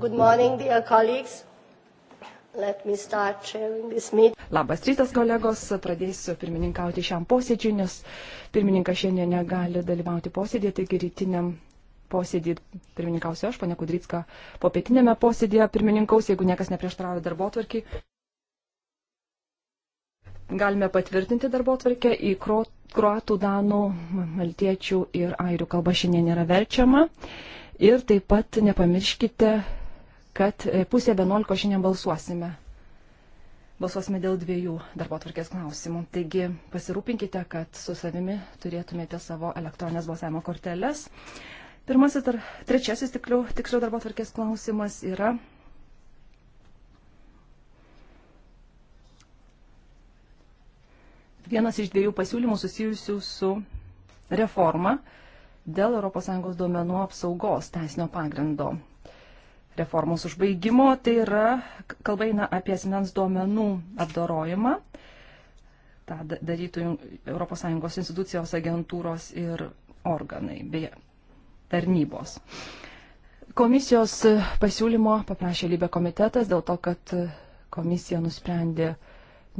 Good morning, dear colleagues. Let me start sharing this meeting. Labas rytas, kolegos. Pradėsiu pirmininkauti šiam posėdžiui, nes pirmininkas šiandien negali dalyvauti posėdėje, taigi rytiniam posėdį pirmininkausiu aš, ponia Kudrytska, po pietinėme posėdėje pirmininkaus, jeigu niekas neprieštarauja darbo tvarkiai. Galime patvirtinti darbo tvarkę į kruatų, danų, maltiečių ir airių kalbą šiandien nėra verčiama. Ir taip pat nepamirškite kad e, pusė 11 šiandien balsuosime. Balsuosime dėl dviejų darbo tvarkės klausimų. Taigi pasirūpinkite, kad su savimi turėtumėte savo elektroninės balsavimo korteles. Pirmasis ir trečiasis tikliau, tiksliau darbo tvarkės klausimas yra vienas iš dviejų pasiūlymų susijusių su reforma dėl ES duomenų apsaugos teisinio pagrindo reformos užbaigimo, tai yra kalba eina apie asmens duomenų apdorojimą. Ta darytų ES institucijos agentūros ir organai bei tarnybos. Komisijos e, pasiūlymo paprašė Lybė komitetas dėl to, kad e, komisija nusprendė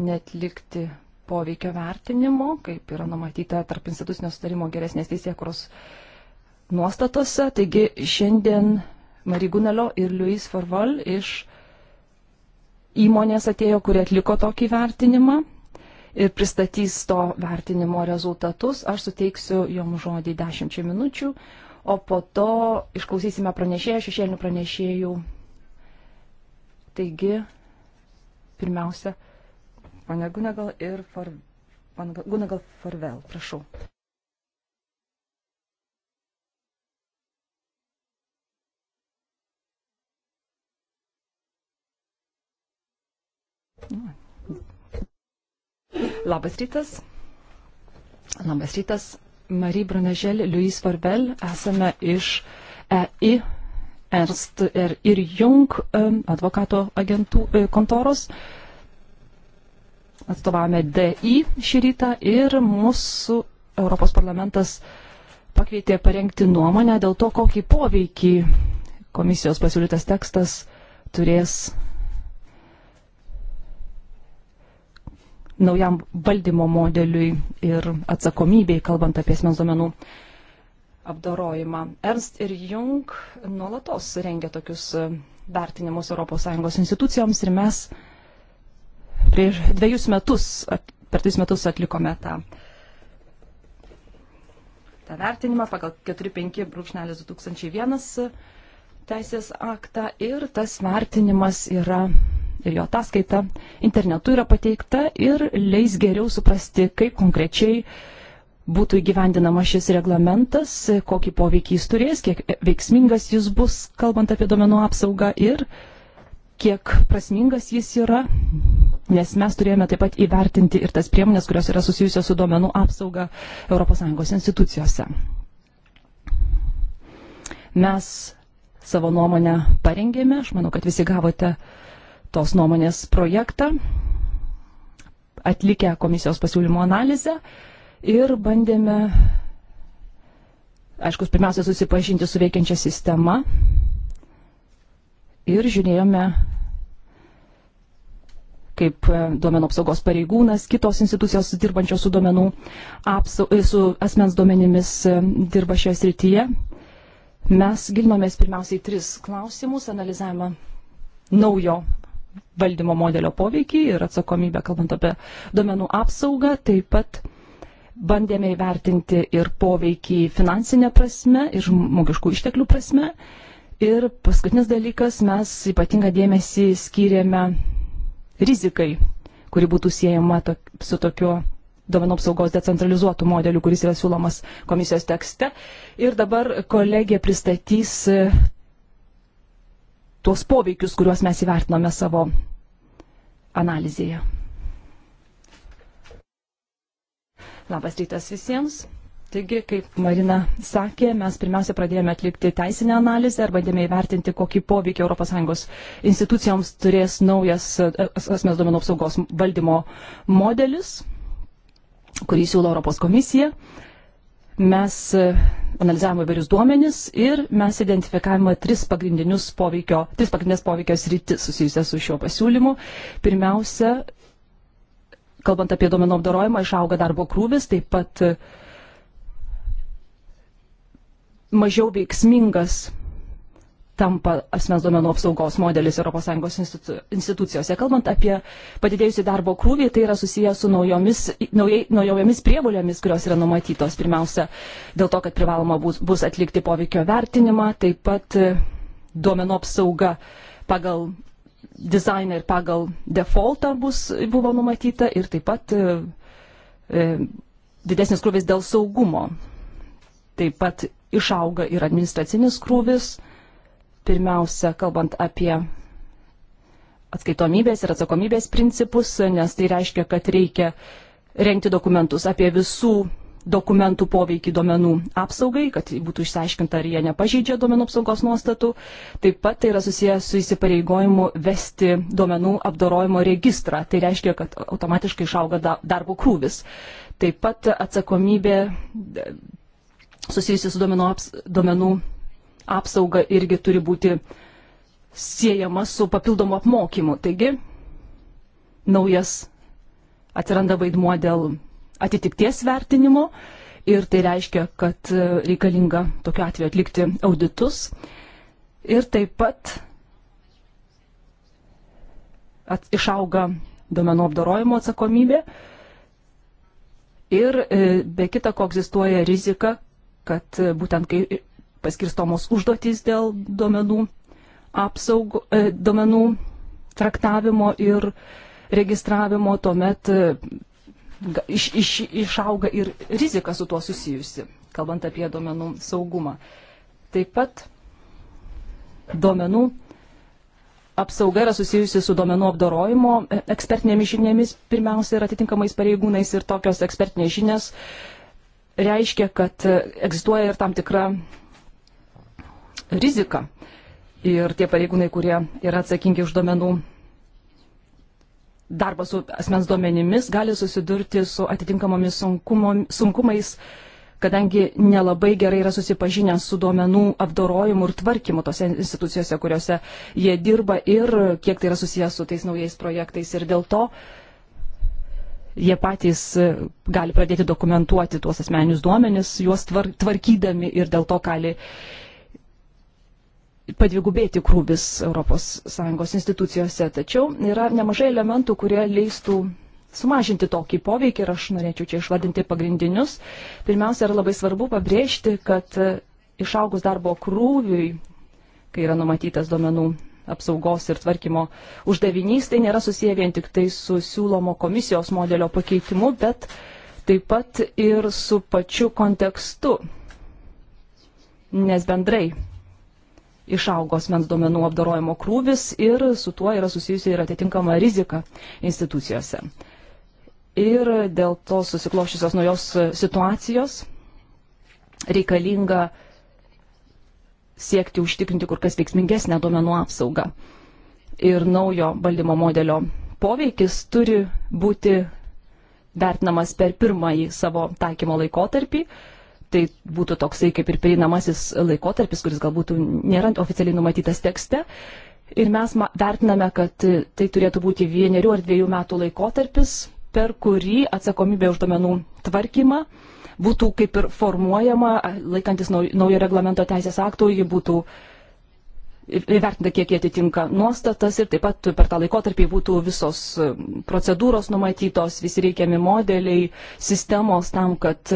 netlikti poveikio vertinimo, kaip yra numatyta tarp institucinio sutarimo geresnės teisėkuros nuostatose. Taigi šiandien Marigunalo ir Luis Forval iš įmonės atėjo, kurie atliko tokį vertinimą ir pristatys to vertinimo rezultatus. Aš suteiksiu jom žodį 10 minučių, o po to išklausysime pranešėjų, šešėlinių pranešėjų. Taigi, pirmiausia, pane Gunagal ir Far... Gunagal Farvel, prašau. Labas rytas. Labas rytas. Marie Brunežel, Luis Varvel. Esame iš EI Ernst ir, ir Jung advokato agentų e, kontoros. Atstovavome DI šį rytą ir mūsų Europos parlamentas pakvietė parengti nuomonę dėl to, kokį poveikį komisijos pasiūlytas tekstas turės naujam valdymo modeliui ir atsakomybei, kalbant apie asmens duomenų apdorojimą. Ernst ir Jung nuolatos rengia tokius e, vertinimus ES institucijoms ir mes prieš dviejus metus, per dviejus metus atlikome tą, tą vertinimą pagal 45.2001 teisės aktą ir tas vertinimas yra ir jo ataskaita internetu yra pateikta ir leis geriau suprasti, kaip konkrečiai būtų įgyvendinama šis reglamentas, kokį poveikį jis turės, kiek veiksmingas jis bus, kalbant apie domenų apsaugą ir kiek prasmingas jis yra, nes mes turėjome taip pat įvertinti ir tas priemonės, kurios yra susijusios su duomenų apsauga ES institucijose. Mes savo nuomonę parengėme, aš manau, kad visi gavote uh, tos nuomonės projektą, atlikę komisijos pasiūlymo analizę ir bandėme, aišku, pirmiausia susipažinti su veikiančia sistema ir žiūrėjome, kaip e, duomenų apsaugos pareigūnas, kitos institucijos dirbančios su, duomenų, apsau, e, su asmens duomenimis e, dirba šioje srityje. Mes gilinomės pirmiausiai tris klausimus, analizavimą naujo valdymo modelio poveikį ir atsakomybę, kalbant apie duomenų apsaugą, taip pat bandėme įvertinti ir poveikį finansinę prasme, ir žmogiškų išteklių prasme. Ir paskutinis dalykas, mes ypatingą dėmesį skiriame rizikai, kuri būtų siejama to, su tokiu duomenų apsaugos decentralizuotų modelių, kuris yra siūlomas komisijos tekste. Ir dabar kolegė pristatys tuos poveikius, kuriuos mes įvertinome savo analizėje. Labas rytas visiems. Taigi, kaip Marina sakė, mes pirmiausia pradėjome atlikti teisinę analizę ir bandėme įvertinti, kokį poveikį ES institucijoms turės naujas e, asmens duomenų apsaugos valdymo modelis, kurį siūlo Europos komisija. Uh, Mes e, analizavome įvairius duomenis ir mes identifikavome tris, poveikio, tris pagrindinės poveikio sritis susijusias su šiuo pasiūlymu. Pirmiausia, kalbant apie duomenų apdarojimą, išauga darbo krūvis, taip pat e, mažiau veiksmingas tampa asmens duomenų apsaugos modelis ES institu, institucijose. Kalbant apie padidėjusią darbo krūvį, tai yra susijęs su naujomis, naujai, naujomis prievolėmis, kurios yra numatytos. Pirmiausia, dėl to, kad privaloma bus, bus atlikti poveikio vertinimą, taip pat e, duomenų apsauga pagal dizainą ir pagal defaultą bus, buvo numatyta ir taip pat e, e didesnis krūvis dėl saugumo. Taip pat išauga ir administracinis krūvis Pirmiausia, kalbant apie atskaitomybės ir atsakomybės principus, nes tai reiškia, kad reikia renkti dokumentus apie visų dokumentų poveikį duomenų apsaugai, kad būtų išsiaiškinta, ar jie nepažeidžia duomenų apsaugos nuostatų. Taip pat tai yra susijęs su įsipareigojimu vesti duomenų apdorojimo registrą. Tai reiškia, kad automatiškai išauga darbo krūvis. Taip pat atsakomybė e, susijusi su duomenų, aps, duomenų apsauga irgi turi būti siejama su papildomu apmokymu. Taigi, naujas atsiranda vaidmuo dėl atitikties vertinimo ir tai reiškia, kad e, reikalinga tokiu atveju atlikti auditus ir taip pat at, išauga domenų apdarojimo atsakomybė ir e, be kita ko egzistuoja rizika, kad e, būtent kai paskirstomos užduotys dėl duomenų, apsaugo, e, duomenų traktavimo ir registravimo, tuomet e, iš, iš, išauga ir rizika su tuo susijusi, kalbant apie duomenų saugumą. Taip pat duomenų apsauga yra susijusi su duomenų apdorojimo e, ekspertinėmis žiniomis, pirmiausia, ir atitinkamais pareigūnais ir tokios ekspertinės žinias reiškia, kad egzistuoja ir tam tikra riziką. Ir tie pareigūnai, kurie yra atsakingi už duomenų darbą su asmens duomenimis, gali susidurti su atitinkamomis sunkumo, sunkumais, kadangi nelabai gerai yra susipažinę su duomenų apdorojimu ir tvarkymu tose institucijose, kuriuose jie dirba ir kiek tai yra susijęs su tais naujais projektais. Ir dėl to jie patys gali pradėti dokumentuoti tuos asmeninius duomenis, juos tvar, tvarkydami ir dėl to gali padvigubėti krūvis ES institucijose, tačiau yra nemažai elementų, kurie leistų sumažinti tokį poveikį ir aš norėčiau čia išvardinti pagrindinius. Pirmiausia, yra labai svarbu pabrėžti, kad išaugus darbo krūviui, kai yra numatytas duomenų apsaugos ir tvarkymo uždavinys, tai nėra susiję vien tik tai su siūlomo komisijos modelio pakeitimu, bet taip pat ir su pačiu kontekstu. Nes bendrai išaugo asmens duomenų apdarojimo krūvis ir su tuo yra susijusi ir atitinkama rizika institucijose. Ir dėl to susiklošusios naujos situacijos reikalinga siekti užtikrinti kur kas veiksmingesnę duomenų apsaugą. Ir naujo valdymo modelio poveikis turi būti vertinamas per pirmąjį savo taikymo laikotarpį tai būtų toksai kaip ir prieinamasis laikotarpis, kuris galbūt nėra oficialiai numatytas tekste. Ir mes vertiname, kad tai turėtų būti vienerių ar dviejų metų laikotarpis, per kurį atsakomybė už domenų tvarkymą būtų kaip ir formuojama, laikantis naujo reglamento teisės aktų, ji būtų įvertinta, kiek jie atitinka nuostatas ir taip pat per tą laikotarpį būtų visos procedūros numatytos, visi reikiami modeliai, sistemos tam, kad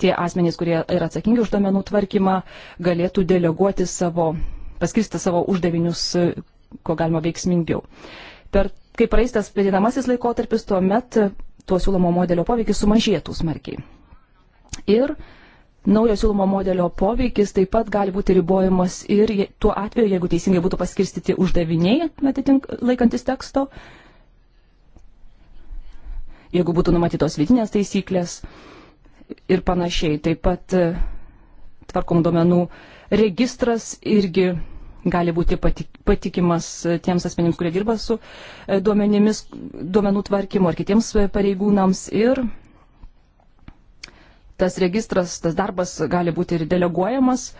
tie asmenys, kurie yra atsakingi už duomenų tvarkymą, galėtų deleguoti savo, paskirsti savo uždavinius, e, ko galima veiksmingiau. Per, kai praeistas pridinamasis laikotarpis, tuomet tuo siūlomo modelio poveikis sumažėtų smarkiai. Ir naujo siūlomo modelio poveikis taip pat gali būti ribojamas ir tuo atveju, jeigu teisingai būtų paskirstyti uždaviniai, atitink, laikantis teksto, jeigu būtų numatytos vidinės taisyklės, ir panašiai. Taip pat e, tvarkom duomenų registras irgi gali būti patikimas e, tiems asmenims, kurie dirba su e, duomenimis, duomenų tvarkymu ar kitiems pareigūnams. Ir tas registras, tas darbas gali būti ir deleguojamas.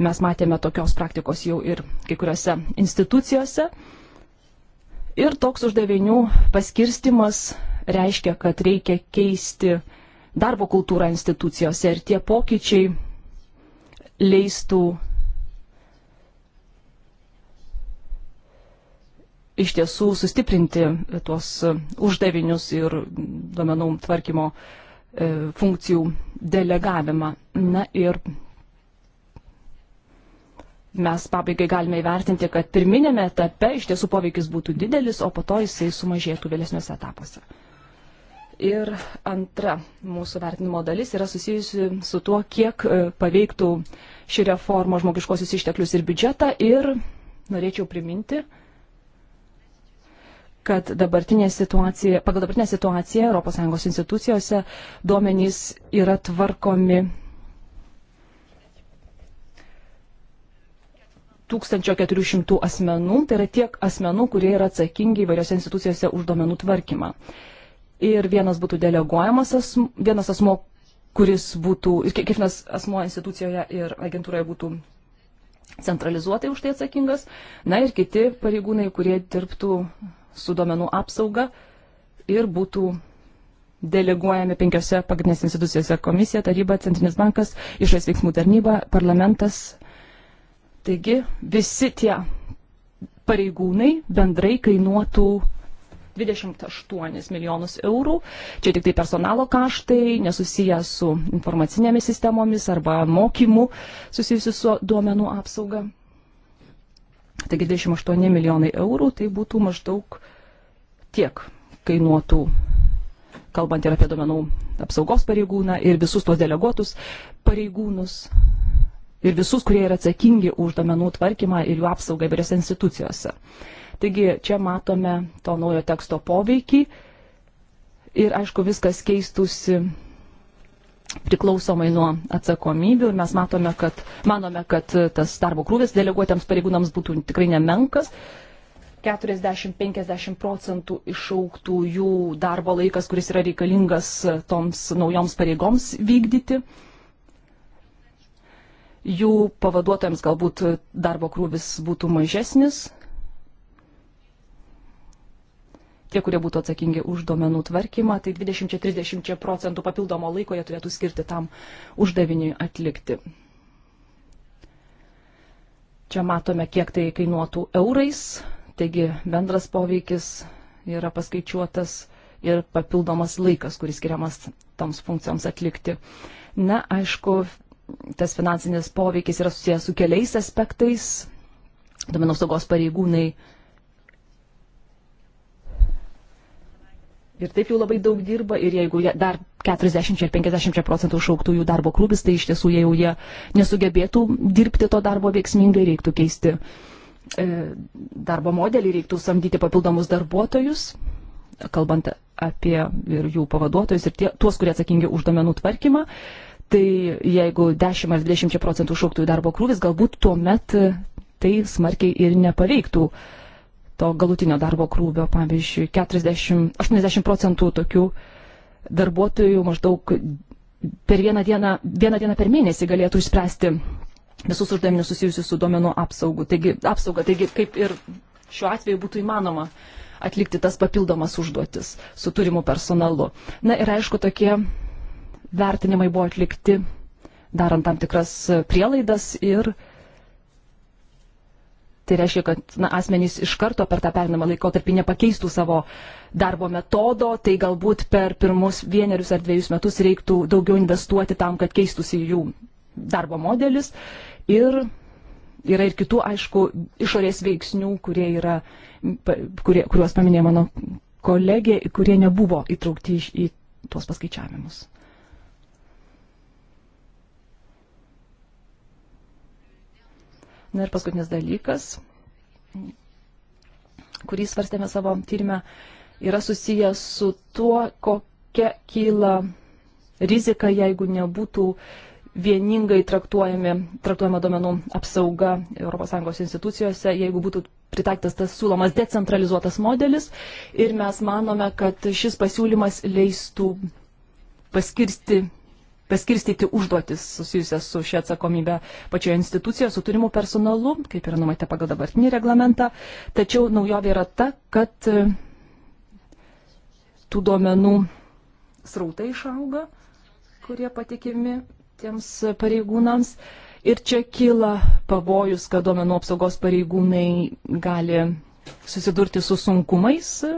Mes matėme tokios praktikos jau ir kai kuriuose institucijose. Ir toks uždavinių paskirstimas reiškia, kad reikia keisti uh, darbo kultūrą institucijose ir tie pokyčiai leistų iš tiesų sustiprinti tuos uždavinius ir duomenų tvarkymo e, funkcijų delegavimą. Na ir mes pabaigai galime įvertinti, kad pirminėme etape iš tiesų poveikis būtų didelis, o po to jisai sumažėtų vėlesniuose etapuose. Ir antra mūsų vertinimo dalis yra susijusi su tuo, kiek e, paveiktų ši reforma žmogiškosius išteklius ir biudžetą. Ir norėčiau priminti, kad dabartinė situacija, pagal dabartinę situaciją ES institucijose duomenys yra tvarkomi 1400 asmenų, tai yra tiek asmenų, kurie yra atsakingi įvairiose institucijose už duomenų tvarkymą ir vienas būtų deleguojamas asmo, vienas asmo, kuris būtų, kiekvienas asmo institucijoje ir agentūroje būtų centralizuotai už tai atsakingas, na ir kiti pareigūnai, kurie dirbtų su duomenų apsauga ir būtų deleguojami penkiose pagrindinėse institucijose - komisija, taryba, centrinis bankas, išorės veiksmų tarnyba, parlamentas. Taigi visi tie pareigūnai bendrai kainuotų 28 milijonus eurų. Čia tik tai personalo kaštai, nesusiję su informacinėmis sistemomis arba mokymu susijusiu su duomenų apsauga. Taigi 28 milijonai eurų tai būtų maždaug tiek kainuotų, kalbant ir apie duomenų apsaugos pareigūną ir visus tos deleguotus pareigūnus ir visus, kurie yra atsakingi už duomenų tvarkymą ir jų apsaugą įvairiose institucijose. Uh, Taigi čia matome to naujo teksto poveikį ir aišku viskas keistusi priklausomai nuo atsakomybių ir mes matome, kad, manome, kad tas darbo krūvis deleguotiems pareigūnams būtų tikrai nemenkas. 40-50 procentų išauktų jų darbo laikas, kuris yra reikalingas toms naujoms pareigoms vykdyti. Jų pavaduotojams galbūt darbo krūvis būtų mažesnis, tie, kurie būtų atsakingi už duomenų tvarkymą, tai 20-30 procentų papildomo laiko jie turėtų skirti tam uždaviniui atlikti. Čia matome, kiek tai kainuotų eurais, taigi bendras poveikis yra paskaičiuotas ir papildomas laikas, kuris skiriamas toms funkcijoms atlikti. Na, aišku, tas finansinis poveikis yra susijęs su keliais aspektais. Domenų saugos pareigūnai ir taip jau labai daug dirba ir jeigu dar 40 ar 50 procentų šauktųjų darbo krūvis, tai iš tiesų jie jau jie nesugebėtų dirbti to darbo veiksmingai, reiktų keisti e, darbo modelį, reiktų samdyti papildomus darbuotojus, kalbant apie ir jų pavaduotojus ir tie, tuos, kurie atsakingi už domenų tvarkymą. Tai jeigu 10 ar 20 procentų šauktųjų darbo krūvis, galbūt tuo met tai smarkiai ir nepaveiktų uh, to galutinio darbo krūvio. Pavyzdžiui, 40, 80 procentų tokių darbuotojų maždaug per vieną dieną, vieną dieną per mėnesį galėtų išspręsti visus uždavinius susijusius su duomenų apsaugu. Taigi, apsauga. Taigi, kaip ir šiuo atveju būtų įmanoma atlikti tas papildomas užduotis su turimu personalu. Na ir aišku, tokie vertinimai buvo atlikti darant tam tikras prielaidas ir uh, Tai reiškia, kad na, asmenys iš karto per tą perinamą laikotarpį nepakeistų savo darbo metodo, tai galbūt per pirmus vienerius ar dviejus metus reiktų daugiau investuoti tam, kad keistųsi jų darbo modelis. Ir yra ir kitų, aišku, išorės veiksnių, kurie yra, kurie, kuriuos paminėjo mano kolegė, kurie nebuvo įtraukti į tuos paskaičiavimus. Na ir paskutinis dalykas, kurį svarstėme savo tyrimę, yra susijęs su tuo, kokia kyla rizika, jeigu nebūtų vieningai traktuojama duomenų apsauga ES institucijose, jeigu būtų pritaikytas tas siūlomas decentralizuotas modelis. Ir mes manome, kad šis pasiūlymas leistų paskirsti paskirstyti užduotis susijusias su šia atsakomybė pačioje institucijoje, su turimu personalu, kaip yra numatyta pagal dabartinį reglamentą. Tačiau naujovė yra ta, kad e, tų duomenų srautai išauga, kurie patikimi tiems pareigūnams. Ir čia kyla pavojus, kad duomenų apsaugos pareigūnai gali susidurti su sunkumais e,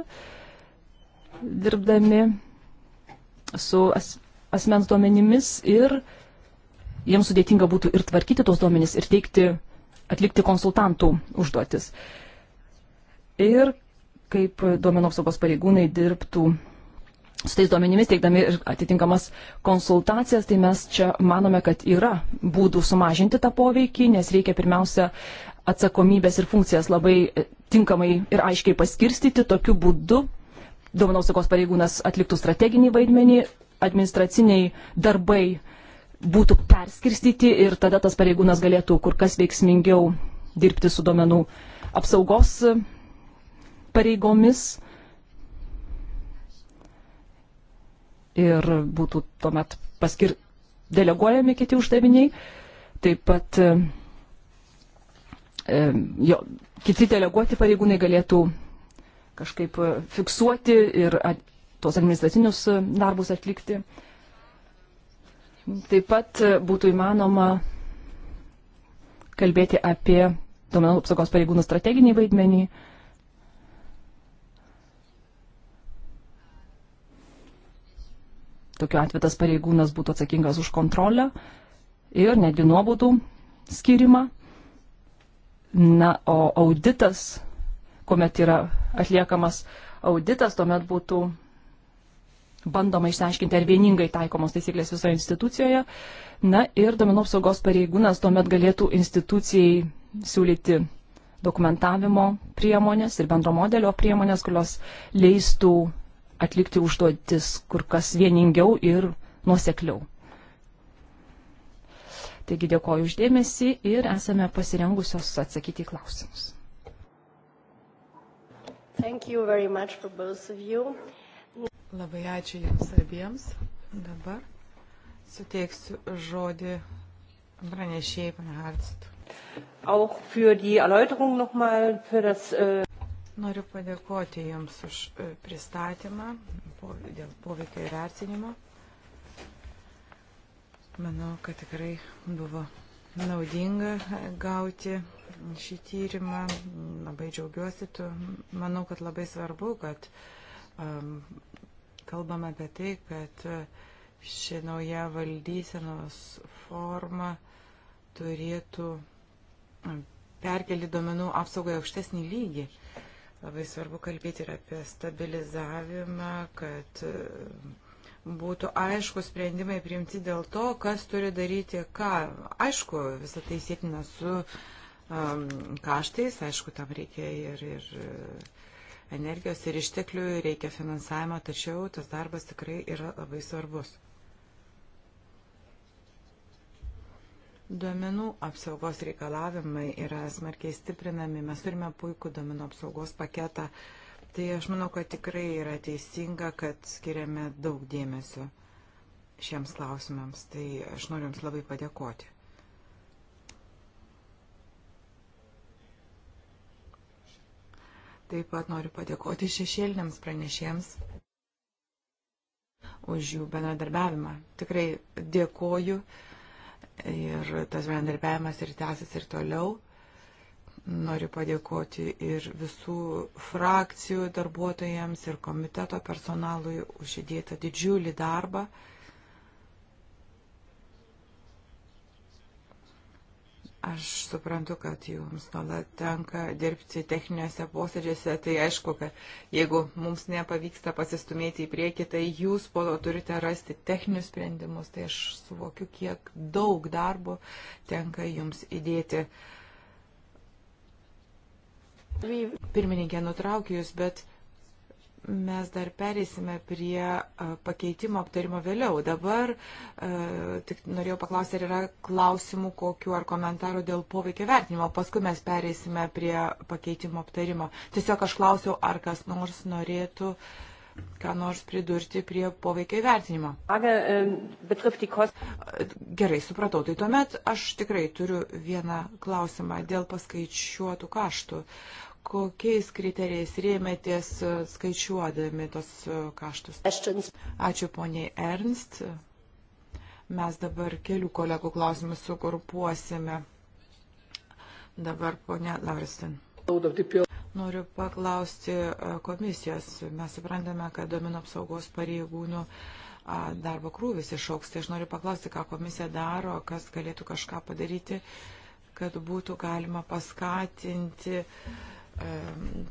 dirbdami su asmens duomenimis ir jiems sudėtinga būtų ir tvarkyti tos duomenys, ir teikti, atlikti konsultantų užduotis. Ir kaip duomenų apsaugos pareigūnai dirbtų su tais duomenimis, teikdami ir atitinkamas konsultacijas, tai mes čia manome, kad yra būdų sumažinti tą poveikį, nes reikia pirmiausia atsakomybės ir funkcijas labai e, tinkamai ir aiškiai paskirstyti tokiu būdu. Duomenų apsaugos pareigūnas atliktų strateginį vaidmenį, administraciniai darbai būtų perskirstyti ir tada tas pareigūnas galėtų kur kas veiksmingiau dirbti su duomenų apsaugos pareigomis. Ir būtų tuomet paskir... deleguojami kiti uždaviniai. Taip pat e, jo, kiti deleguoti pareigūnai galėtų kažkaip e, fiksuoti ir tuos administracinius e, darbus atlikti. Taip pat e, būtų įmanoma kalbėti apie duomenų apsaugos pareigūnų strateginį vaidmenį. Tokiu atveju tas pareigūnas būtų atsakingas už kontrolę ir netgi nuobaudų skirimą. Na, o auditas, kuomet yra atliekamas auditas, tuomet būtų bandoma išsiaiškinti, ar vieningai taikomos taisyklės visoje institucijoje. Na ir domenų apsaugos pareigūnas tuomet galėtų institucijai siūlyti dokumentavimo priemonės ir bendro modelio priemonės, kurios leistų atlikti užduotis kur kas vieningiau ir nuosekliau. Taigi dėkoju uždėmesi ir esame pasirengusios atsakyti į klausimus. Thank you very much for both of you. Labai ačiū Jums abiems. Dabar suteiksiu žodį pranešėjai, pane Hartstų. Auch für die Erläuterung nochmal für das. Äh Noriu padėkoti Jums už e, pristatymą dėl poveikio įvertinimo. Manau, kad tikrai buvo naudinga e, gauti šį tyrimą. Labai džiaugiuosi. Tu. Manau, kad labai svarbu, kad um, kalbame apie tai, kad ši nauja valdysenos forma turėtų perkelti duomenų apsaugą į aukštesnį lygį. Labai svarbu kalbėti ir apie stabilizavimą, kad būtų aišku sprendimai priimti dėl to, kas turi daryti ką. Aišku, visą tai sėtina su um, kaštais, aišku, tam reikia ir, ir energijos ir išteklių, reikia finansavimo, tačiau tas darbas tikrai yra labai svarbus. Duomenų apsaugos reikalavimai yra smarkiai stiprinami, mes turime puikų duomenų apsaugos paketą, tai aš manau, kad tikrai yra teisinga, kad skiriame daug dėmesio šiems klausimams, tai aš noriu Jums labai padėkoti. Taip pat noriu padėkoti šešėliniams pranešėjams už jų bendradarbiavimą. Tikrai dėkoju ir tas bendradarbiavimas ir tęsis ir toliau. Noriu padėkoti ir visų frakcijų darbuotojams ir komiteto personalui už įdėtą didžiulį darbą. Aš suprantu, kad jums nuolat tenka dirbti techniniuose posėdžiuose, tai aišku, kad jeigu mums nepavyksta pasistumėti į priekį, tai jūs po to turite rasti techninius sprendimus, tai aš suvokiu, kiek daug darbo tenka jums įdėti. Pirmininkė nutraukė jūs, bet mes dar pereisime prie pakeitimo aptarimo vėliau. Dabar tik norėjau paklausti, ar yra klausimų kokiu ar komentarų dėl poveikio vertinimo. Paskui mes pereisime prie pakeitimo aptarimo. Tiesiog aš klausiau, ar kas nors norėtų ką nors pridurti prie poveikio įvertinimo. Ähm, Gerai, supratau. Tai tuomet aš tikrai turiu vieną klausimą dėl paskaičiuotų kaštų kokiais kriterijais rėmėtės e, skaičiuodami tos e, kaštus? Ačiū poniai Ernst. Mes dabar kelių kolegų klausimus sugrupuosime. Dabar ponia Larsen. Noriu paklausti e, komisijos. Mes suprantame, kad domino apsaugos pareigūnų darbo krūvis išauks. Tai aš noriu paklausti, ką komisija daro, kas galėtų kažką padaryti, kad būtų galima paskatinti uh,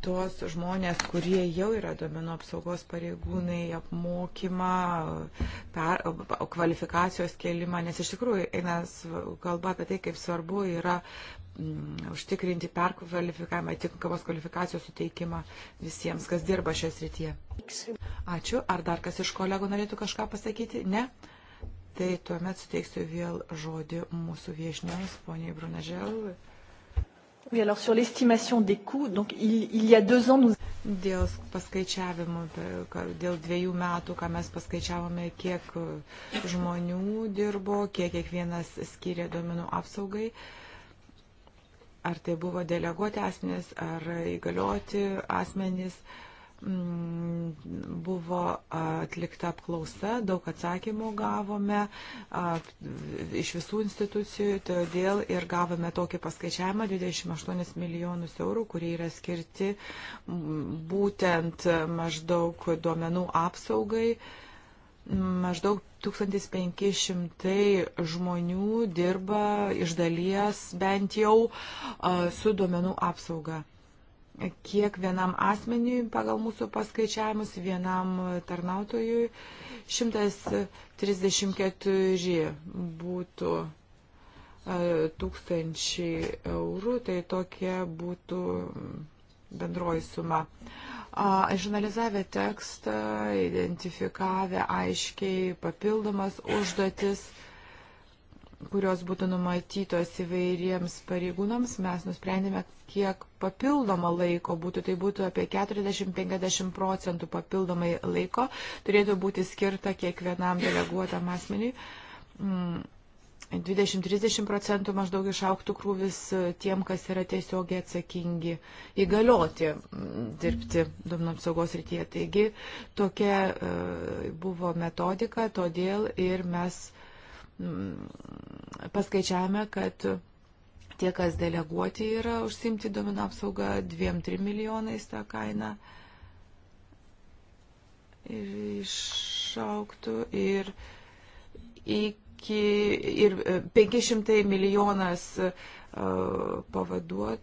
tuos žmonės, kurie jau yra duomenų apsaugos pareigūnai, apmokymą, per, kvalifikacijos kelimą, nes iš tikrųjų eina kalba apie tai, kaip svarbu yra m, mm, užtikrinti perkvalifikavimą, tinkamos kvalifikacijos suteikimą visiems, kas dirba šios rytyje. Ačiū. Ar dar kas iš kolegų norėtų kažką pasakyti? Ne? Tai tuomet suteiksiu vėl žodį mūsų viešnioms, poniai Bruneželui. Oui, alors sur l'estimation des coûts, donc il, il y a deux ans, nous... Dėl paskaičiavimo, dėl dviejų metų, ką mes paskaičiavome, kiek e, žmonių dirbo, kiek kiekvienas skiria duomenų apsaugai, ar tai buvo deleguoti asmenys, ar įgalioti asmenys. Uh, Mm, buvo atlikta apklausa, daug atsakymų gavome iš visų institucijų, todėl ir gavome tokį paskaičiavimą 28 milijonus eurų, kurie yra skirti mm, būtent maždaug duomenų apsaugai. Maždaug 1500 žmonių dirba iš dalies bent jau su duomenų apsauga kiek vienam asmeniui pagal mūsų paskaičiavimus, vienam tarnautojui 134 būtų e, tūkstančiai eurų, tai tokia būtų bendroji suma. Išanalizavę tekstą, identifikavę aiškiai papildomas užduotis, kurios būtų numatytos įvairiems pareigūnams, mes nusprendėme, kiek papildomo laiko būtų, tai būtų apie 40-50 procentų papildomai laiko turėtų būti skirta kiekvienam deleguotam asmeniui. 20-30 mm, procentų maždaug išauktų krūvis tiem, kas yra tiesiogiai atsakingi įgalioti mm, dirbti duomenų apsaugos rytyje. Taigi tokia e, buvo metodika, todėl ir mes paskaičiavome, kad tie, kas deleguoti yra užsimti domino apsaugą, 2-3 milijonais tą kainą ir išauktų ir iki ir 500 e, milijonas e, pavaduotojų,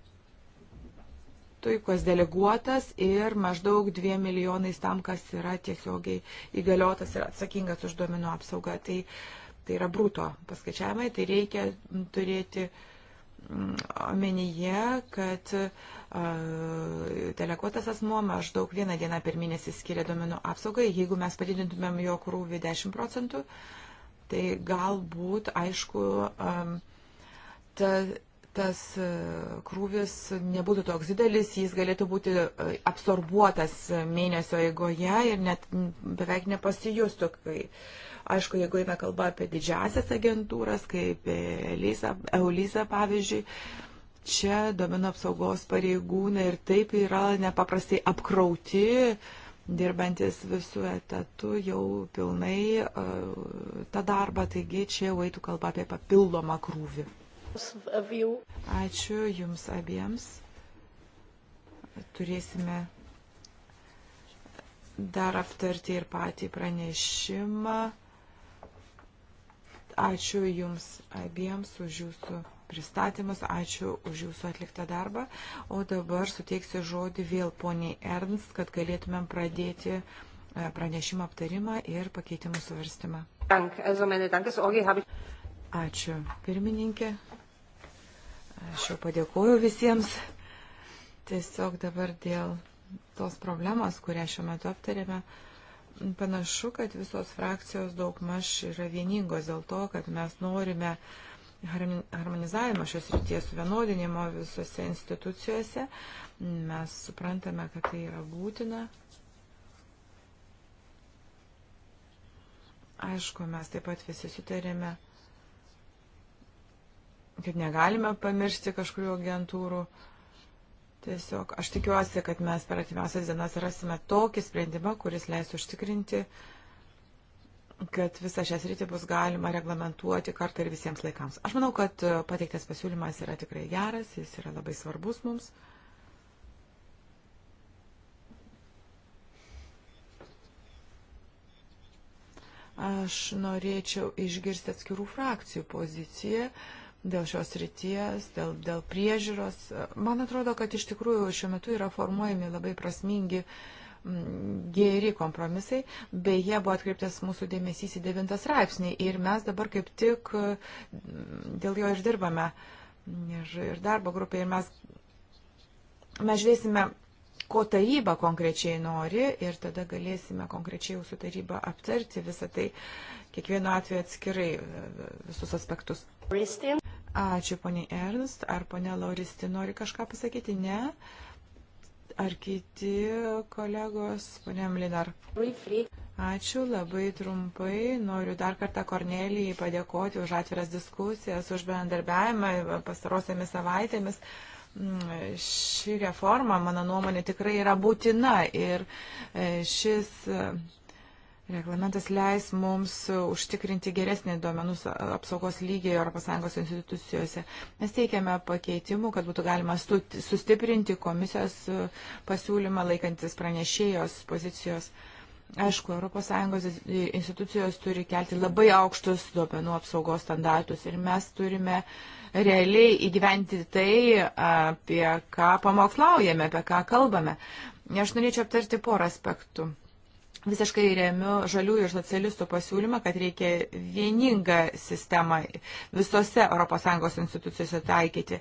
kas deleguotas ir maždaug 2 milijonais tam, kas yra tiesiogiai įgaliotas ir atsakingas už duomenų apsaugą. Tai uh, tai yra brūto paskaičiavimai, tai reikia turėti mm, omenyje, kad deleguotas asmuo maždaug vieną dieną per mėnesį skiria domenų apsaugai, jeigu mes padidintumėm jo krūvį 10 procentų, tai galbūt, aišku, ta, tas krūvis nebūtų toks didelis, jis galėtų būti absorbuotas mėnesio eigoje ir net beveik nepasijustų, kai uh, Aišku, jeigu eina kalba apie didžiasias agentūras, kaip Elisa, Eulisa pavyzdžiui, čia domino apsaugos pareigūnai ir taip yra nepaprastai apkrauti dirbantis visų etatų jau pilnai uh, tą darbą, taigi čia jau eitų kalba apie papildomą krūvį. Ačiū Jums abiems. Turėsime dar aptarti ir patį pranešimą. Ačiū Jums abiems už Jūsų pristatymus, ačiū už Jūsų atliktą darbą. O dabar suteiksiu žodį vėl poniai Ernst, kad galėtumėm pradėti e, pranešimą aptarimą ir pakeitimų svarstymą. Ačiū pirmininkė. Aš jau padėkoju visiems. Tiesiog dabar dėl tos problemos, kurią šiuo metu aptarėme, uh, Panašu, kad visos frakcijos daugmaž yra vieningos dėl to, kad mes norime harmonizavimo šios ryties vienodinimo visose institucijose. Mes suprantame, kad tai yra būtina. Aišku, mes taip pat visi sutarėme, kad negalime pamiršti kažkurio agentūrų. Uh, Tiesiog aš tikiuosi, kad mes per atimiausias dienas rasime tokį sprendimą, kuris leis užtikrinti, kad visą šią sritį bus galima reglamentuoti kartą ir visiems laikams. Aš manau, kad pateiktas pasiūlymas yra tikrai geras, jis yra labai svarbus mums. Aš norėčiau išgirsti atskirų frakcijų poziciją. Uh, dėl šios ryties, dėl, dėl priežiūros. Man atrodo, kad iš tikrųjų šiuo metu yra formuojami labai prasmingi mm, geri kompromisai, beje buvo atkreiptas mūsų dėmesys į devintą straipsnį ir mes dabar kaip tik mm, dėl jo ir dirbame mm, ir, ir darbo grupėje ir mes, mes žiūrėsime, ko taryba konkrečiai nori ir tada galėsime konkrečiai su taryba aptarti visą tai kiekvieno atveju atskirai e, visus aspektus. Kristin. Ačiū, poniai Ernst. Ar ponia Lauristi nori kažką pasakyti? Ne. Ar kiti kolegos, ponia Mlinar? Ačiū labai trumpai. Noriu dar kartą Kornelijai padėkoti už atviras diskusijas, už bendarbiavimą pastarosiamis savaitėmis mm, ši reforma, mano nuomonė, tikrai yra būtina ir e, šis Reglamentas leis mums užtikrinti geresnį duomenų apsaugos lygį ES institucijose. Mes teikiame pakeitimų, kad būtų galima sustiprinti komisijos e, pasiūlymą laikantis pranešėjos pozicijos. Aišku, ES institucijos turi kelti labai aukštus duomenų apsaugos standartus ir mes turime realiai įgyventi tai, apie ką pamokslaujame, apie ką kalbame. Aš norėčiau aptarti porą aspektų. Visiškai remiu žaliųjų ir socialistų pasiūlymą, kad reikia vieningą sistemą visose ES institucijose taikyti.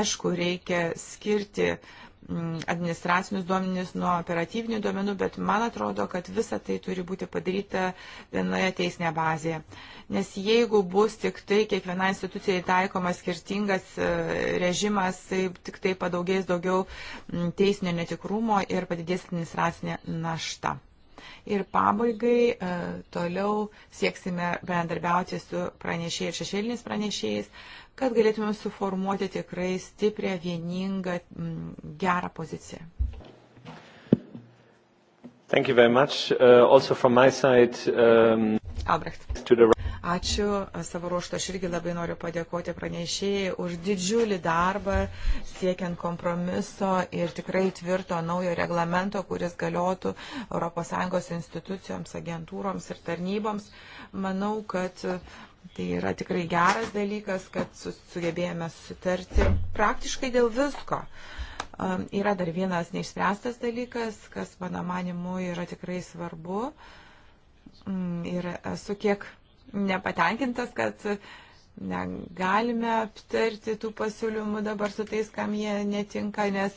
Aišku, reikia skirti mm, administracinius duomenis nuo operatyvinių duomenų, bet man atrodo, kad visa tai turi būti padaryta vienoje teisinėje bazėje. Nes jeigu bus tik tai kiekviena institucija taikomas skirtingas e, režimas, tai tik tai padaugės daugiau mm, teisinio netikrumo ir padidės administracinė našta. Ir pabaigai e, toliau sieksime bendarbiauti su pranešėjais ir šešėliniais pranešėjais, kad galėtume suformuoti tikrai stiprią, vieningą, gerą poziciją. Thank you very much. Uh, also from my side. Um... Albrecht. Ačiū. Savo ruoštą aš irgi labai noriu padėkoti pranešėjai už didžiulį darbą siekiant kompromiso ir tikrai tvirto naujo reglamento, kuris galiotų ES institucijoms, agentūroms ir tarnyboms. Manau, kad Tai yra tikrai geras dalykas, kad sugebėjome sutarti praktiškai dėl visko. Yra dar vienas neišspręstas dalykas, kas mano manimu yra tikrai svarbu. Uh, Mm, ir esu kiek nepatenkintas, kad negalime aptarti tų pasiūlymų dabar su tais, kam jie netinka, nes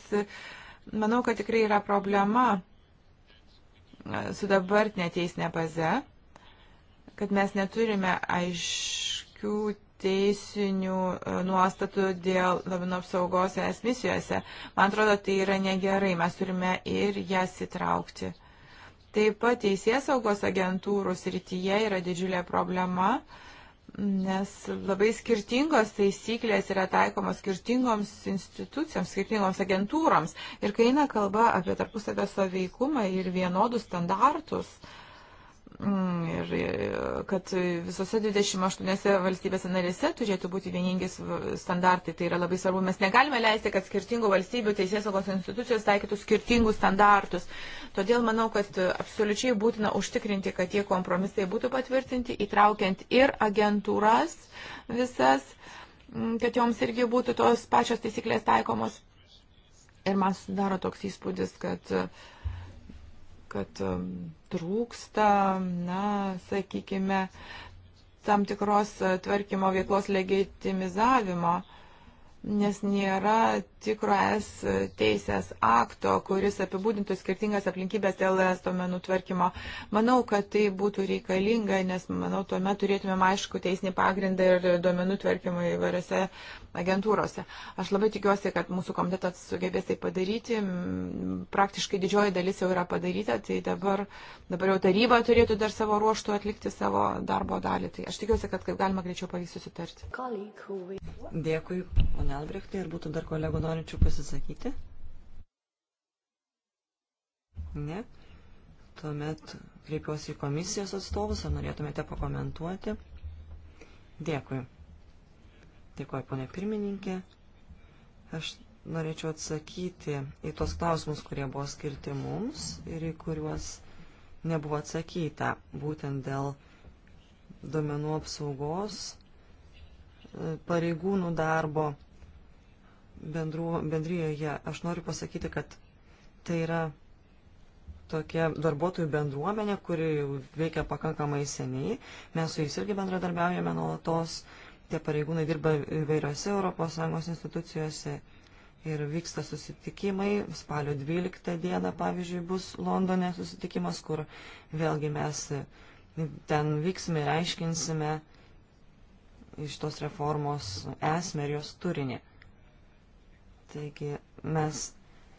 manau, kad tikrai yra problema su dabartinė teisinė baze, kad mes neturime aiškių teisinių e, nuostatų dėl lavino apsaugos es misijose. Man atrodo, tai yra negerai, mes turime ir jas įtraukti. Taip pat teisės saugos agentūrų srityje yra didžiulė problema, nes labai skirtingos taisyklės yra taikomos skirtingoms institucijoms, skirtingoms agentūroms. Ir kai eina kalba apie tarpusavio saveikumą ir vienodus standartus, uh, Mm, ir e, kad visose 28 valstybėse narėse turėtų būti vieningi standartai. Tai yra labai svarbu. Mes negalime leisti, kad skirtingų valstybių teisėsaugos institucijos taikytų skirtingus standartus. Todėl manau, kad absoliučiai būtina užtikrinti, kad tie kompromisai būtų patvirtinti, įtraukiant ir agentūras visas, mm, kad joms irgi būtų tos pačios taisyklės taikomos. Ir man sudaro toks įspūdis, kad uh, kad trūksta, na, sakykime, tam tikros tvarkymo veiklos legitimizavimo, nes nėra tikro es teisės akto, kuris apibūdintų skirtingas aplinkybės dėl es duomenų tvarkymo. Manau, kad tai būtų reikalinga, nes manau, tuomet turėtumėm aišku teisinį pagrindą ir duomenų tvarkymą įvairiose agentūrose. Aš labai tikiuosi, kad mūsų komitetas sugebės tai padaryti. Praktiškai didžioji dalis jau yra padaryta, tai dabar, dabar jau taryba turėtų dar savo ruoštų atlikti savo darbo dalį. Tai aš tikiuosi, kad kaip galima greičiau pavyks susitarti. Dėkui, ponė Albrechtai, ir būtų dar kolegų nori norinčių pasisakyti? Ne. Tuomet kreipiuosi į komisijos atstovus, ar norėtumėte pakomentuoti? Dėkui. Dėkuoju, ponė pirmininkė. Aš norėčiau atsakyti į tos klausimus, kurie buvo skirti mums ir į kuriuos nebuvo atsakyta, būtent dėl duomenų apsaugos e, pareigūnų darbo bendru, bendryjoje, aš noriu pasakyti, kad tai yra tokia darbuotojų bendruomenė, kuri veikia pakankamai seniai. Mes su jais irgi bendradarbiaujame nuolatos. Tie pareigūnai dirba įvairiose ES institucijose ir vyksta susitikimai. Spalio 12 dieną, pavyzdžiui, bus Londone susitikimas, kur vėlgi mes ten vyksime ir aiškinsime iš tos reformos esmę ir jos turinį. Taigi mes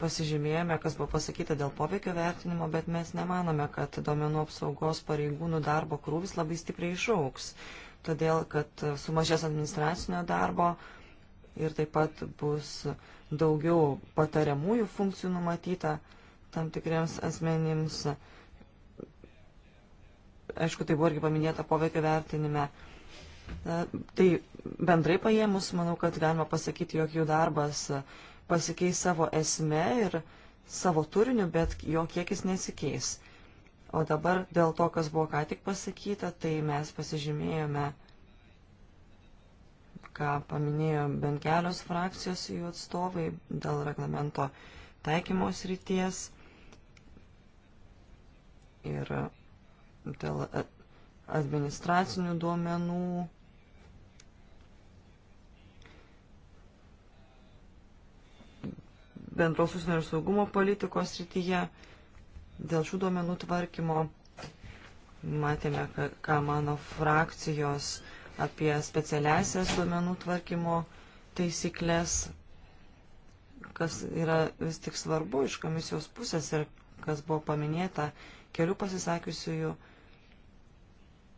pasižymėjome, kas buvo pasakyta dėl poveikio vertinimo, bet mes nemanome, kad duomenų apsaugos pareigūnų darbo krūvis labai stipriai išauks, todėl kad sumažės administracinio darbo ir taip pat bus daugiau patariamųjų funkcijų numatyta tam tikriems asmenims. Aišku, tai buvo irgi paminėta poveikio vertinime. E, tai bendrai paėmus, manau, kad galima pasakyti, jog jų darbas pasikeis savo esme ir savo turiniu, bet jo kiekis nesikeis. O dabar dėl to, kas buvo ką tik pasakyta, tai mes pasižymėjome, ką paminėjo bent kelios frakcijos jų atstovai dėl reglamento taikymos ryties ir dėl e, administracinių duomenų bendros užsienio ir saugumo politikos srityje. Dėl šių duomenų tvarkymo matėme, ką mano frakcijos apie specialiasias duomenų tvarkymo taisyklės, kas yra vis tik svarbu iš komisijos pusės ir kas buvo paminėta kelių pasisakiusiųjų,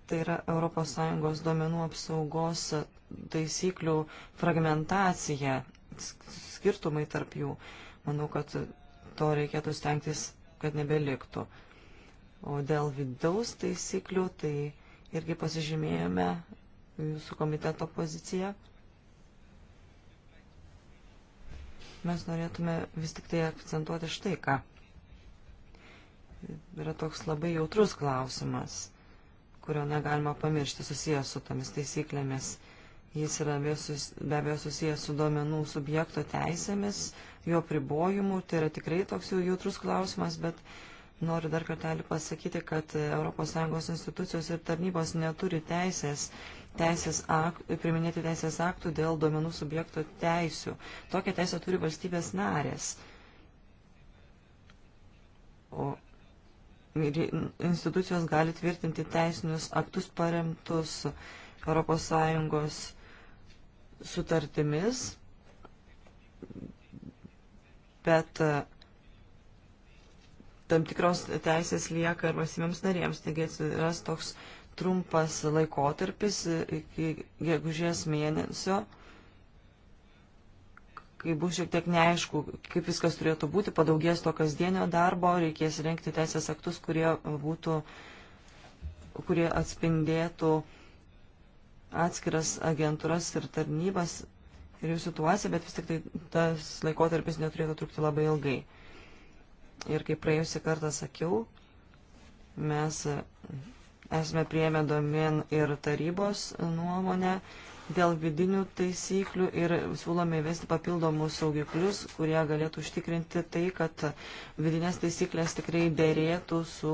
tai yra ES duomenų apsaugos taisyklių fragmentacija, skirtumai tarp jų. Manau, kad to reikėtų stengtis, kad nebeliktų. O dėl vidaus taisyklių, tai irgi pasižymėjome jūsų komiteto poziciją. Mes norėtume vis tik tai akcentuoti štai ką. Yra toks labai jautrus klausimas, kurio negalima pamiršti susijęs su tomis taisyklėmis Jis yra be abejo susijęs su duomenų subjekto teisėmis, jo pribojimu. Tai yra tikrai toks jau jautrus klausimas, bet noriu dar kartelį pasakyti, kad ES institucijos ir tarnybos neturi teisės, teisės ak, priminėti teisės aktų dėl duomenų subjekto teisių. Tokią teisę turi valstybės narės. O institucijos gali tvirtinti teisinius aktus paremtus ES sutartimis, bet e, tam tikros teisės lieka ir valstybėms narėms, taigi atsiras toks trumpas laikotarpis iki gegužės mėnesio, kai bus šiek tiek neaišku, kaip viskas turėtų būti, padaugės to kasdienio darbo, reikės renkti teisės aktus, kurie būtų, kurie atspindėtų uh, atskiras agentūras ir tarnybas ir jų situaciją, bet vis tik tai tas laikotarpis neturėtų trukti labai ilgai. Ir kaip praėjusią kartą sakiau, mes esame prieėmę domen ir tarybos nuomonę dėl vidinių taisyklių ir siūlome įvesti papildomus saugiklius, kurie galėtų užtikrinti tai, kad vidinės taisyklės tikrai dėrėtų su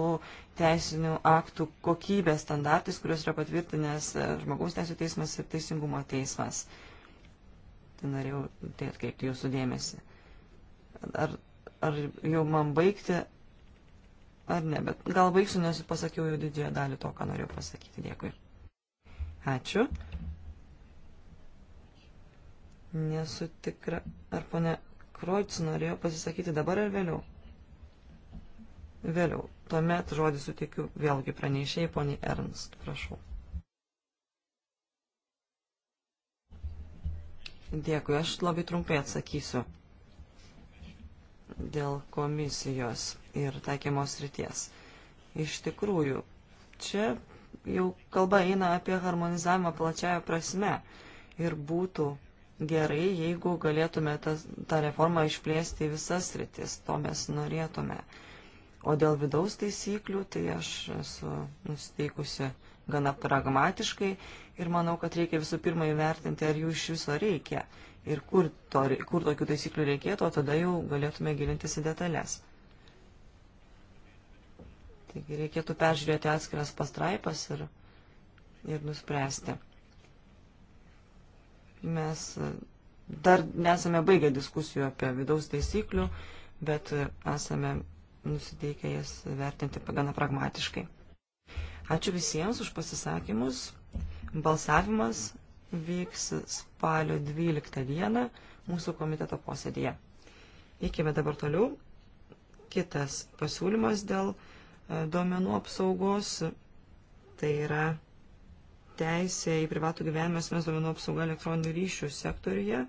teisinių aktų kokybės standartais, kuriuos yra patvirtinęs žmogaus teisų teismas ir teisingumo teismas. Tai norėjau tai atkreipti jūsų dėmesį. Ar, ar jau man baigti, ar ne, bet gal baigsiu, nes pasakiau jau didžiąją dalį to, ką norėjau pasakyti. Dėkui. Ačiū. Nesu tikra, ar ponia Kroic norėjo pasisakyti dabar ar vėliau. Vėliau. Tuomet žodį sutikiu vėlgi pranešėjai poniai Ernst, prašau. Dėkui, aš labai trumpai atsakysiu dėl komisijos ir taikymos ryties. Iš tikrųjų, čia jau kalba eina apie harmonizavimą plačiaja prasme ir būtų gerai, jeigu galėtume tas, tą reformą išplėsti į visas rytis, to mes norėtume. O dėl vidaus taisyklių, tai aš esu nusiteikusi gana pragmatiškai ir manau, kad reikia visų pirma įvertinti, ar jų iš viso reikia ir kur, to, kur tokių taisyklių reikėtų, o tada jau galėtume gilintis į detalės. Taigi reikėtų peržiūrėti atskiras pastraipas ir, ir nuspręsti. Mes e, dar nesame baigę diskusijų apie vidaus taisyklių, bet e, esame nusiteikę jas vertinti gana pragmatiškai. Ačiū visiems už pasisakymus. Balsavimas vyks spalio 12 dieną mūsų komiteto posėdėje. Eikime dabar toliau. Kitas pasiūlymas dėl e, duomenų apsaugos tai yra teisę į privatų gyvenimą asmens duomenų apsaugą elektroninių ryšių sektoriuje.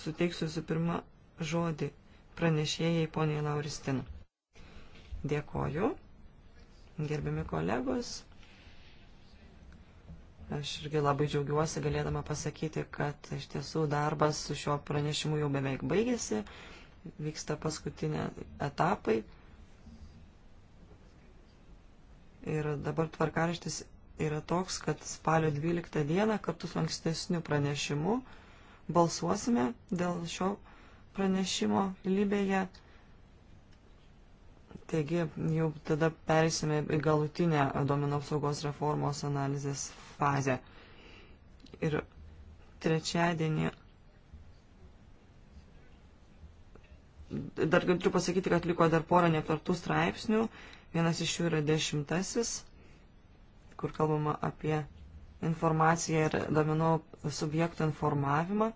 Suteiksiu visų pirma žodį pranešėjai poniai Lauristin. Dėkoju, gerbiami kolegos. Aš irgi labai džiaugiuosi galėdama pasakyti, kad iš tiesų darbas su šiuo pranešimu jau beveik baigėsi, vyksta paskutinė etapai. Ir dabar tvarkaraštis yra toks, kad spalio 12 dieną kartu su ankstesniu pranešimu balsuosime dėl šio pranešimo lybėje. Taigi jau tada perėsime į galutinę duomenų apsaugos reformos analizės fazę. Ir trečiadienį dar galiu pasakyti, kad liko dar porą neaptartų straipsnių Vienas iš jų yra dešimtasis, kur kalbama apie informaciją ir domenų subjektų informavimą.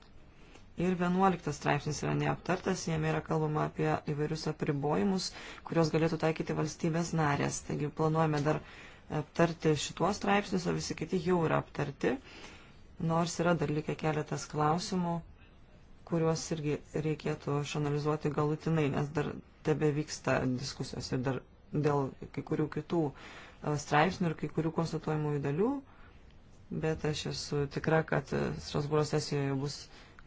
Ir 11 straipsnis yra neaptartas, jame yra kalbama apie įvairius apribojimus, kurios galėtų taikyti valstybės narės. Taigi planuojame dar aptarti šituos straipsnius, o visi kiti jau yra aptarti. Nors yra dar likę keletas klausimų, kuriuos irgi reikėtų išanalizuoti galutinai, nes dar tebe vyksta diskusijos ir dar dėl kai kurių kitų e, straipsnių ir kai kurių konstatuojamųjų dalių, bet aš esu tikra, kad e, Strasbūro sesijoje bus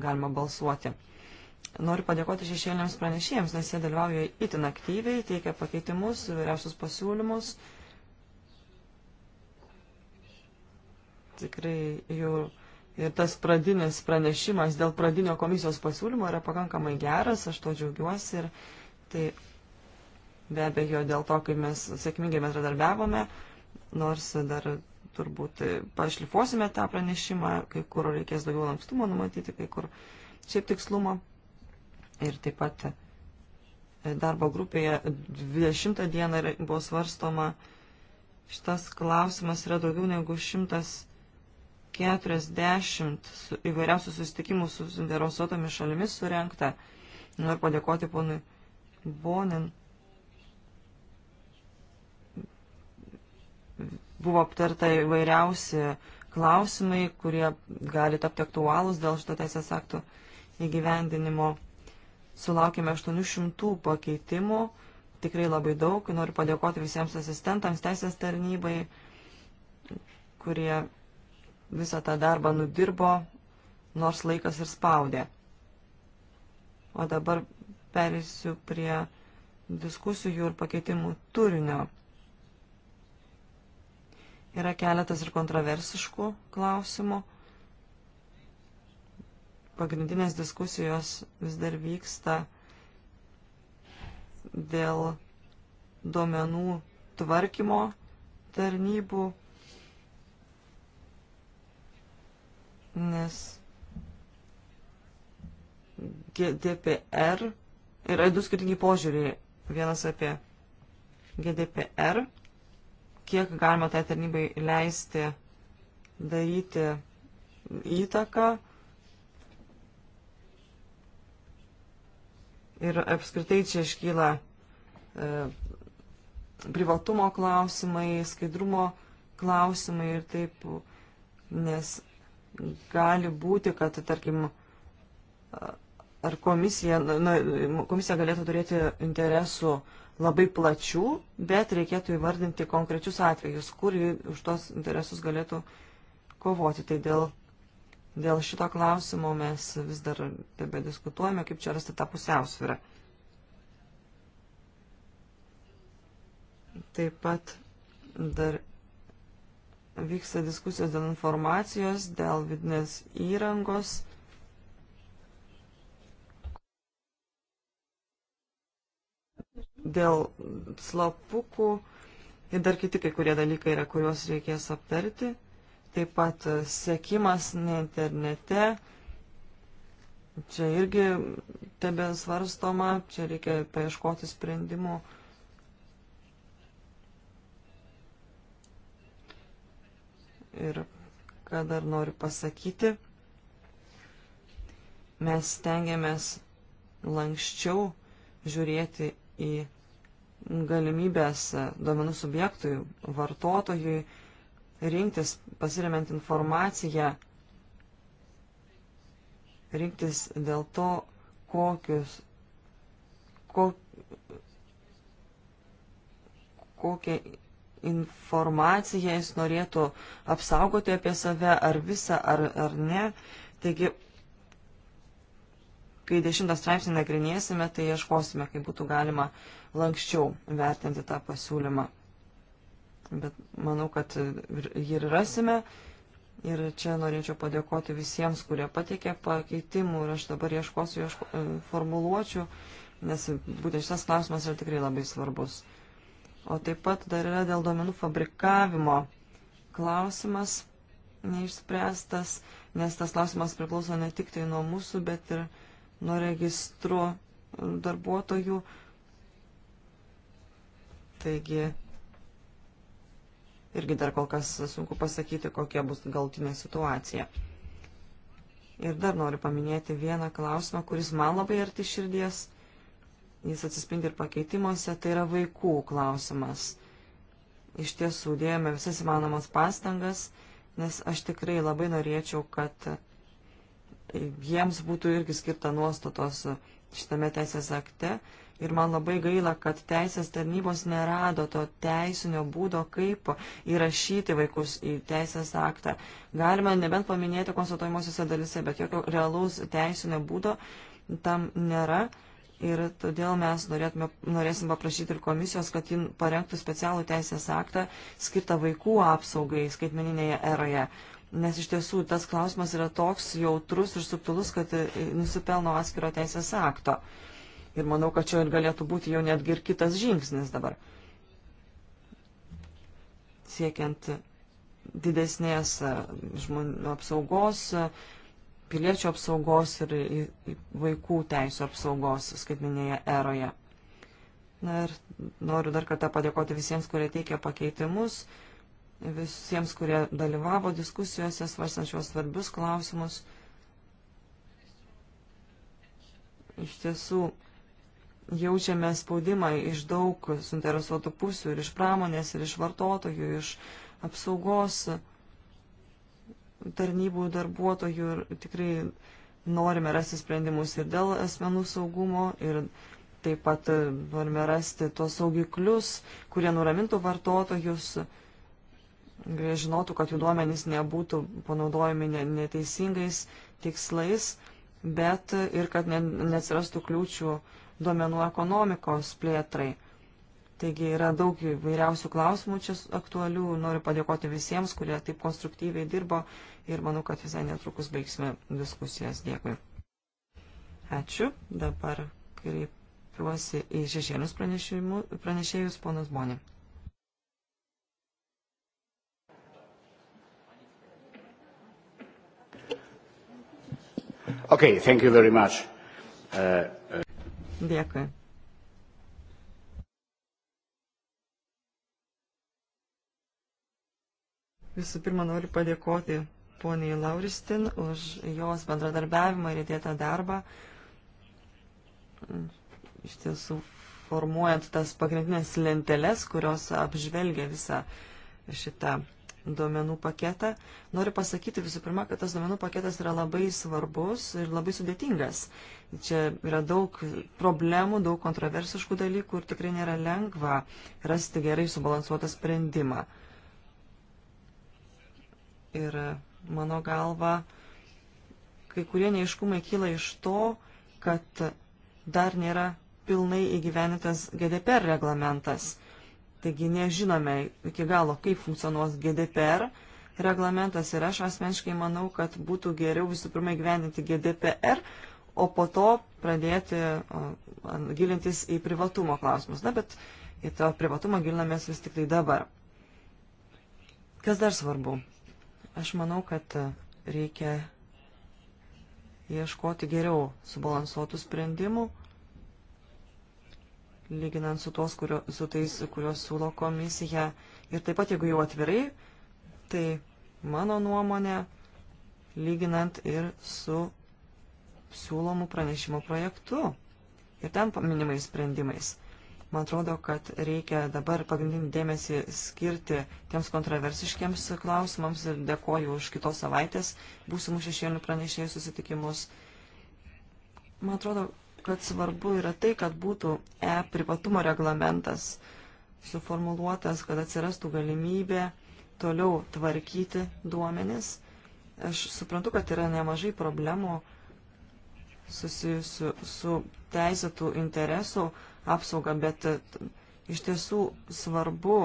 galima balsuoti. Noriu padėkoti šešėliniams pranešėjams, nes jie dalyvauja itin aktyviai, teikia pakeitimus, įvairiausius pasiūlymus. Tikrai jau ir tas pradinis pranešimas dėl pradinio komisijos pasiūlymo yra pakankamai geras, aš to džiaugiuosi ir tai be abejo dėl to, kai mes sėkmingai bendradarbiavome, nors dar turbūt pašlifuosime tą pranešimą, kai kur reikės daugiau lankstumo numatyti, kai kur šiaip tikslumo. Ir taip pat darbo grupėje 20 dieną buvo svarstoma šitas klausimas yra daugiau negu 140 su įvairiausių susitikimų su interesuotomis šalimis surenkta. Noriu padėkoti ponui Bonin buvo aptarta įvairiausi klausimai, kurie gali tapti aktualūs dėl šito teisės akto įgyvendinimo. Sulaukėme 800 pakeitimų, tikrai labai daug. Noriu padėkoti visiems asistentams, teisės tarnybai, kurie visą tą darbą nudirbo, nors laikas ir spaudė. O dabar perėsiu prie diskusijų ir pakeitimų turinio. Yra keletas ir kontroversiškų klausimų. Pagrindinės diskusijos vis dar vyksta dėl duomenų tvarkymo tarnybų, nes GDPR yra du skirtingi požiūriai. Vienas apie GDPR kiek galima tai tarnybai leisti daryti įtaką ir apskritai čia iškyla e, privatumo klausimai, skaidrumo klausimai ir taip, nes gali būti, kad, tarkim, ar komisija, na, komisija galėtų turėti interesų labai plačių, bet reikėtų įvardinti konkrečius atvejus, kur už tos interesus galėtų kovoti. Tai dėl, dėl šito klausimo mes vis dar tebe diskutuojame, kaip čia rasti tą pusiausvyrą. Taip pat dar vyksta diskusijos dėl informacijos, dėl vidinės įrangos dėl slapukų ir dar kiti kai kurie dalykai yra, kuriuos reikės aptarti. Taip pat sekimas internete. Čia irgi tebe svarstoma, čia reikia paieškoti sprendimų. Ir ką dar noriu pasakyti, mes stengiamės lankščiau žiūrėti į galimybės duomenų subjektui, vartotojui rinktis, pasiremiant informaciją, rinktis dėl to, kokius, ko, kokią informaciją jis norėtų apsaugoti apie save, ar visą, ar, ar ne. Taigi kai dešimtą straipsnį nagrinėsime, tai ieškosime, kaip būtų galima lankščiau vertinti tą pasiūlymą. Bet manau, kad jį ir rasime. Ir čia norėčiau padėkoti visiems, kurie pateikė pakeitimų ir aš dabar ieškosiu ieško, e, formuluočių, nes būtent šitas klausimas yra tikrai labai svarbus. O taip pat dar yra dėl duomenų fabrikavimo klausimas neišspręstas, nes tas klausimas priklauso ne tik tai nuo mūsų, bet ir nuo registro darbuotojų. Taigi, irgi dar kol kas sunku pasakyti, kokia bus galtinė situacija. Ir dar noriu paminėti vieną klausimą, kuris man labai arti širdies. Jis atsispindi ir pakeitimuose, tai yra vaikų klausimas. Iš tiesų dėjome visas įmanomas pastangas, nes aš tikrai labai norėčiau, kad jiems būtų irgi skirta nuostatos šitame teisės akte. Ir man labai gaila, kad teisės tarnybos nerado to teisinio būdo, kaip įrašyti vaikus į teisės aktą. Galima nebent paminėti konsultuojimuose dalise, bet jokio realaus teisinio būdo tam nėra. Ir todėl mes norėtume, norėsim paprašyti ir komisijos, kad ji parengtų specialų teisės aktą skirtą vaikų apsaugai skaitmeninėje eroje nes iš tiesų tas klausimas yra toks jautrus ir subtilus, kad e, e, nusipelno atskiro teisės akto. Ir manau, kad čia ir galėtų būti jau netgi ir kitas žingsnis dabar. Siekiant didesnės e, žmonių apsaugos, piliečių apsaugos ir vaikų teisų apsaugos skaitminėje eroje. Na ir noriu dar kartą padėkoti visiems, kurie teikia pakeitimus visiems, kurie dalyvavo diskusijose, svarstant šios svarbius klausimus. Iš tiesų, jaučiame spaudimą iš daug suinteresuotų pusių ir iš pramonės, ir iš vartotojų, iš apsaugos tarnybų darbuotojų ir tikrai norime rasti sprendimus ir dėl asmenų saugumo, ir taip pat norime rasti tos saugiklius, kurie nuramintų vartotojus, žinotų, kad jų duomenys nebūtų panaudojami neteisingais tikslais, bet ir kad neatsirastų kliūčių duomenų ekonomikos plėtrai. Taigi yra daug įvairiausių klausimų čia aktualių. Noriu padėkoti visiems, kurie taip konstruktyviai dirbo ir manau, kad visai netrukus baigsime diskusijas. Dėkui. Ačiū. Dabar kreipiuosi į šešėlius pranešėjus, ponas Bonė. Okay, thank you very much. Uh, uh... Dėkui. Visų pirma, noriu padėkoti poniai Lauristin už jos bendradarbiavimą ir įdėtą darbą. Iš tiesų, formuojant tas pagrindinės lenteles, kurios apžvelgia visą šitą duomenų paketą. Noriu pasakyti visų pirma, kad tas duomenų paketas yra labai svarbus ir labai sudėtingas. Čia yra daug problemų, daug kontroversiškų dalykų ir tikrai nėra lengva rasti gerai subalansuotą sprendimą. Ir mano galva, kai kurie neiškumai kyla iš to, kad dar nėra pilnai įgyvenintas GDPR reglamentas. Taigi nežinome iki galo, kaip funkcionuos GDPR reglamentas ir aš asmeniškai manau, kad būtų geriau visų pirma gyveninti GDPR, o po to pradėti gilintis į privatumo klausimus. Na, bet į tą privatumą gilinamės vis tik tai dabar. Kas dar svarbu? Aš manau, kad reikia ieškoti geriau subalansuotų sprendimų lyginant su, tos, kurio, su tais, kuriuos siūlo komisija. Ir taip pat, jeigu jau atvirai, tai mano nuomonė, lyginant ir su siūlomų pranešimo projektu ir ten paminimais sprendimais. Man atrodo, kad reikia dabar pagrindinį dėmesį skirti tiems kontroversiškiams klausimams ir dėkoju už kitos savaitės būsimų šešėlių pranešėjų susitikimus. Man atrodo, kad svarbu yra tai, kad būtų e-privatumo reglamentas suformuluotas, kad atsirastų galimybė toliau tvarkyti duomenis. Aš suprantu, kad yra nemažai problemų susijusių su teisėtų interesų apsauga, bet e, iš tiesų svarbu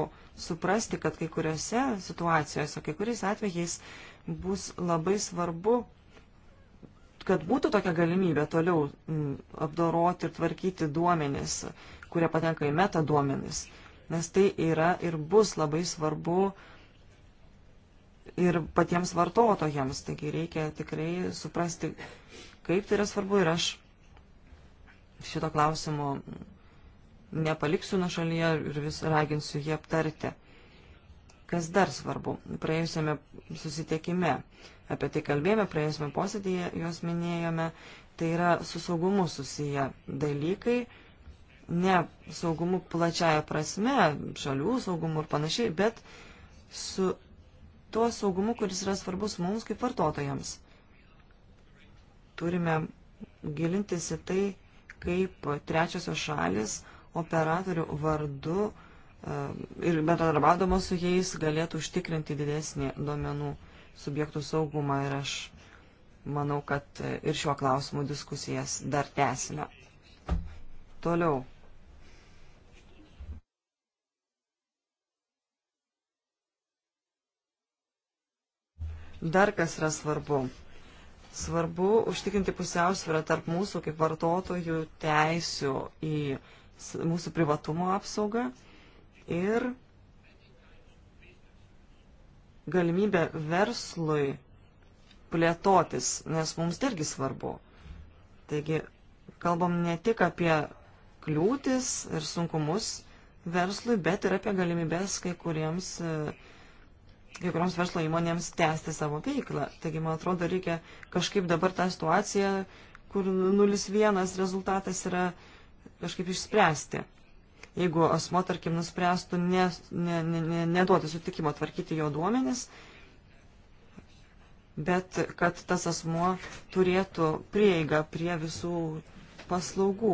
suprasti, kad kai kuriuose situacijose, kai kuriais atvejais bus labai svarbu kad būtų tokia galimybė toliau mm, apdoroti ir tvarkyti duomenis, kurie patenka į metaduomenis, nes tai yra ir bus labai svarbu ir patiems vartotojams. Taigi reikia tikrai suprasti, kaip tai yra svarbu ir aš šito klausimo nepaliksiu nuo šalyje ir vis raginsiu jį aptarti. Kas dar svarbu, praėjusiame susitikime apie tai kalbėjome, praėjusiame posėdėje juos minėjome, tai yra su saugumu susiję dalykai, ne saugumu plačiaja prasme, šalių saugumu ir panašiai, bet su tuo saugumu, kuris yra svarbus mums kaip vartotojams. Turime gilintis į tai, kaip trečiosios šalis operatorių vardu uh, Ehm, ir bendradarbiaudamos su jais galėtų užtikrinti didesnį duomenų subjektų saugumą ir aš manau, kad e, ir šiuo klausimu diskusijas dar tęsime. Toliau. Dar kas yra svarbu. Svarbu užtikrinti pusiausvyrą tarp mūsų kaip vartotojų teisių į mūsų privatumo apsaugą ir galimybę verslui plėtotis, nes mums tai irgi svarbu. Taigi, kalbam ne tik apie kliūtis ir sunkumus verslui, bet ir apie galimybės kai kuriems, e, kai kuriems verslo įmonėms tęsti savo veiklą. Taigi, man atrodo, reikia kažkaip dabar tą situaciją, kur 0,1 rezultatas yra kažkaip išspręsti. Jeigu asmo, tarkim, nuspręstų ne, ne, ne, neduoti sutikimo tvarkyti jo duomenis, bet kad tas asmo turėtų prieigą prie visų paslaugų.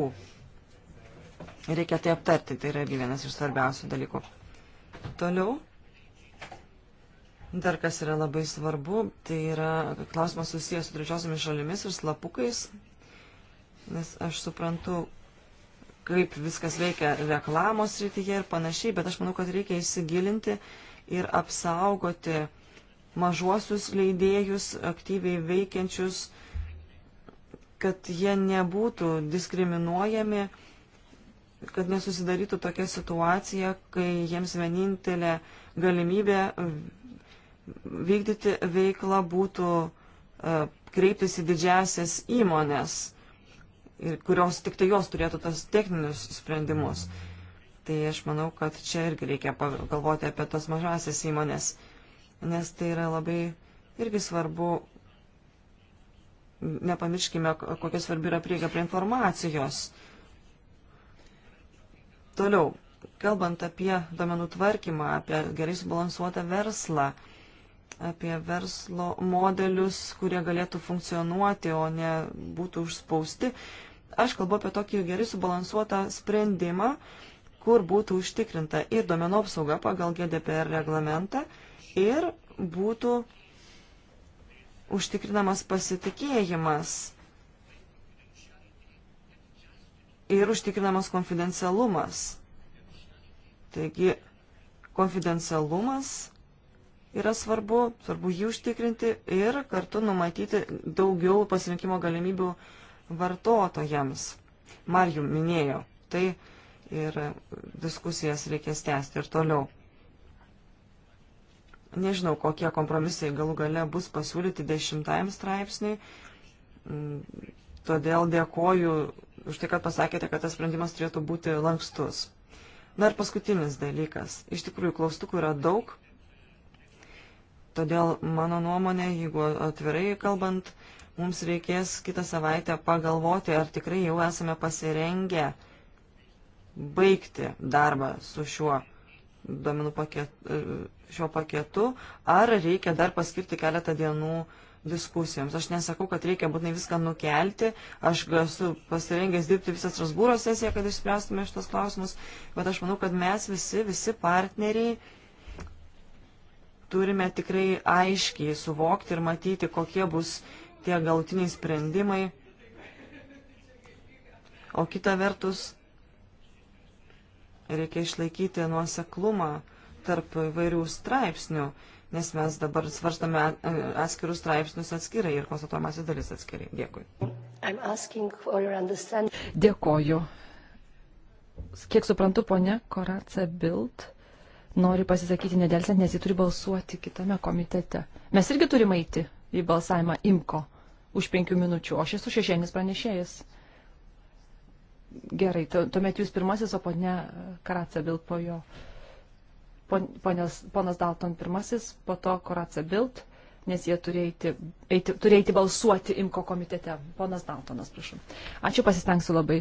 Reikia tai aptarti, tai yra vienas iš svarbiausių dalykų. Toliau, dar kas yra labai svarbu, tai yra klausimas susijęs su trečiosiomis šalimis ir slapukais, nes aš suprantu, kaip viskas veikia reklamos rytyje ir panašiai, bet aš manau, kad reikia įsigilinti ir apsaugoti mažuosius leidėjus, aktyviai veikiančius, kad jie nebūtų diskriminuojami, kad nesusidarytų tokia situacija, kai jiems vienintelė galimybė vykdyti veiklą būtų e, kreiptis į didžiasias įmonės ir kurioms tik tai jos turėtų tas techninius sprendimus. Tai aš manau, kad čia irgi reikia pagalvoti apie tas mažasias įmonės, nes tai yra labai irgi svarbu. Nepamirškime, kokia svarbi yra prieiga prie informacijos. Toliau, kalbant apie domenų tvarkymą, apie gerai subalansuotą verslą, apie verslo modelius, kurie galėtų funkcionuoti, o ne būtų užspausti, Aš kalbu apie tokį gerai subalansuotą sprendimą, kur būtų užtikrinta ir domenų apsauga pagal GDPR reglamentą ir būtų užtikrinamas pasitikėjimas ir užtikrinamas konfidencialumas. Taigi, konfidencialumas yra svarbu, svarbu jį užtikrinti ir kartu numatyti daugiau pasirinkimo galimybių uh, vartotojams. Marjum minėjo tai ir diskusijas reikės tęsti ir toliau. Nežinau, kokie kompromisai galų gale bus pasiūlyti dešimtajam straipsniui, todėl dėkoju už tai, kad pasakėte, kad tas sprendimas turėtų būti lankstus. Na ir paskutinis dalykas. Iš tikrųjų, klaustukų yra daug, todėl mano nuomonė, jeigu atvirai kalbant, Mums reikės kitą savaitę pagalvoti, ar tikrai jau esame pasirengę baigti darbą su šiuo duomenų paketu, šiuo paketu, ar reikia dar paskirti keletą dienų diskusijoms. Aš nesakau, kad reikia būtinai viską nukelti, aš esu pasirengęs dirbti visą Strasbūro sesiją, kad išspręstume šitos klausimus, bet aš manau, kad mes visi, visi partneriai turime tikrai aiškiai suvokti ir matyti, kokie bus uh, tie galutiniai sprendimai. O kita vertus, reikia išlaikyti nuoseklumą tarp įvairių straipsnių, nes mes dabar svarstame e, atskirus straipsnius atskirai ir konstatuojamasis dalis atskirai. Dėkui. Dėkoju. Kiek suprantu, ponia Koraca Bild nori pasisakyti nedelsiant, nes ji turi balsuoti kitame komitete. Mes irgi turime eiti į balsavimą imko už penkių minučių, o aš esu šešėlinis pranešėjas. Gerai, tuomet jūs pirmasis, o ponia Karatsa Bilt po jo. Ponas, ponas Dalton pirmasis, po to Karatsa Bilt, nes jie turėjo eiti, turėjo eiti balsuoti imko komitete. Ponas Daltonas, prašau. Ačiū, pasistengsiu labai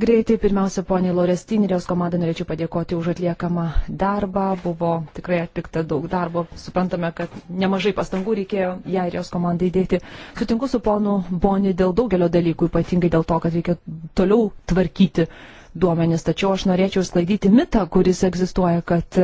Greitai, pirmiausia, poniai Lorestin ir jos komandai norėčiau padėkoti už atliekamą darbą. Buvo tikrai atlikta daug darbo. Suprantame, kad nemažai pastangų reikėjo ją ir jos komandai dėti. Sutinku su ponu Boni dėl daugelio dalykų, ypatingai dėl to, kad reikia toliau tvarkyti duomenis. Tačiau aš norėčiau sklaidyti mitą, kuris egzistuoja, kad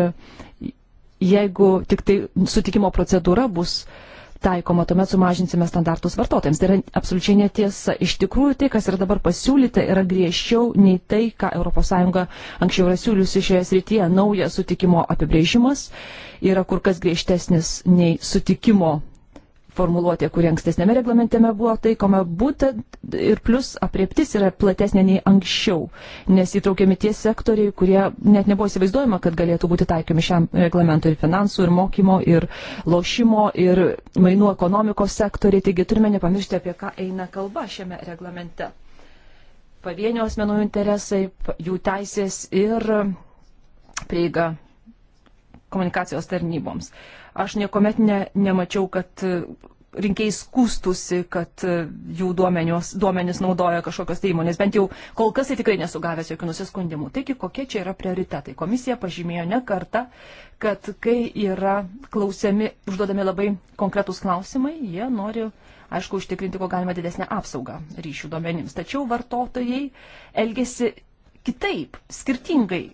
jeigu tik tai sutikimo procedūra bus uh, taikoma, tuomet sumažinsime standartus vartotojams. Tai yra absoliučiai netiesa. Iš tikrųjų, tai, kas yra dabar pasiūlyta, yra griežčiau nei tai, ką ES anksčiau yra siūliusi šioje srityje. Naujas sutikimo apibrėžimas yra kur kas griežtesnis nei sutikimo formuluotė, kuri ankstesnėme reglamentėme buvo taikoma, būtent ir plus apriptis yra platesnė nei anksčiau, nes įtraukiami tie sektoriai, kurie net nebuvo įsivaizduojama, kad galėtų būti taikomi šiam reglamentui ir finansų, ir mokymo, ir lošimo, ir mainų ekonomikos sektoriai, taigi turime nepamiršti, apie ką eina kalba šiame reglamente. Pavienio asmenų interesai, jų teisės ir prieiga komunikacijos tarnyboms. Aš niekuomet ne, nemačiau, kad e, rinkėjai skūstusi, kad e, jų duomenios, duomenis naudoja kažkokios tai įmonės. Bent jau kol kas jie tikrai nesugavęs jokių nusiskundimų. Taigi, kokie čia yra prioritetai? Komisija pažymėjo ne kartą, kad kai yra klausiami, užduodami labai konkretūs klausimai, jie nori, aišku, užtikrinti, ko galima didesnę apsaugą ryšių duomenims. Tačiau vartotojai elgesi kitaip, skirtingai.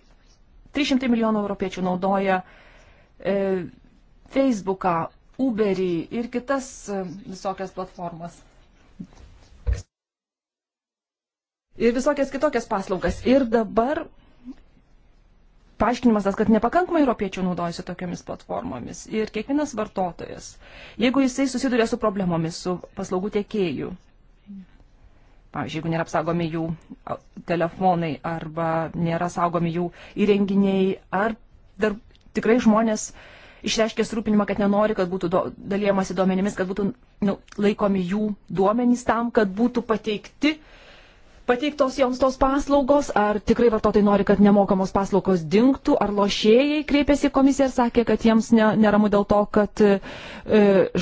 300 milijonų europiečių naudoja. E, Facebooką, Uberį ir kitas e, visokias platformas. Ir visokias kitokias paslaugas. Ir dabar paaiškinimas tas, kad nepakankamai europiečių naudojasi tokiamis platformomis. Ir kiekvienas vartotojas, jeigu jisai susiduria su problemomis, su paslaugų tiekėjų, pavyzdžiui, jeigu nėra apsaugomi jų telefonai arba nėra saugomi jų įrenginiai, ar dar tikrai žmonės uh, išreiškė surūpinimą, kad nenori, kad būtų do, dalyjamasi duomenimis, kad būtų nu, laikomi jų duomenys tam, kad būtų pateikti, pateiktos joms tos paslaugos, ar tikrai vartotojai nori, kad nemokamos paslaugos dinktų, ar lošėjai kreipėsi į komisiją ir sakė, kad jiems ne, neramu dėl to, kad e,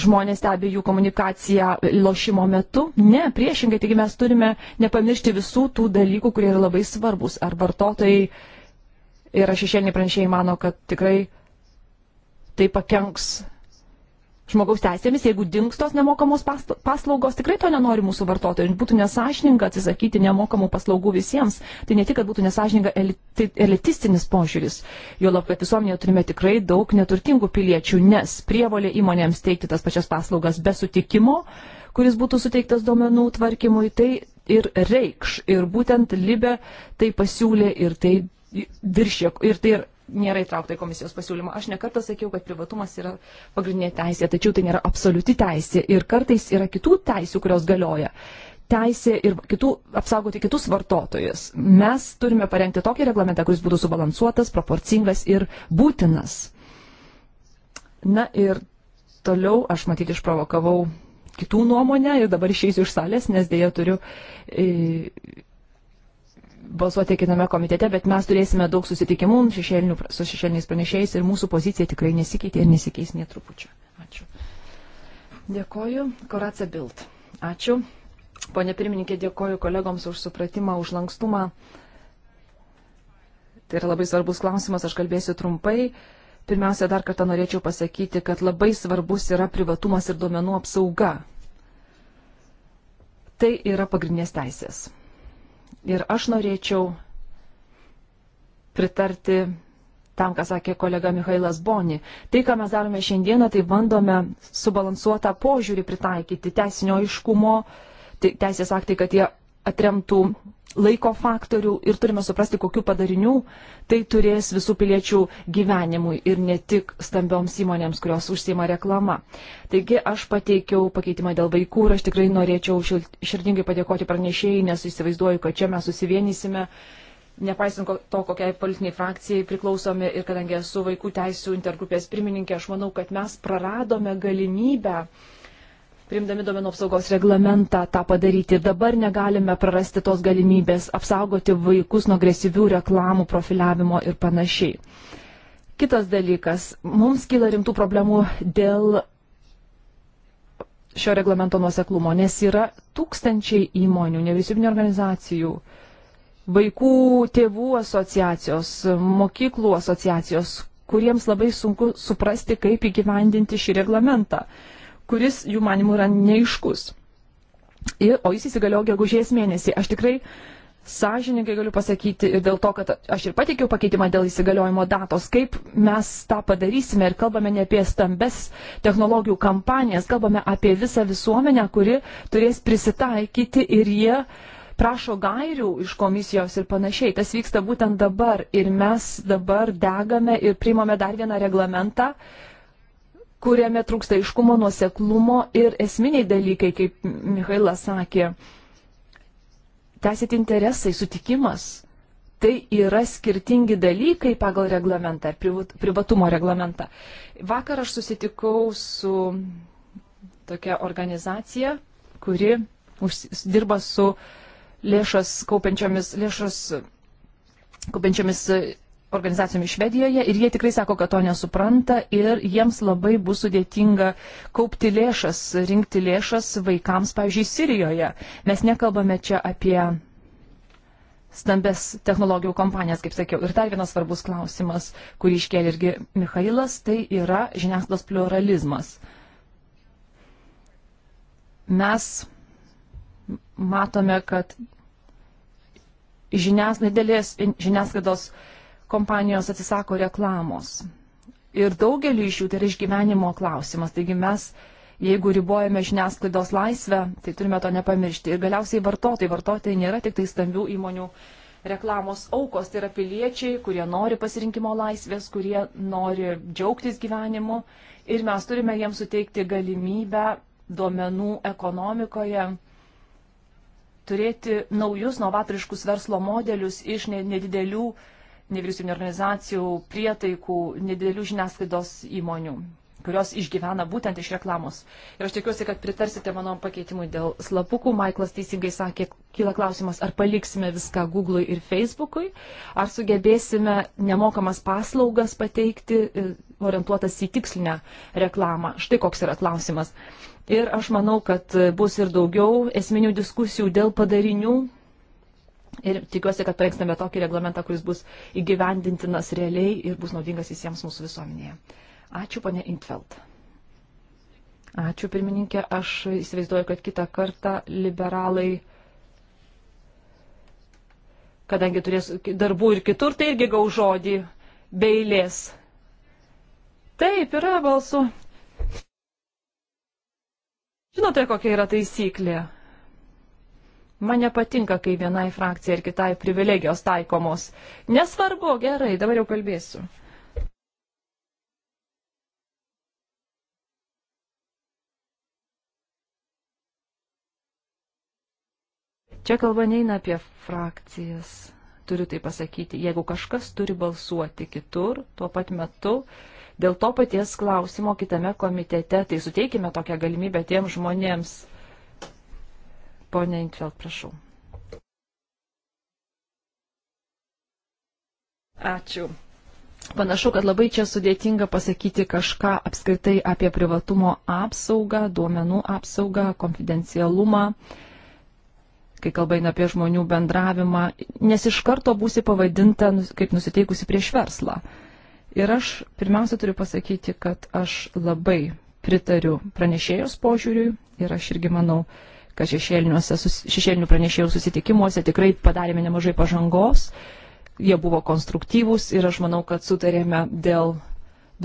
žmonės stebi jų komunikaciją lošimo metu. Ne, priešingai, taigi mes turime nepamiršti visų tų dalykų, kurie yra labai svarbus. Ar vartotojai ir aš išėlinį pranešėjai mano, kad tikrai tai pakenks žmogaus teisėmis, jeigu dinkstos nemokamos paslaugos, tikrai to nenori mūsų vartotojai. Būtų nesažininga atsisakyti nemokamų paslaugų visiems. Tai ne tik, kad būtų nesažininga tai elitistinis požiūris, jo lab, kad visuomenėje turime tikrai daug neturtingų piliečių, nes prievolė įmonėms teikti tas pačias paslaugas be sutikimo, kuris būtų suteiktas duomenų tvarkymui, tai ir reikš. Ir būtent Libė tai pasiūlė ir tai viršė, ir tai nėra įtraukta į komisijos pasiūlymą. Aš nekartą sakiau, kad privatumas yra pagrindinė teisė, tačiau tai nėra absoliuti teisė ir kartais yra kitų teisių, kurios galioja. Teisė ir kitų, apsaugoti kitus vartotojus. Mes turime parengti tokį reglamentą, kuris būtų subalansuotas, proporcingas ir būtinas. Na ir toliau aš matyt išprovokavau kitų nuomonę ir dabar išeisiu iš salės, nes dėja turiu. E, balsuoti kitame komitete, bet mes turėsime daug susitikimų su šešėliniais pranešėjais ir mūsų pozicija tikrai nesikeitė ir nesikeis netrupučiu. Ačiū. Dėkoju. Koracija Bild. Ačiū. Pone pirmininkė, dėkoju kolegoms už supratimą, už lankstumą. Tai yra labai svarbus klausimas, aš kalbėsiu trumpai. Pirmiausia, dar kartą norėčiau pasakyti, kad labai svarbus yra privatumas ir duomenų apsauga. Tai yra pagrindinės teisės. Ir aš norėčiau pritarti tam, ką sakė kolega Mikhailas Boni. Tai, ką mes darome šiandieną, tai bandome subalansuotą požiūrį pritaikyti teisinio iškumo, teisės aktai, kad jie atremtų laiko faktorių ir turime suprasti, kokiu padariniu tai turės visų piliečių gyvenimui ir ne tik stambioms įmonėms, kurios užsima reklama. Taigi aš pateikiau pakeitimą dėl vaikų ir aš tikrai norėčiau širdingai padėkoti pranešėjai, nes įsivaizduoju, kad čia mes susivienysime. Nepaisant to, kokiai politiniai frakcijai priklausome ir kadangi esu vaikų teisų intergrupės pirmininkė, aš manau, kad mes praradome galimybę uh, primdami duomenų apsaugos reglamentą tą padaryti. Dabar negalime prarasti tos galimybės apsaugoti vaikus nuo agresyvių reklamų, profiliavimo ir panašiai. Kitas dalykas, mums kyla rimtų problemų dėl šio reglamento nuoseklumo, nes yra tūkstančiai įmonių, nevyriausybinio organizacijų, vaikų tėvų asociacijos, mokyklų asociacijos, kuriems labai sunku suprasti, kaip įgyvendinti šį reglamentą kuris jų manimų yra neiškus. Ir, o jis įsigaliojo gegužės mėnesį. Aš tikrai sąžininkai galiu pasakyti ir dėl to, kad aš ir pateikiau pakeitimą dėl įsigaliojimo datos, kaip mes tą padarysime ir kalbame ne apie stambes technologijų kampanijas, kalbame apie visą visuomenę, kuri turės prisitaikyti ir jie prašo gairių iš komisijos ir panašiai. Tas vyksta būtent dabar ir mes dabar degame ir priimame dar vieną reglamentą, uh, kuriame trūksta iškumo, nuoseklumo ir esminiai dalykai, kaip Mikhailas sakė, teisėti interesai, sutikimas. Tai yra skirtingi dalykai pagal reglamentą, privatumo reglamentą. Vakar aš susitikau su tokia organizacija, kuri dirba su lėšas kaupiančiomis, lėšas kaupiančiomis organizacijomis Švedijoje ir jie tikrai sako, kad to nesupranta ir jiems labai bus sudėtinga kaupti lėšas, rinkti lėšas vaikams, pavyzdžiui, Sirijoje. Mes nekalbame čia apie stambes technologijų kompanijas, kaip sakiau. Ir dar vienas svarbus klausimas, kurį iškėlė irgi Mikhailas, tai yra žiniasklaidos pluralizmas. Mes matome, kad žinias, didelės žiniasklaidos pluralizmas kompanijos atsisako reklamos. Ir daugelį iš jų tai yra išgyvenimo klausimas. Taigi mes, jeigu ribojame žiniasklaidos laisvę, tai turime to nepamiršti. Ir galiausiai vartotojai. Vartotojai nėra tik tai stambių įmonių reklamos aukos. Tai yra piliečiai, kurie nori pasirinkimo laisvės, kurie nori džiaugtis gyvenimu. Ir mes turime jiems suteikti galimybę duomenų ekonomikoje turėti naujus novatoriškus verslo modelius iš nedidelių ne nevyriausybinio organizacijų, prietaikų, nedidelių žiniasklaidos įmonių, kurios išgyvena būtent iš reklamos. Ir aš tikiuosi, kad pritarsite mano pakeitimui dėl slapukų. Maiklas teisingai sakė, kyla klausimas, ar paliksime viską Google'ui ir Facebook'ui, ar sugebėsime nemokamas paslaugas pateikti e, orientuotas į tikslinę reklamą. Štai koks yra klausimas. Ir aš manau, kad e, bus ir daugiau esminių diskusijų dėl padarinių Ir tikiuosi, kad parengsime tokį reglamentą, kuris bus įgyvendintinas realiai ir bus naudingas visiems mūsų visuomenėje. Ačiū, ponė Intfeld. Ačiū, pirmininkė. Aš įsivaizduoju, kad kitą kartą liberalai, kadangi turės darbų ir kitur, tai irgi gau žodį be eilės. Taip, yra balsų. Žinote, kokia yra taisyklė? Man nepatinka, kai vienai frakcijai ir kitai privilegijos taikomos. Nesvarbu, gerai, dabar jau kalbėsiu. Čia kalba neina apie frakcijas. Turiu tai pasakyti. Jeigu kažkas turi balsuoti kitur tuo pat metu, dėl to paties klausimo kitame komitete, tai suteikime tokią galimybę tiem žmonėms. Pone Intveld, prašau. Ačiū. Panašu, kad labai čia sudėtinga pasakyti kažką apskritai apie privatumo apsaugą, duomenų apsaugą, konfidencialumą, kai kalba eina apie žmonių bendravimą, nes iš karto būsi pavadinta nu, kaip nusiteikusi prieš verslą. Ir aš pirmiausia turiu pasakyti, kad aš labai pritariu pranešėjos požiūriui ir aš irgi manau, kad šešėlinių pranešėjų susitikimuose tikrai padarėme nemažai pažangos, jie buvo konstruktyvūs ir aš manau, kad sutarėme dėl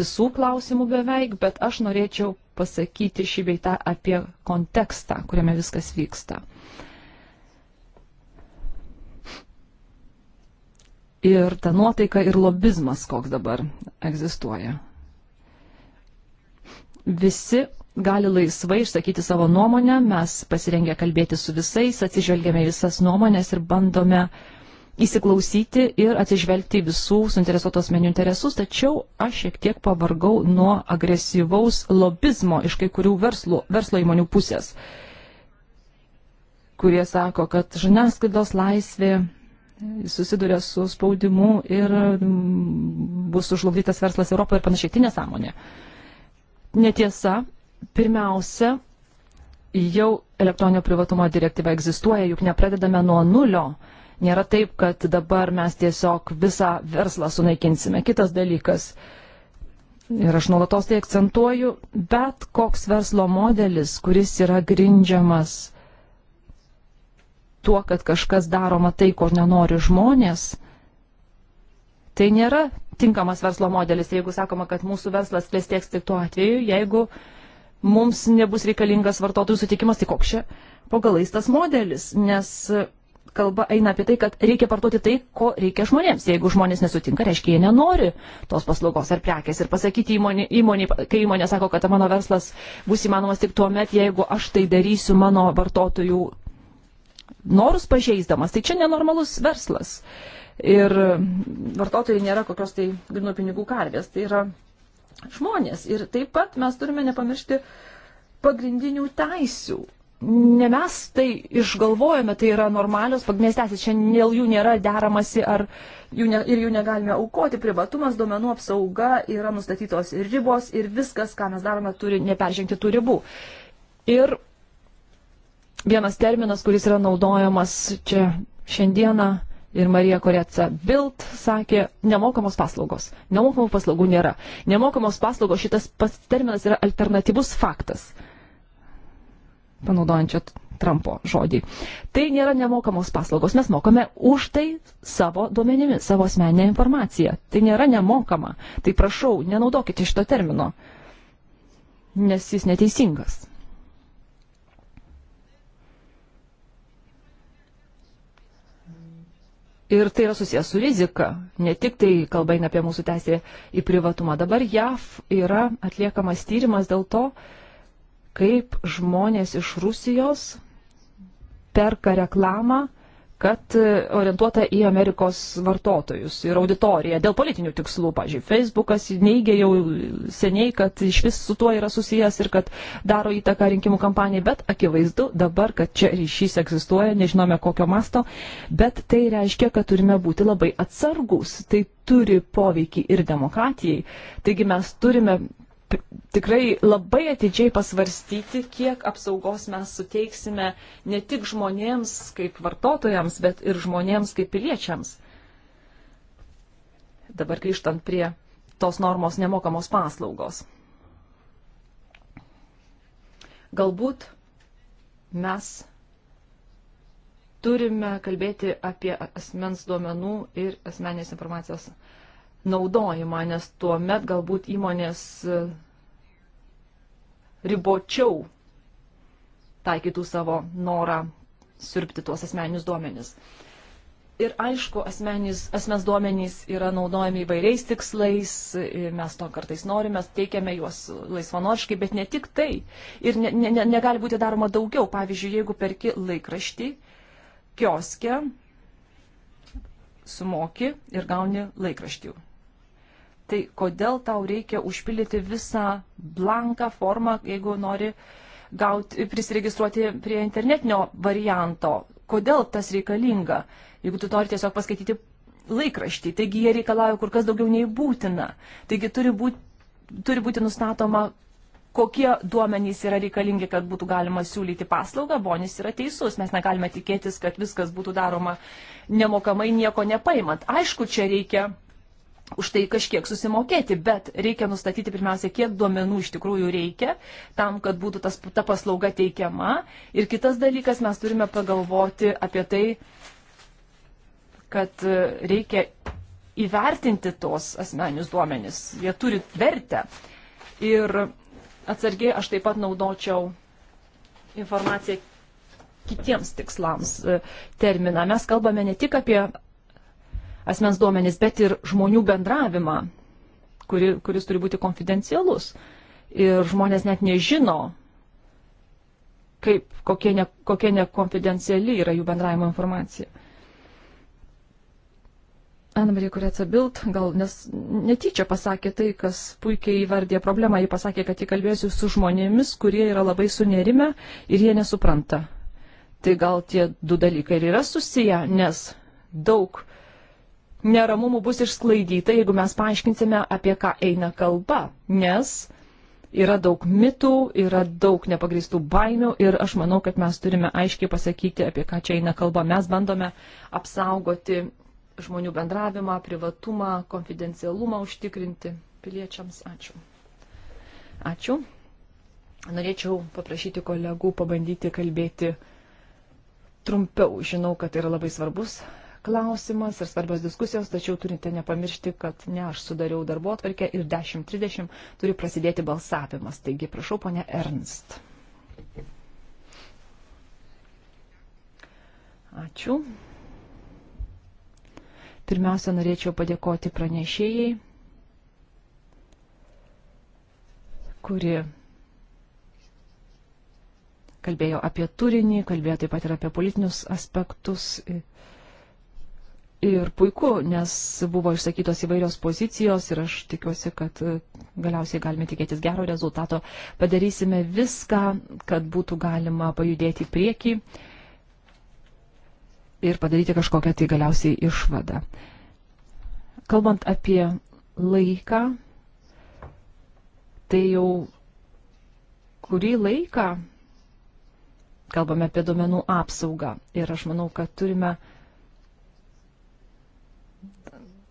visų klausimų beveik, bet aš norėčiau pasakyti šį beitą apie kontekstą, kuriame viskas vyksta. Ir ta nuotaika ir lobizmas, koks dabar egzistuoja. Visi gali laisvai išsakyti savo nuomonę, mes pasirengę kalbėti su visais, atsižvelgiame visas nuomonės ir bandome įsiklausyti ir atsižvelgti visų suinteresuotos menių interesus, tačiau aš šiek tiek pavargau nuo agresyvaus lobizmo iš kai kurių verslo, verslo įmonių pusės, kurie sako, kad žiniasklaidos laisvė susiduria su spaudimu ir mm, bus užlugdytas verslas Europoje ir panašiai. Tai nesąmonė. Netiesa, Pirmiausia, jau elektroninio privatumo direktyva egzistuoja, juk nepradedame nuo nulio. Nėra taip, kad dabar mes tiesiog visą verslą sunaikinsime. Kitas dalykas, ir aš nuolatos tai akcentuoju, bet koks verslo modelis, kuris yra grindžiamas tuo, kad kažkas daroma tai, ko nenori žmonės, tai nėra tinkamas verslo modelis, jeigu sakoma, kad mūsų verslas klestėks tik tuo atveju, jeigu uh, mums nebus reikalingas vartotojų sutikimas, tai koks čia pagalais tas modelis, nes kalba eina apie tai, kad reikia parduoti tai, ko reikia žmonėms. Jeigu žmonės nesutinka, reiškia, jie nenori tos paslaugos ar prekės. Ir pasakyti įmonė, įmonė, kai įmonė sako, kad mano verslas bus įmanomas tik tuo met, jeigu aš tai darysiu mano vartotojų norus pažeisdamas, tai čia nenormalus verslas. Ir vartotojai nėra kokios tai grinų pinigų karvės. Tai yra žmonės. Ir taip pat mes turime nepamiršti pagrindinių teisių. Ne mes tai išgalvojame, tai yra normalios pagrindinės teisės, šiandien dėl jų nėra deramasi ar jų ne, ir jų negalime aukoti. Privatumas, duomenų apsauga yra nustatytos ir ribos ir viskas, ką mes darome, turi neperžengti tų ribų. Ir vienas terminas, kuris yra naudojamas čia šiandieną ir Marija Koreca Bild sakė, nemokamos paslaugos. Nemokamų paslaugų nėra. Nemokamos paslaugos šitas pats terminas yra alternatyvus faktas. Panaudojant čia Trumpo žodį. Tai nėra nemokamos paslaugos. Mes mokame už tai savo duomenimis, savo asmeninę informaciją. Tai nėra nemokama. Tai prašau, nenaudokite šito termino, nes jis neteisingas. Ir tai yra susijęs su rizika, ne tik tai kalba eina apie mūsų teisę į privatumą. Dabar JAV yra atliekamas tyrimas dėl to, kaip žmonės iš Rusijos perka reklamą kad e, orientuota į Amerikos vartotojus ir auditoriją dėl politinių tikslų. Pavyzdžiui, Facebookas neigia jau seniai, kad iš vis su tuo yra susijęs ir kad daro įtaką rinkimų kampanijai, bet akivaizdu dabar, kad čia ryšys egzistuoja, nežinome kokio masto, bet tai reiškia, kad turime būti labai atsargus. Tai turi poveikį ir demokratijai. Taigi mes turime tikrai labai atidžiai pasvarstyti, kiek apsaugos mes suteiksime ne tik žmonėms kaip vartotojams, bet ir žmonėms kaip piliečiams. Dabar grįžtant prie tos normos nemokamos paslaugos. Galbūt mes turime kalbėti apie asmens duomenų ir asmenės informacijos naudojimą, nes tuo met galbūt įmonės e, ribočiau taikytų savo norą sirpti tuos asmeninius duomenis. Ir aišku, asmenys, asmens duomenys yra naudojami įvairiais tikslais, e, mes to kartais norime, teikiame juos laisvanoriškai, bet ne tik tai. Ir ne, ne, negali būti daroma daugiau. Pavyzdžiui, jeigu perki laikraštį, kioskę, sumoki ir gauni laikraštį tai kodėl tau reikia užpildyti visą blanką formą, jeigu nori gauti, prisiregistruoti prie internetinio varianto? Kodėl tas reikalinga, jeigu tu nori tiesiog paskaityti laikraštį? Taigi jie reikalauja kur kas daugiau nei būtina. Taigi turi būti, turi būti nustatoma, kokie duomenys yra reikalingi, kad būtų galima siūlyti paslaugą, Bonis yra teisus, mes negalime tikėtis, kad viskas būtų daroma nemokamai, nieko nepaimant. Aišku, čia reikia už tai kažkiek susimokėti, bet reikia nustatyti pirmiausia, kiek duomenų iš tikrųjų reikia tam, kad būtų tas, ta paslauga teikiama. Ir kitas dalykas, mes turime pagalvoti apie tai, kad e, reikia įvertinti tos asmenius duomenis. Jie turi vertę. Ir atsargiai aš taip pat naudočiau informaciją kitiems tikslams e, terminą. Mes kalbame ne tik apie asmens duomenis, bet ir žmonių bendravimą, kuri, kuris turi būti konfidencialus. Ir žmonės net nežino, kaip, kokia, ne, kokia nekonfidenciali yra jų bendravimo informacija. Anamarija Kuretsa Bild gal nes, netyčia pasakė tai, kas puikiai įvardė problemą. Ji pasakė, kad ji kalbėsiu su žmonėmis, kurie yra labai sunerime ir jie nesupranta. Tai gal tie du dalykai ir yra susiję, nes daug neramumų bus išsklaidyta, jeigu mes paaiškinsime, apie ką eina kalba, nes yra daug mitų, yra daug nepagristų baimių ir aš manau, kad mes turime aiškiai pasakyti, apie ką čia eina kalba. Mes bandome apsaugoti žmonių bendravimą, privatumą, konfidencialumą užtikrinti piliečiams. Ačiū. Ačiū. Norėčiau paprašyti kolegų pabandyti kalbėti trumpiau. Žinau, kad tai yra labai svarbus klausimas ir svarbios diskusijos, tačiau turite nepamiršti, kad ne aš sudariau darbo atvarkę ir 10.30 turi prasidėti balsavimas. Taigi, prašau, ponia Ernst. Ačiū. Pirmiausia, norėčiau padėkoti pranešėjai, kuri kalbėjo apie turinį, kalbėjo taip pat ir apie politinius aspektus. Ir Ir puiku, nes buvo išsakytos įvairios pozicijos ir aš tikiuosi, kad e, galiausiai galime tikėtis gero rezultato. Padarysime viską, kad būtų galima pajudėti į priekį ir padaryti kažkokią tai galiausiai išvadą. Kalbant apie laiką, tai jau kurį laiką kalbame apie duomenų apsaugą ir aš manau, kad turime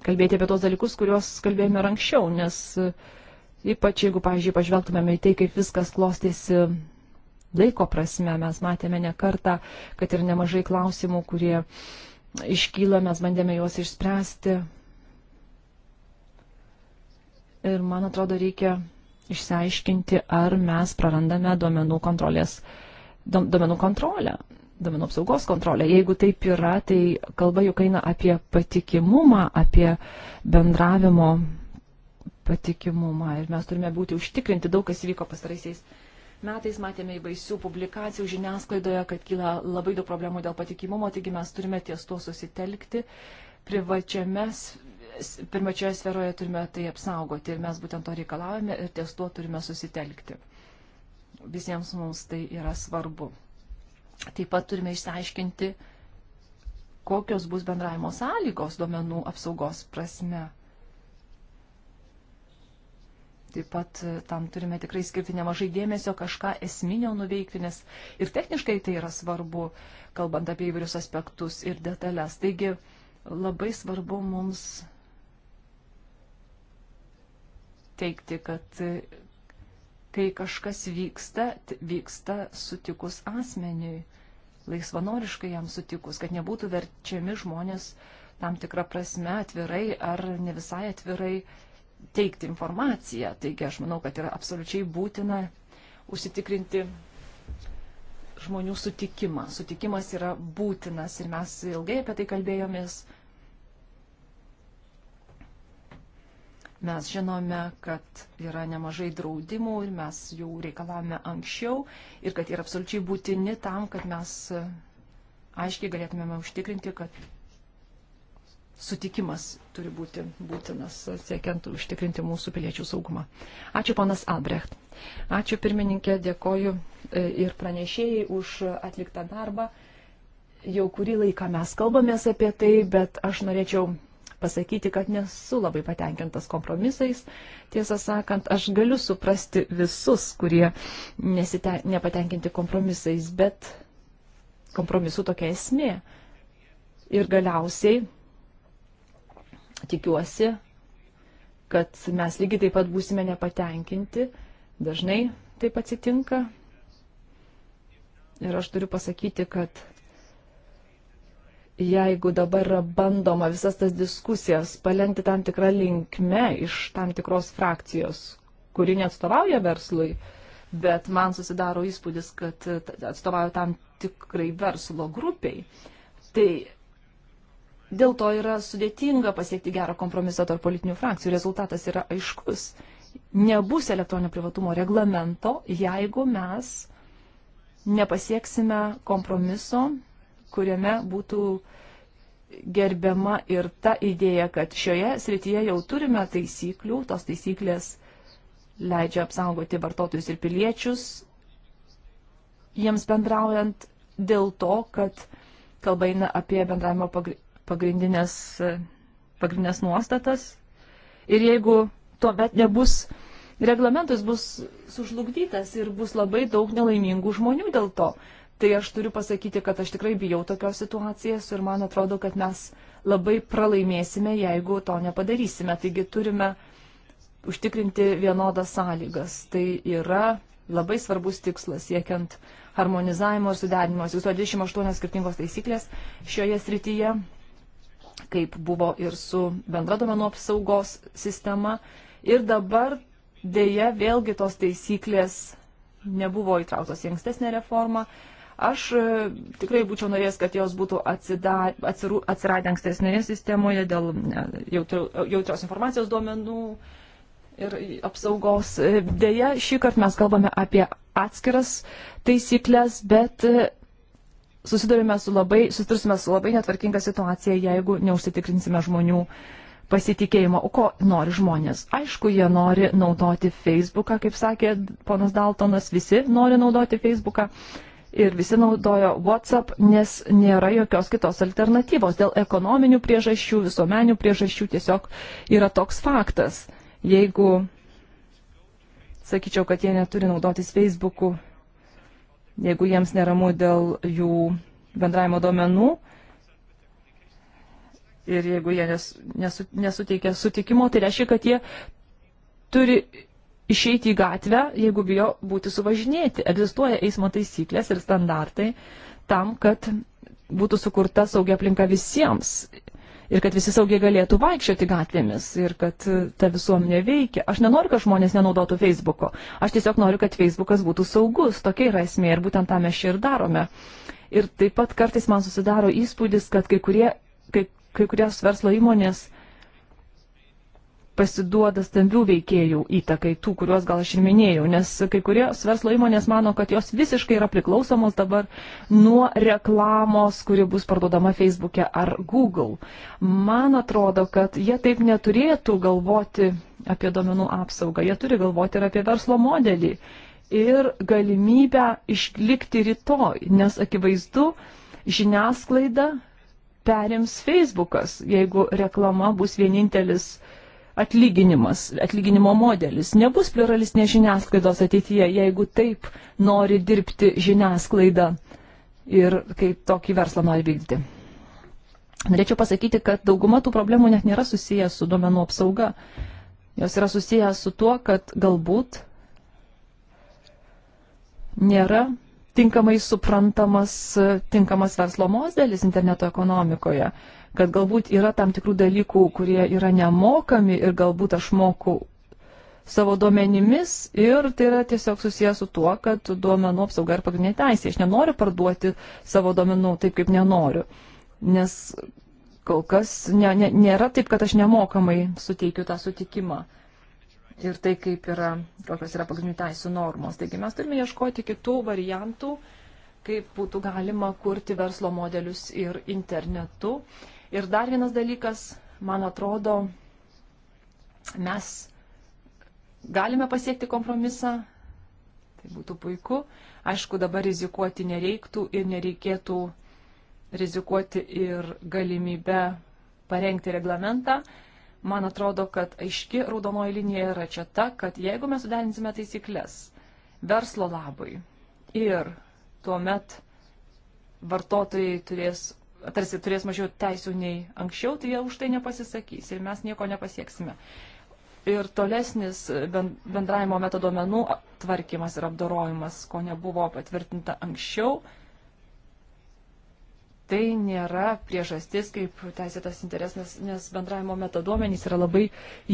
kalbėti apie tos dalykus, kuriuos kalbėjome ir anksčiau, nes e, ypač jeigu, pavyzdžiui, pažvelgtumėme į tai, kaip viskas klostėsi laiko prasme, mes matėme ne kartą, kad ir nemažai klausimų, kurie iškyla, mes bandėme juos išspręsti. Ir man atrodo, reikia išsiaiškinti, ar mes prarandame duomenų kontrolės, duomenų kontrolę duomenų apsaugos kontrolę. Jeigu taip yra, tai kalba juk eina apie patikimumą, apie bendravimo patikimumą. Ir mes turime būti užtikrinti, daug kas įvyko pastaraisiais metais, matėme į baisių publikacijų žiniasklaidoje, kad kyla labai daug problemų dėl patikimumo, taigi mes turime ties tuo susitelkti. Privačiame, pirmačioje sferoje turime tai apsaugoti ir mes būtent to reikalavome ir ties tuo turime susitelkti. Visiems mums tai yra svarbu. Taip pat turime išsiaiškinti, kokios bus bendravimo sąlygos duomenų apsaugos prasme. Taip pat e, tam turime tikrai skirti nemažai dėmesio, kažką esminio nuveikti, nes ir techniškai tai yra svarbu, kalbant apie įvairius aspektus ir detalės. Taigi labai svarbu mums teikti, kad e, kai kažkas vyksta, vyksta sutikus asmeniui, laisvanoriškai jam sutikus, kad nebūtų verčiami žmonės tam tikrą prasme atvirai ar ne visai atvirai teikti informaciją. Taigi aš manau, kad yra absoliučiai būtina užsitikrinti žmonių sutikimą. Sutikimas yra būtinas ir mes ilgai apie tai kalbėjomės Mes žinome, kad yra nemažai draudimų ir mes jau reikalavome anksčiau ir kad yra absoliučiai būtini tam, kad mes e, aiškiai galėtumėme užtikrinti, kad sutikimas turi būti būtinas, e, siekiant užtikrinti mūsų piliečių saugumą. Ačiū, ponas Albrecht. Ačiū, pirmininkė, dėkoju e, ir pranešėjai už atliktą darbą. Jau kurį laiką mes kalbamės apie tai, bet aš norėčiau pasakyti, kad nesu labai patenkintas kompromisais. Tiesą sakant, aš galiu suprasti visus, kurie nesite, nepatenkinti kompromisais, bet kompromisų tokia esmė. Ir galiausiai tikiuosi, kad mes lygiai taip pat būsime nepatenkinti. Dažnai taip atsitinka. Ir aš turiu pasakyti, kad jeigu dabar yra bandoma visas tas diskusijas palengti tam tikrą linkme iš tam tikros frakcijos, kuri neatstovauja verslui, bet man susidaro įspūdis, kad atstovauja tam tikrai verslo grupiai, tai dėl to yra sudėtinga pasiekti gerą kompromisą tarp politinių frakcijų. Rezultatas yra aiškus. Nebus elektroninio privatumo reglamento, jeigu mes nepasieksime kompromiso kuriame būtų gerbiama ir ta idėja, kad šioje srityje jau turime taisyklių, tos taisyklės leidžia apsaugoti vartotojus ir piliečius, jiems bendraujant dėl to, kad kalba eina apie bendravimo pagrindinės, pagrindinės nuostatas. Ir jeigu tuomet nebus, reglamentas bus sužlugdytas ir bus labai daug nelaimingų žmonių dėl to tai aš turiu pasakyti, kad aš tikrai bijau tokios situacijos ir man atrodo, kad mes labai pralaimėsime, jeigu to nepadarysime. Taigi turime užtikrinti vienodas sąlygas. Tai yra labai svarbus tikslas siekiant harmonizavimo ir suderinimo. Egzistuoja 28 skirtingos taisyklės šioje srityje, kaip buvo ir su bendra domenų apsaugos sistema. Ir dabar dėja vėlgi tos taisyklės nebuvo įtrauktos į ankstesnę reformą. Aš e, tikrai būčiau norėjęs, kad jos būtų atsida, atsiru, atsiradę ankstesnėje sistemoje dėl e, jautrios informacijos duomenų ir apsaugos. E, Deja, šį kartą mes kalbame apie atskiras taisyklės, bet susidurime su labai, susitursime su labai netvarkinga situacija, jeigu neužsitikrinsime žmonių pasitikėjimo. O ko nori žmonės? Aišku, jie nori naudoti Facebooką, kaip sakė ponas Daltonas, visi nori naudoti Facebooką ir visi naudojo WhatsApp, nes nėra jokios kitos alternatyvos. Dėl ekonominių priežasčių, visuomenių priežasčių tiesiog yra toks faktas. Jeigu sakyčiau, kad jie neturi naudotis Facebook'u, jeigu jiems neramu dėl jų bendravimo duomenų ir jeigu jie nes, nesu, nesuteikia sutikimo, tai reiškia, kad jie turi išeiti į gatvę, jeigu bijo būti suvažinėti. Egzistuoja eismo taisyklės ir standartai tam, kad būtų sukurta saugia aplinka visiems ir kad visi saugiai galėtų vaikščioti gatvėmis ir kad ta visuomenė veikia. Aš nenoriu, kad žmonės nenaudotų Facebooko. Aš tiesiog noriu, kad Facebookas būtų saugus. Tokia yra esmė ir būtent tą mes čia ir darome. Ir taip pat kartais man susidaro įspūdis, kad kai, kurie, kai, kai kurios verslo įmonės pasiduoda stambių veikėjų įtakai, tų, kuriuos gal aš ir minėjau, nes kai kurios verslo įmonės mano, kad jos visiškai yra priklausomos dabar nuo reklamos, kuri bus parduodama Facebook'e ar Google. Man atrodo, kad jie taip neturėtų galvoti apie domenų apsaugą, jie turi galvoti ir apie verslo modelį ir galimybę išlikti rytoj, nes akivaizdu, žiniasklaida perims Facebookas, jeigu reklama bus vienintelis atlyginimas, atlyginimo modelis. Nebus pluralistinės žiniasklaidos ateityje, jeigu taip nori dirbti žiniasklaida ir kaip tokį verslą nori vykdyti. Norėčiau pasakyti, kad dauguma tų problemų net nėra susijęs su duomenų apsauga. Jos yra susijęs su tuo, kad galbūt nėra tinkamai suprantamas tinkamas verslo modelis interneto ekonomikoje, kad galbūt yra tam tikrų dalykų, kurie yra nemokami ir galbūt aš moku savo duomenimis ir tai yra tiesiog susijęs su tuo, kad duomenų apsauga ir pagrindinė teisė. Aš nenoriu parduoti savo duomenų taip, kaip nenoriu, nes kol kas ne, ne, nėra taip, kad aš nemokamai suteikiu tą sutikimą ir tai, kaip yra, kokios yra pagrindinių teisų normos. Taigi mes turime ieškoti kitų variantų, kaip būtų galima kurti verslo modelius ir internetu. Ir dar vienas dalykas, man atrodo, mes galime pasiekti kompromisą, tai būtų puiku. Aišku, dabar rizikuoti nereiktų ir nereikėtų rizikuoti ir galimybę parengti reglamentą, Man atrodo, kad aiški raudonoji linija yra čia ta, kad jeigu mes suderinsime taisyklės verslo labui ir tuomet vartotojai turės, tarsi turės mažiau teisų nei anksčiau, tai jie už tai nepasisakys ir mes nieko nepasieksime. Ir tolesnis bendravimo metodomenų tvarkymas ir apdorojimas, ko nebuvo patvirtinta anksčiau, tai nėra priežastis kaip teisėtas interesas, nes bendravimo metaduomenys yra labai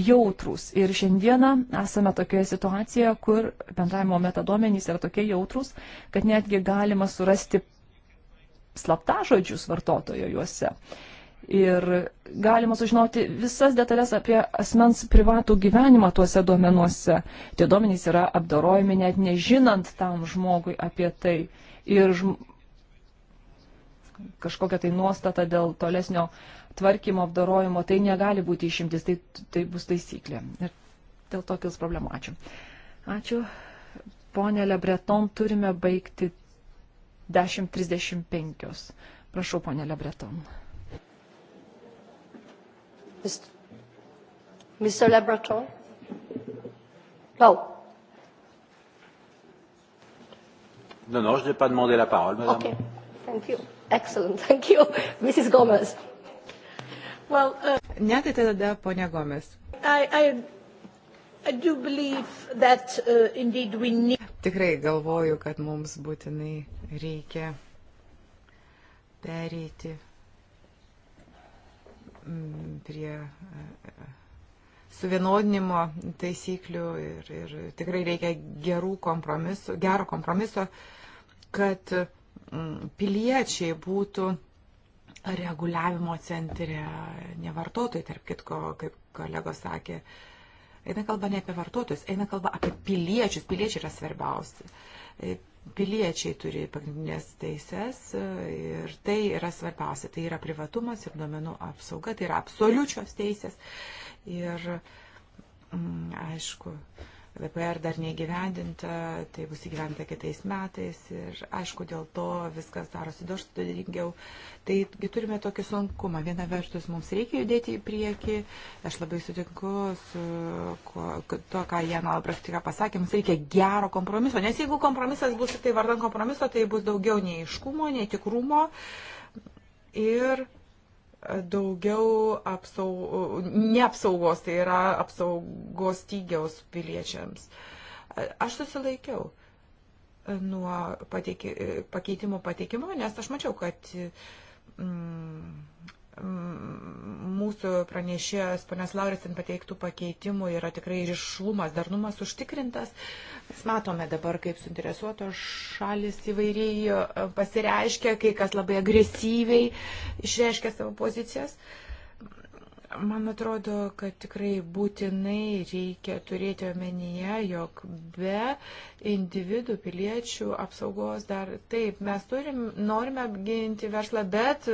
jautrus. Ir šiandieną esame tokioje situacijoje, kur bendravimo metaduomenys yra tokie jautrus, kad netgi galima surasti slaptažodžius vartotojo juose. Ir galima sužinoti visas detalės apie asmens privatų gyvenimą tuose duomenuose. Tie duomenys yra apdarojami net nežinant tam žmogui apie tai. Ir žm kažkokią tai nuostatą dėl tolesnio tvarkymo, apdarojimo, tai negali būti išimtis, tai, tai bus taisyklė. Ir dėl to kils problemų. Ačiū. Ačiū. Pone Lebreton, turime baigti 10.35. Prašau, ponė Lebreton. Mr. Lebreton? No. Non, non, je n'ai pas demandé la parole, madame. Okay. Thank you. Excellent, thank you. Mrs. Gomez. Well, uh, ne, tai tada ponia Gomes. I, I, I do believe that uh, indeed we need. Tikrai galvoju, kad mums būtinai reikia pereiti mm, prie uh, suvienodinimo taisyklių ir, ir tikrai reikia gerų kompromisų, gero kompromiso, kad uh, Mm, piliečiai būtų reguliavimo centre, ne vartotojai, tarp kitko, kaip kolegos sakė, eina kalba ne apie vartotojus, eina kalba apie piliečius, piliečiai yra svarbiausi. E, piliečiai turi pagrindinės teises e, ir tai yra svarbiausia. Tai yra privatumas ir duomenų apsauga, tai yra absoliučios teisės. Ir, mm, aišku, VPR dar neįgyvendinta, tai bus įgyvendinta kitais metais ir aišku, dėl to viskas darosi dar sudėtingiau. Taigi turime tokį sunkumą. Viena vertus mums reikia judėti į priekį, aš labai sutinku su ko, to, ką Jana Albrechtika pasakė, mums reikia gero kompromiso, nes jeigu kompromisas bus tik tai vardan kompromiso, tai bus daugiau neiškumo, netikrumo ir daugiau apsaug... neapsaugos, tai yra apsaugos tygiaus piliečiams. Aš susilaikiau nuo pateiki, pakeitimo pateikimo, nes aš mačiau, kad mm, mūsų pranešėjos ponios Laurisin pateiktų pakeitimų yra tikrai ryšlumas, darnumas užtikrintas. Mes matome dabar, kaip suinteresuotos šalis įvairiai e, pasireiškia, kai kas labai agresyviai išreiškia savo pozicijas. Uh, Man atrodo, kad tikrai būtinai reikia turėti omenyje, jog be individų piliečių apsaugos dar taip, mes turim, norime apginti verslą, bet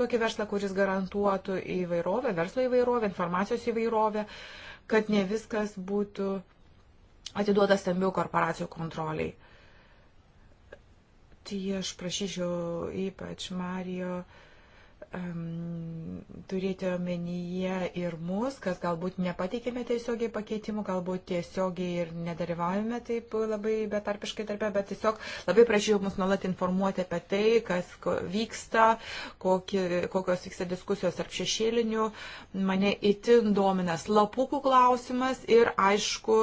tokį verslą, kuris garantuotų įvairovę, verslo įvairovę, informacijos įvairovę, kad ne viskas būtų atiduotas stambių korporacijų kontroliai. Tai aš prašyčiau ypač Marijo. Uh, um, turėti omenyje ir mus, kas galbūt nepateikėme tiesiogiai pakeitimų, galbūt tiesiogiai ir nedalyvavome taip labai betarpiškai tarpe, bet tiesiog labai prašiau mus nuolat informuoti apie tai, kas vyksta, kokie, kokios vyksta diskusijos tarp šešėlinių. Mane itin domina slapukų klausimas ir aišku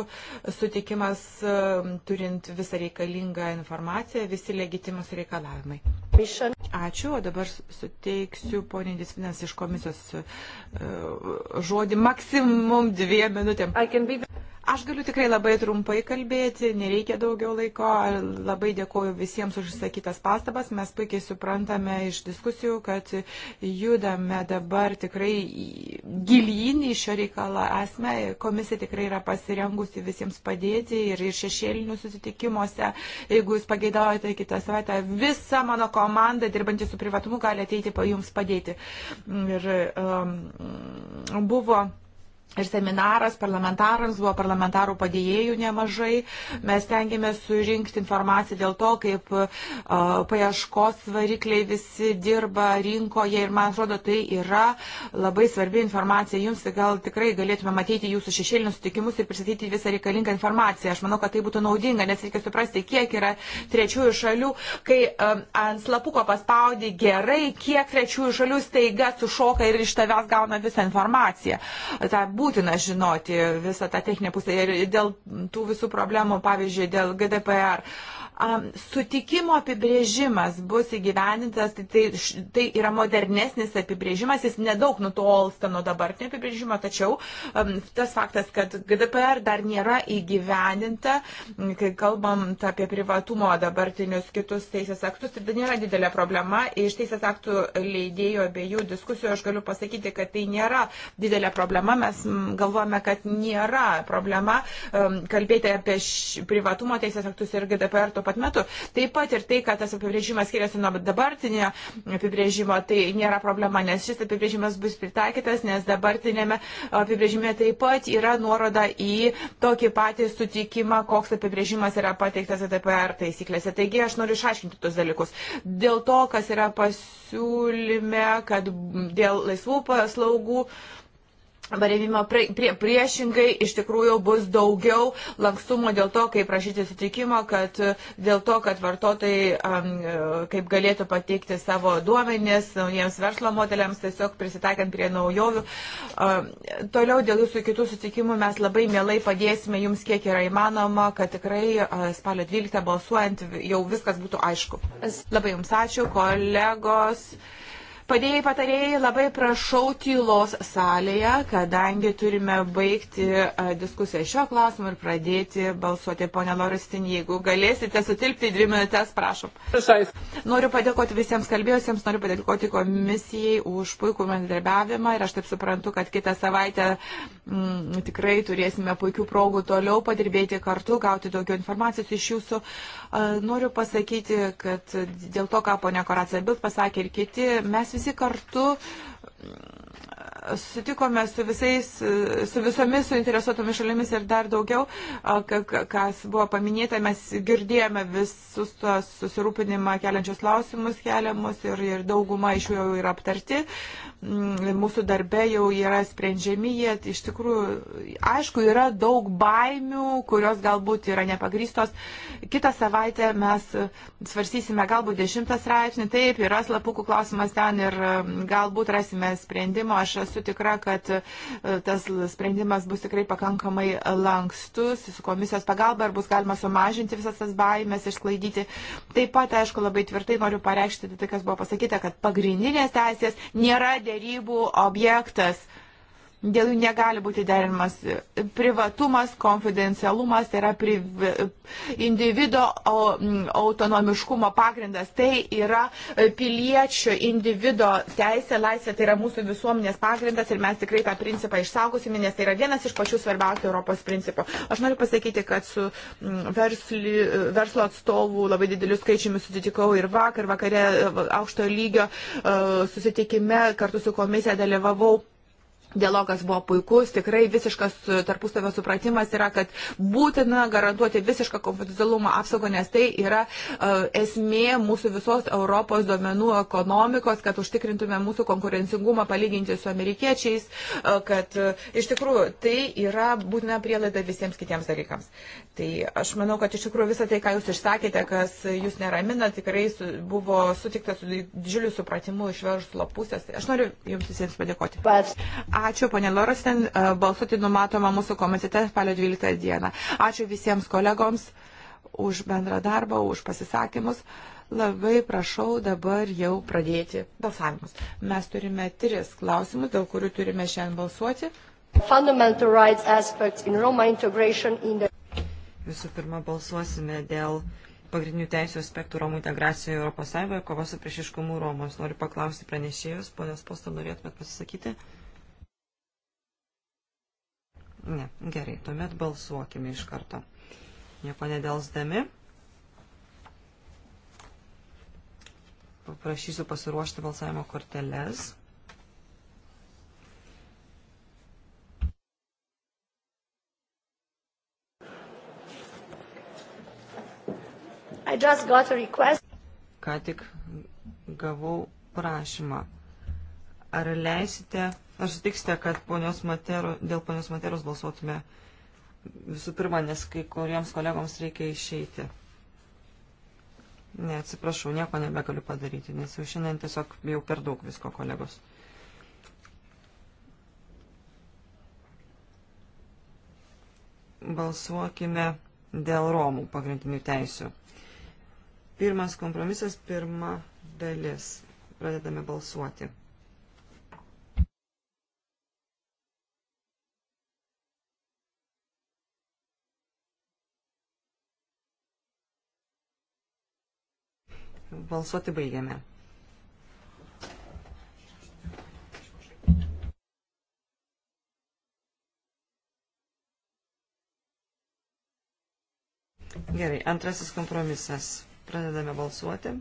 sutikimas um, turint visą reikalingą informaciją, visi legitimus reikalavimai. Ačiū, o dabar suteiksiu suteikiu poniai Disvinas iš komisijos e, žodį maksimum dviem minutėm. Be... Aš galiu tikrai labai trumpai kalbėti, nereikia daugiau laiko. Labai dėkoju visiems už išsakytas pastabas. Mes puikiai suprantame iš diskusijų, kad judame dabar tikrai gilyn į šio reikalą esmę. Komisija tikrai yra pasirengusi visiems padėti ir, ir šešėlinių susitikimuose. Jeigu jūs pageidaujate kitą savaitę, visa mano komanda dirbantys su privatumu gali ateiti jums padėti. Ir um, buvo ir seminaras parlamentarams, buvo parlamentarų padėjėjų nemažai. Mes tengiamės surinkti informaciją dėl to, kaip uh, paieškos varikliai visi dirba rinkoje ir man atrodo, tai yra labai svarbi informacija. Jums gal tikrai galėtume matyti jūsų šešėlinius sutikimus ir pristatyti visą reikalingą informaciją. Aš manau, kad tai būtų naudinga, nes reikia suprasti, kiek yra trečiųjų šalių, kai um, ant slapuko paspaudi gerai, kiek trečiųjų šalių staiga sušoka ir iš tavęs gauna visą informaciją. Ta, būtina žinoti visą tą techninę pusę. Ir dėl tų visų problemų, pavyzdžiui, dėl GDPR. Uh, Sutikimo apibrėžimas bus įgyvenintas, tai, tai, tai yra modernesnis apibrėžimas, jis nedaug nutolsta nuo dabartinio apibrėžimo, tačiau tas faktas, kad GDPR dar nėra įgyveninta, kai kalbam apie privatumo dabartinius kitus teisės aktus, tai nėra didelė problema. Iš teisės aktų leidėjo abiejų diskusijų aš galiu pasakyti, kad tai nėra didelė problema. Mes galvojame, kad nėra problema kalbėti apie privatumo teisės aktus ir GDPR to pat pat metu. Taip pat ir tai, kad tas apibrėžimas skiriasi nuo dabartinio apibrėžimo, tai nėra problema, nes šis apibrėžimas bus pritaikytas, nes dabartinėme apibrėžime taip pat yra nuoroda į tokį patį sutikimą, koks apibrėžimas yra pateiktas ATPR taisyklėse. Taigi aš noriu išaiškinti tos dalykus. Dėl to, kas yra pasiūlyme, kad dėl laisvų paslaugų, parėmimo prie, prie, priešingai iš tikrųjų bus daugiau lankstumo dėl to, kaip prašyti sutikimo, kad e, dėl to, kad vartotojai um, kaip galėtų pateikti savo duomenis naujiems verslo modeliams, tiesiog prisitaikant prie naujovių. Um, toliau dėl jūsų kitų sutikimų mes labai mielai padėsime jums, kiek yra įmanoma, kad tikrai uh, spalio 12 balsuojant jau viskas būtų aišku. Labai jums ačiū, kolegos. Padėjai patarėjai, labai prašau tylos salėje, kadangi turime baigti diskusiją šio klausimu ir pradėti balsuoti. Pone Loristin, jeigu galėsite sutilpti į dvi minutės, prašom. Noriu padėkoti visiems kalbėjusiems, noriu padėkoti komisijai už puikų bendradarbiavimą ir aš taip suprantu, kad kitą savaitę m, mm, tikrai turėsime puikių progų toliau padirbėti kartu, gauti daugiau informacijos iš jūsų. Noriu pasakyti, kad dėl to, ką ponia Koracija Bilt pasakė ir kiti, mes visi visi kartu sutikome su, visais, su visomis suinteresuotomis šalimis ir dar daugiau, kas buvo paminėta, mes girdėjome visus tos susirūpinimą keliančius klausimus keliamus ir, ir dauguma iš jų jau yra aptarti. Mm, mūsų darbe jau yra sprendžiami jie. Iš tikrųjų, aišku, yra daug baimių, kurios galbūt yra nepagrystos. Kitą savaitę mes svarsysime galbūt dešimtą straipsnį. Taip, yra slapukų klausimas ten ir galbūt rasime sprendimą. Aš esu tikra, kad e, tas sprendimas bus tikrai pakankamai lankstus, su komisijos pagalba ar bus galima sumažinti visas tas baimės, išsklaidyti. Taip pat, aišku, labai tvirtai noriu pareikšti tai, kas buvo pasakyta, kad pagrindinės teisės nėra dėrybų objektas dėl jų negali būti derinamas privatumas, konfidencialumas, tai yra priv... individo autonomiškumo pagrindas, tai yra piliečio individo teisė, laisvė, tai yra mūsų visuomenės pagrindas ir mes tikrai tą principą išsaugosime, nes tai yra vienas iš pačių svarbiausių Europos principų. Aš noriu pasakyti, kad su mm, versli, verslo atstovų labai dideliu skaičiumi susitikau ir vakar, vakare e, aukšto lygio e, susitikime kartu su komisija dalyvavau Dialogas buvo puikus, tikrai visiškas e, tarpusavio supratimas yra, kad būtina garantuoti visišką konfidencialumą apsaugą, nes tai yra uh, esmė mūsų visos Europos duomenų ekonomikos, kad užtikrintume mūsų konkurencingumą palyginti su amerikiečiais, uh, kad uh, iš tikrųjų tai yra būtina prielaida visiems kitiems dalykams. Tai aš manau, kad iš tikrųjų visą tai, ką jūs išsakėte, kas jūs neramina, tikrai su, buvo sutikta su didžiuliu supratimu iš verslo pusės. Aš noriu jums visiems padėkoti. But... Ačiū, ponė Lorosen. E, balsuoti numatoma mūsų komitete spalio 12 dieną. Ačiū visiems kolegoms už bendrą darbą, už pasisakymus. Labai prašau dabar jau pradėti balsavimus. Mes turime tris klausimus, dėl kurių turime šiandien balsuoti. The... Visų pirma, balsuosime dėl pagrindinių teisų aspektų Romų integracijoje Europos Sąjungoje, kovos su priešiškumu Romos. Noriu paklausti pranešėjus, ponios Posta, norėtumėt pasisakyti? Ne, gerai, tuomet balsuokime iš karto. Nieko nedelsdami. Paprašysiu pasiruošti balsavimo korteles. Ką tik gavau prašymą. Ar leisite Ar sutiksite, kad ponios Matero, dėl ponios Materos balsuotume visų pirma, nes kai kuriems kolegoms reikia išeiti. Ne, atsiprašau, nieko nebegaliu padaryti, nes jau šiandien tiesiog jau per daug visko kolegos. Balsuokime dėl Romų pagrindinių teisių. Pirmas kompromisas, pirma dalis. Pradedame balsuoti. Balsuoti baigiame. Gerai, antrasis kompromisas. Pradedame balsuoti.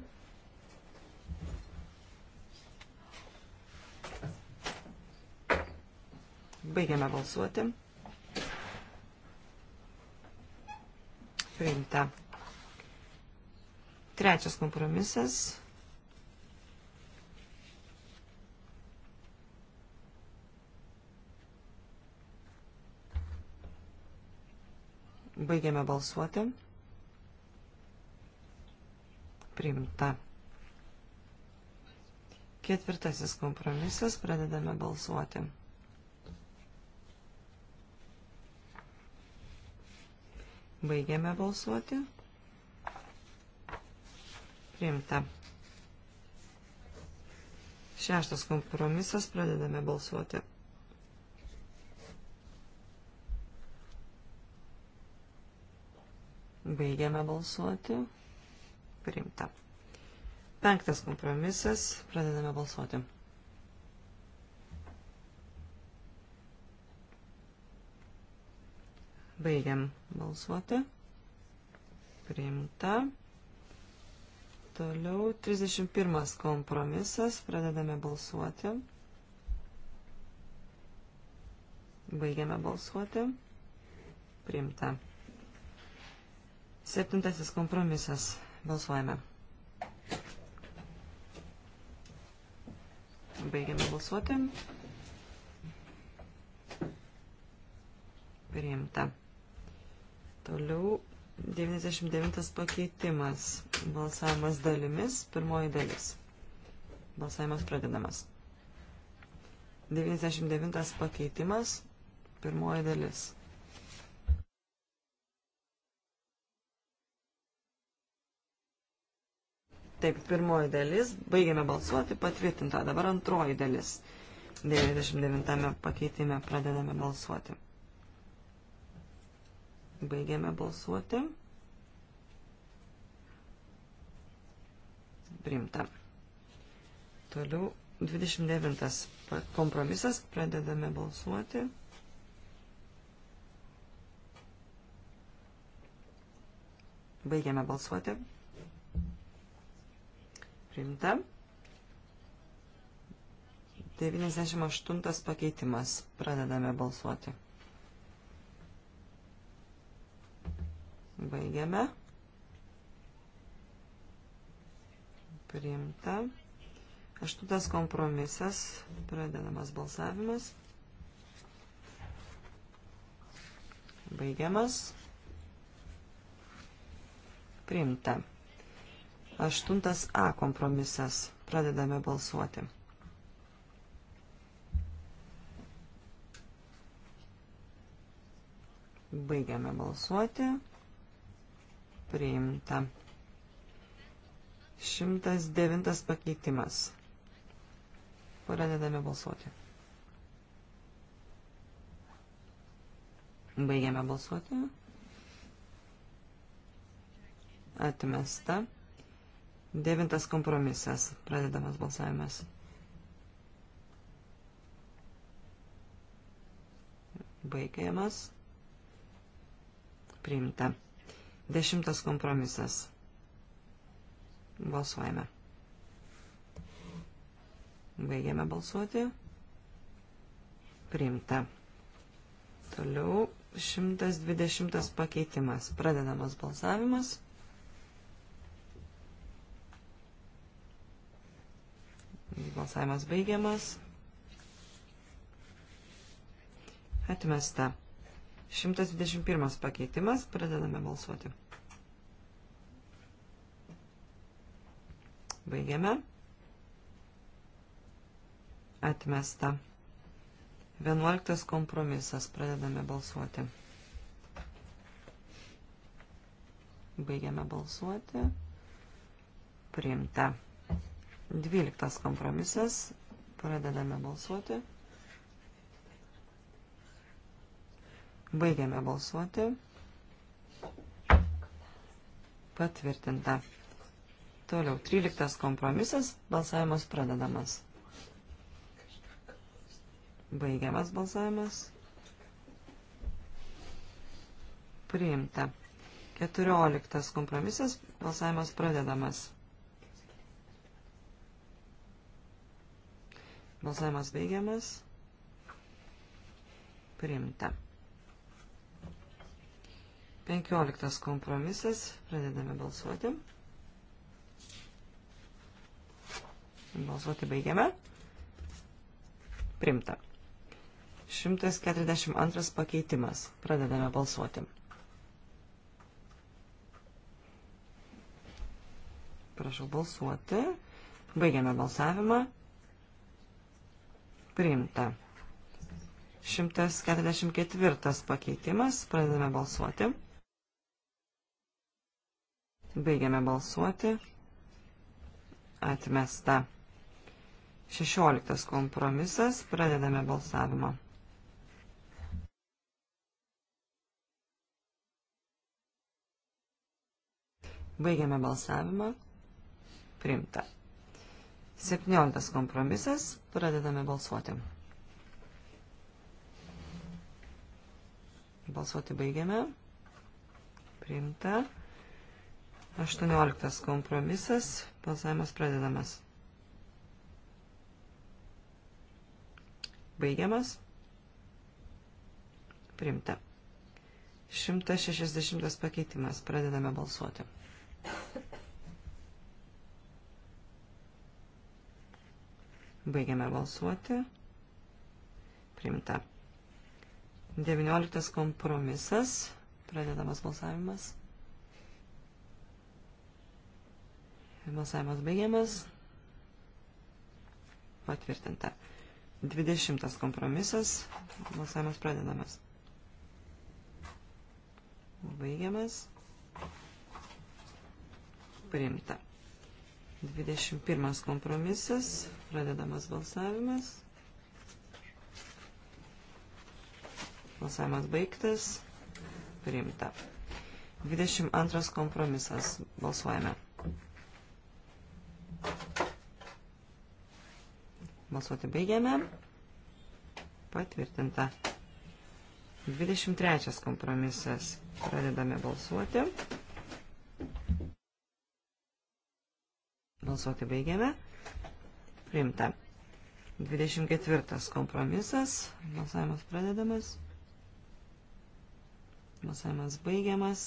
Baigiame balsuoti. Priimta. Trečias kompromisas. Baigiame balsuoti. Priimta. Ketvirtasis kompromisas. Pradedame balsuoti. Baigiame balsuoti priimta. Šeštas kompromisas, pradedame balsuoti. Baigiame balsuoti. Priimta. Penktas kompromisas. Pradedame balsuoti. Baigiam balsuoti. Priimta. Toliau 31 kompromisas. Pradedame balsuoti. Baigiame balsuoti. Priimta. Septintasis kompromisas. Balsuojame. Baigiame balsuoti. Priimta. Toliau 99 pakeitimas. Balsavimas dalimis. Pirmoji dalis. Balsavimas pradedamas. 99 pakeitimas. Pirmoji dalis. Taip, pirmoji dalis. Baigėme balsuoti. Patvirtinta. Dabar antroji dalis. 99 pakeitime pradedame balsuoti. Baigiame balsuoti. Primta. Toliau 29 kompromisas. Pradedame balsuoti. Baigiame balsuoti. Priimta. 98 pakeitimas. Pradedame balsuoti. Baigiame. Priimta. Aštuntas kompromisas. Pradedamas balsavimas. Baigiamas. Priimta. Aštuntas A kompromisas. Pradedame balsuoti. Baigiame balsuoti priimta. 109 pakeitimas. Pradedame balsuoti. Baigiame balsuoti. Atmesta. Devintas kompromisas. Pradedamas balsavimas. Baigiamas. Priimta. Dešimtas kompromisas. Balsuojame. Baigiame balsuoti. Priimta. Toliau 120 pakeitimas. Pradedamas balsavimas. Balsavimas baigiamas. Atmesta. 121 pakeitimas, pradedame balsuoti. Baigiame. Atmesta. 11 kompromisas, pradedame balsuoti. Baigiame balsuoti. Priimta. 12 kompromisas, pradedame balsuoti. Baigiame balsuoti. Patvirtinta. Toliau 13 kompromisas. Balsavimas pradedamas. Baigiamas balsavimas. Priimta. 14 kompromisas. Balsavimas pradedamas. Balsavimas baigiamas. Priimta. 15 kompromisas. Pradedame balsuoti. Balsuoti baigiame. Primta. 142 pakeitimas. Pradedame balsuoti. Prašau balsuoti. Baigiame balsavimą. Priimta. 144 pakeitimas. Pradedame balsuoti. Baigiame balsuoti. Atmesta. 16 kompromisas. Pradedame balsavimą. Baigiame balsavimą. Primta. 17 kompromisas. Pradedame balsuoti. Balsuoti baigiame. Primta. 18 kompromisas. Balsavimas pradedamas. Baigiamas. Primta. 160 pakeitimas. Pradedame balsuoti. Baigiame balsuoti. Primta. 19 kompromisas. Pradedamas balsavimas. Balsavimas baigiamas. Patvirtinta. 20 kompromisas. Balsavimas pradedamas. Baigiamas. Priimta. 21 kompromisas. Pradedamas balsavimas. Balsavimas baigtas. Priimta. 22 kompromisas. Balsuojame. Balsuoti baigiame. Patvirtinta. 23 kompromisas. Pradedame balsuoti. Balsuoti baigiame. Priimta. 24 kompromisas. Balsavimas pradedamas. Balsavimas baigiamas.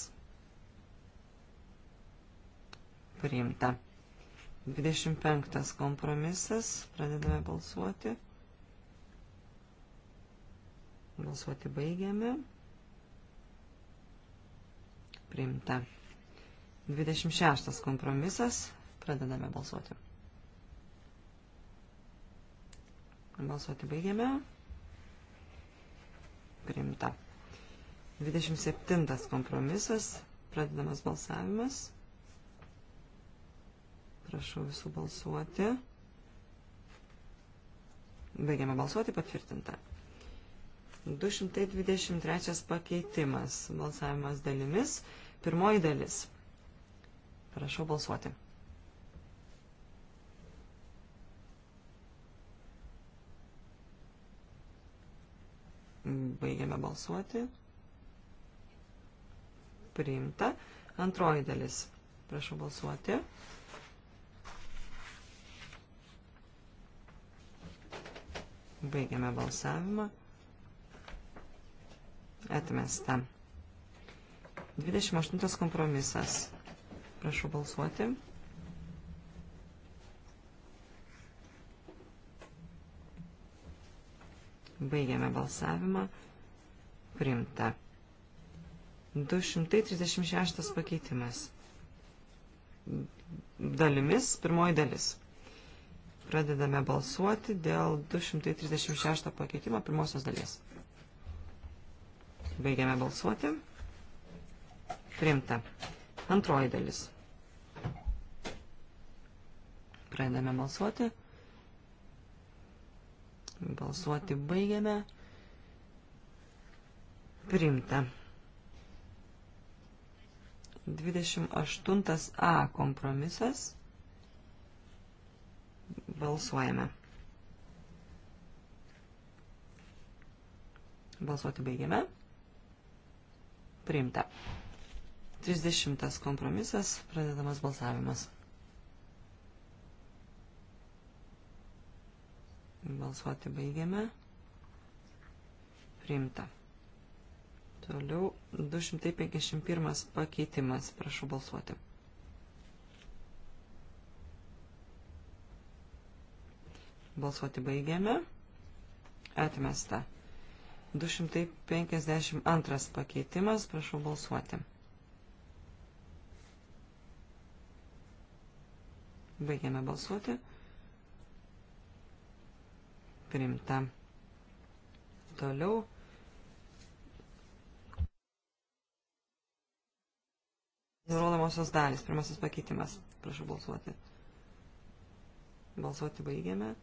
Priimta. 25 kompromisas. Pradedame balsuoti. Balsuoti baigiame. Priimta. 26 kompromisas. Pradedame balsuoti. Balsuoti baigiame. Priimta. 27 kompromisas. Pradedamas balsavimas. Prašau visų balsuoti. Baigiame balsuoti patvirtinta. 223 pakeitimas. Balsavimas dalimis. Pirmoji dalis. Prašau balsuoti. Baigiame balsuoti. Priimta. Antroji dalis. Prašau balsuoti. Prašau balsuoti. Baigiame balsavimą. Atmesta. 28 kompromisas. Prašau balsuoti. Baigiame balsavimą. Primta. 236 pakeitimas. Dalimis, pirmoji dalis. Pradedame balsuoti dėl 236 pakeitimo pirmosios dalies. Baigiame balsuoti. Priimta. Antroji dalis. Pradedame balsuoti. Balsuoti baigiame. Priimta. 28a kompromisas. Balsuojame. Balsuoti baigiame. Priimta. 30 kompromisas, pradedamas balsavimas. Balsuoti baigiame. Priimta. Toliau 251 pakeitimas. Prašau balsuoti. Balsuoti baigiame. Atmesta. 252 pakeitimas. Prašau balsuoti. Baigiame balsuoti. Primta. Toliau. Nurodomosios dalys. Pirmasis pakeitimas. Prašau balsuoti. Balsuoti baigiame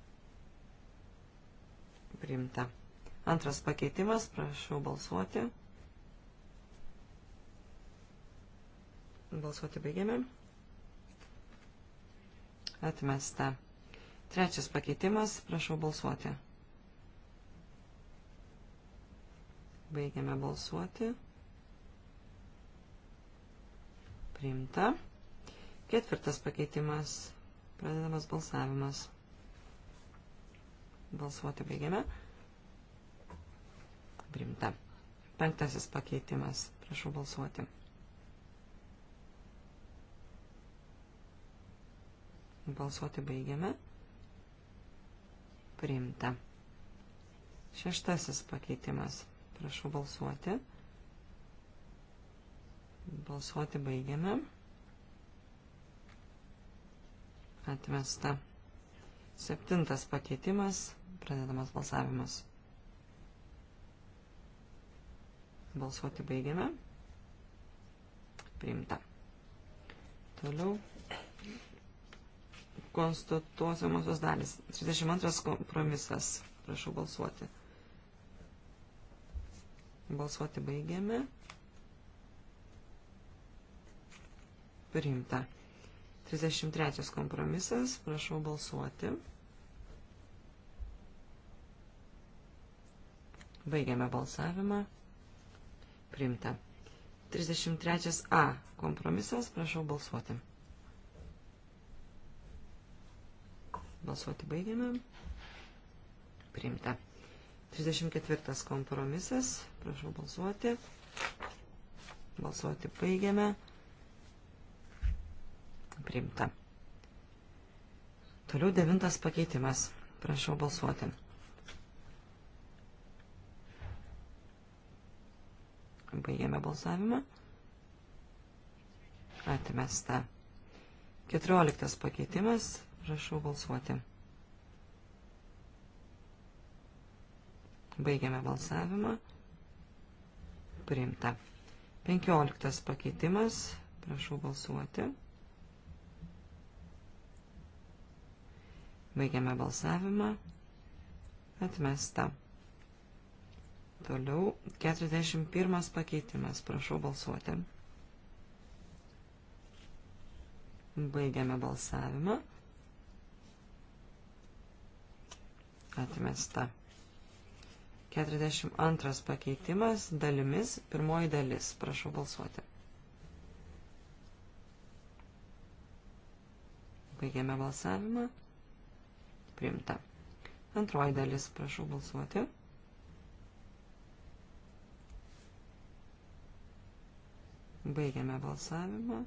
priimta. Antras pakeitimas, prašau balsuoti. Balsuoti baigiame. Atmesta. Trečias pakeitimas, prašau balsuoti. Baigiame balsuoti. Priimta. Ketvirtas pakeitimas, pradedamas balsavimas. Balsuoti baigiame. Primta. Penktasis pakeitimas. Prašau balsuoti. Balsuoti baigiame. Priimta. Šeštasis pakeitimas. Prašau balsuoti. Balsuoti baigiame. Atmesta. Septintas pakeitimas. Pradedamas balsavimas. Balsuoti baigiame. Priimta. Toliau. Konstatuosiamosios dalis. 32 kompromisas. Prašau balsuoti. Balsuoti baigiame. Priimta. 33 kompromisas. Prašau balsuoti. Balsuoti. Baigiame balsavimą. Primta. 33a kompromisas, prašau balsuoti. Balsuoti baigiame. Primta. 34 kompromisas, prašau balsuoti. Balsuoti baigiame. Primta. Toliau devintas pakeitimas. Prašau balsuoti. Baigėme balsavimą. Atmesta. 14 pakeitimas. Prašau balsuoti. Baigėme balsavimą. Priimta. 15 pakeitimas. Prašau balsuoti. Baigiame balsavimą. Atmesta. Toliau 41 pakeitimas. Prašau balsuoti. Baigiame balsavimą. Atmesta. 42 pakeitimas dalimis. Pirmoji dalis. Prašau balsuoti. Baigiame balsavimą. Primta. Antroji dalis. Prašau balsuoti. Baigiame balsavimą.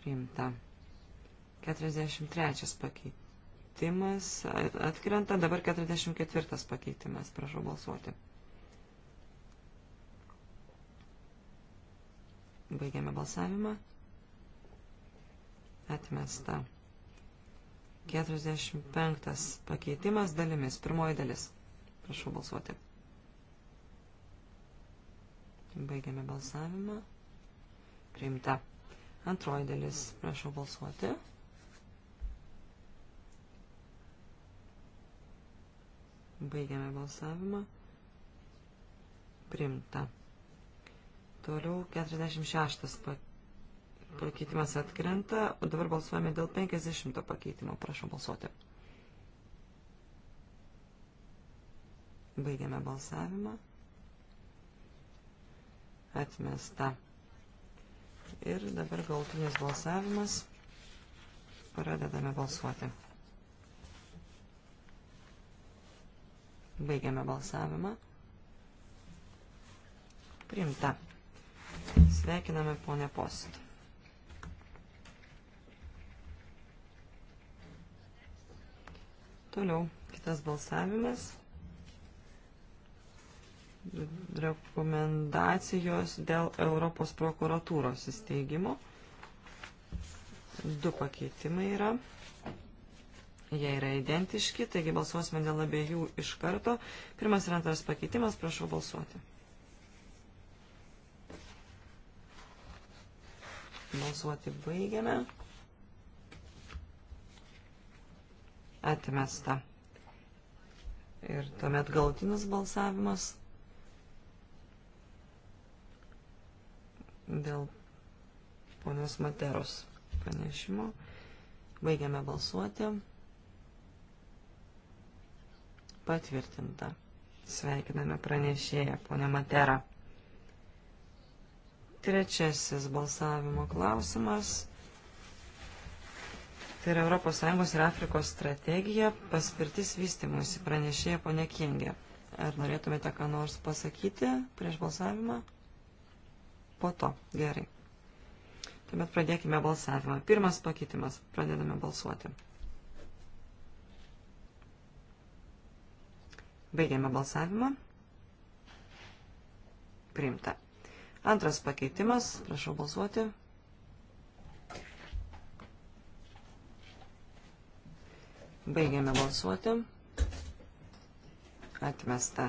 Priimta. 43 pakeitimas. Atkrenta dabar 44 pakeitimas. Prašau balsuoti. Baigiame balsavimą. Atmesta. 45 pakeitimas dalimis. Pirmoji dalis. Prašau balsuoti. Baigiame balsavimą. Priimta. Antroji dalis. Prašau balsuoti. Baigiame balsavimą. Primta. Toliau 46 pakeitimas atkrenta, o dabar balsuojame dėl 50 pakeitimo. Prašau balsuoti. Baigiame balsavimą atmesta. Ir dabar galutinis balsavimas. Pradedame balsuoti. Baigiame balsavimą. Primta. Sveikiname ponę Post. Toliau kitas balsavimas rekomendacijos dėl Europos prokuratūros įsteigimo. Du pakeitimai yra. Jie yra identiški, taigi balsuosime dėl abiejų iš karto. Pirmas ir antras pakeitimas, prašau balsuoti. Balsuoti baigiame. Atmesta. Ir tuomet galutinis balsavimas. dėl ponios Materos pranešimo. Baigiame balsuoti. Patvirtinta. Sveikiname pranešėją, ponę Materą. Trečiasis balsavimo klausimas. Tai yra ES ir Afrikos strategija paspirtis vystimuisi, pranešėja ponė Kingė. Ar norėtumėte ką nors pasakyti prieš balsavimą? po to. Gerai. Tuomet pradėkime balsavimą. Pirmas pakeitimas. Pradedame balsuoti. Baigiame balsavimą. Priimta. Antras pakeitimas. Prašau balsuoti. Baigiame balsuoti. Atmesta.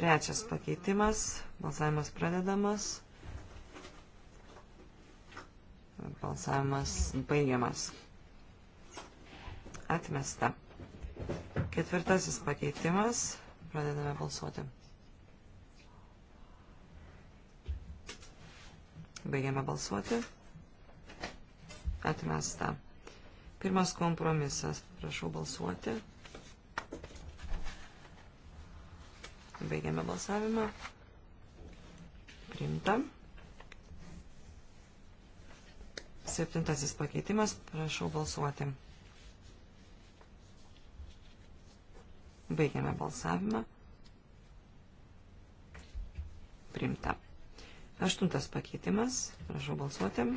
Trečias pakeitimas. Balsavimas pradedamas. Balsavimas baigiamas. Atmesta. Ketvirtasis pakeitimas. Pradedame balsuoti. Baigiame balsuoti. Atmesta. Pirmas kompromisas. Prašau balsuoti. Baigiame balsavimą. Priimta. Septintasis pakeitimas, prašau balsuoti. Baigiame balsavimą. Primta. Aštuntas pakeitimas, prašau balsuoti.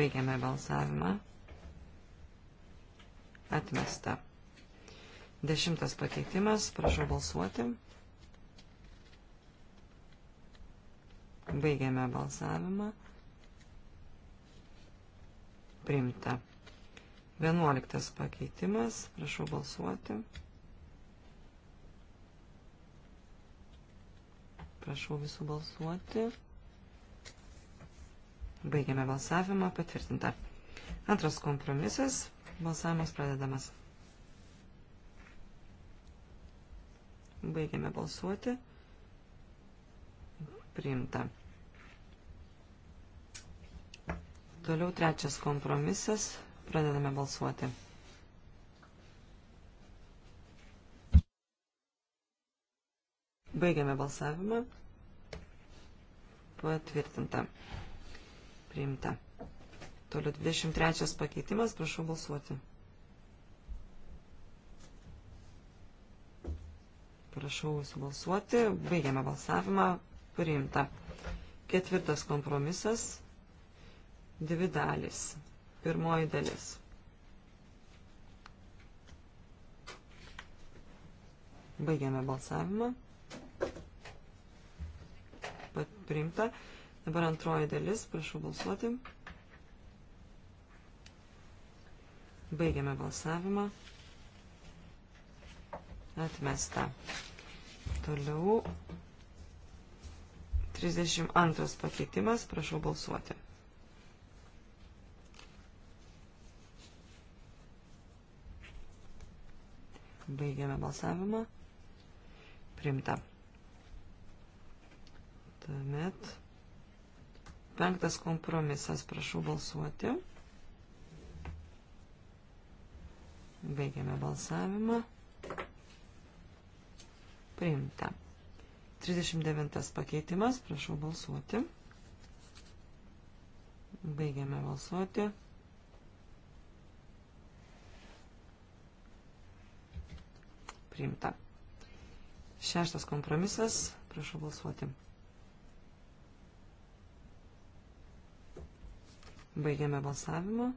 Baigiame balsavimą. Atmesta. Dešimtas pakeitimas, prašau balsuoti. Baigiame balsavimą. Primta. Vienuoliktas pakeitimas. Prašau balsuoti. Prašau visų balsuoti. Baigiame balsavimą. Patvirtinta. Antras kompromisas. Balsavimas pradedamas. Baigiame balsuoti. Priimta. Toliau trečias kompromisas. Pradedame balsuoti. Baigiame balsavimą. Patvirtinta. Priimta. Toliau 23 pakeitimas. Prašau balsuoti. Prašau subalsuoti. Baigiame balsavimą. Priimta. Ketvirtas kompromisas dvi dalys. Pirmoji dalis. Baigiame balsavimą. Pat priimta. Dabar antroji dalis. Prašau balsuoti. Baigiame balsavimą. Atmesta. Toliau 32 pakeitimas. Prašau balsuoti. Baigiame balsavimą. Primta. Tuomet penktas kompromisas. Prašau balsuoti. Baigiame balsavimą. Priimta. 39 pakeitimas. Prašau balsuoti. Baigiame balsuoti. priimta. Šeštas kompromisas, prašau balsuoti. Baigiame balsavimą.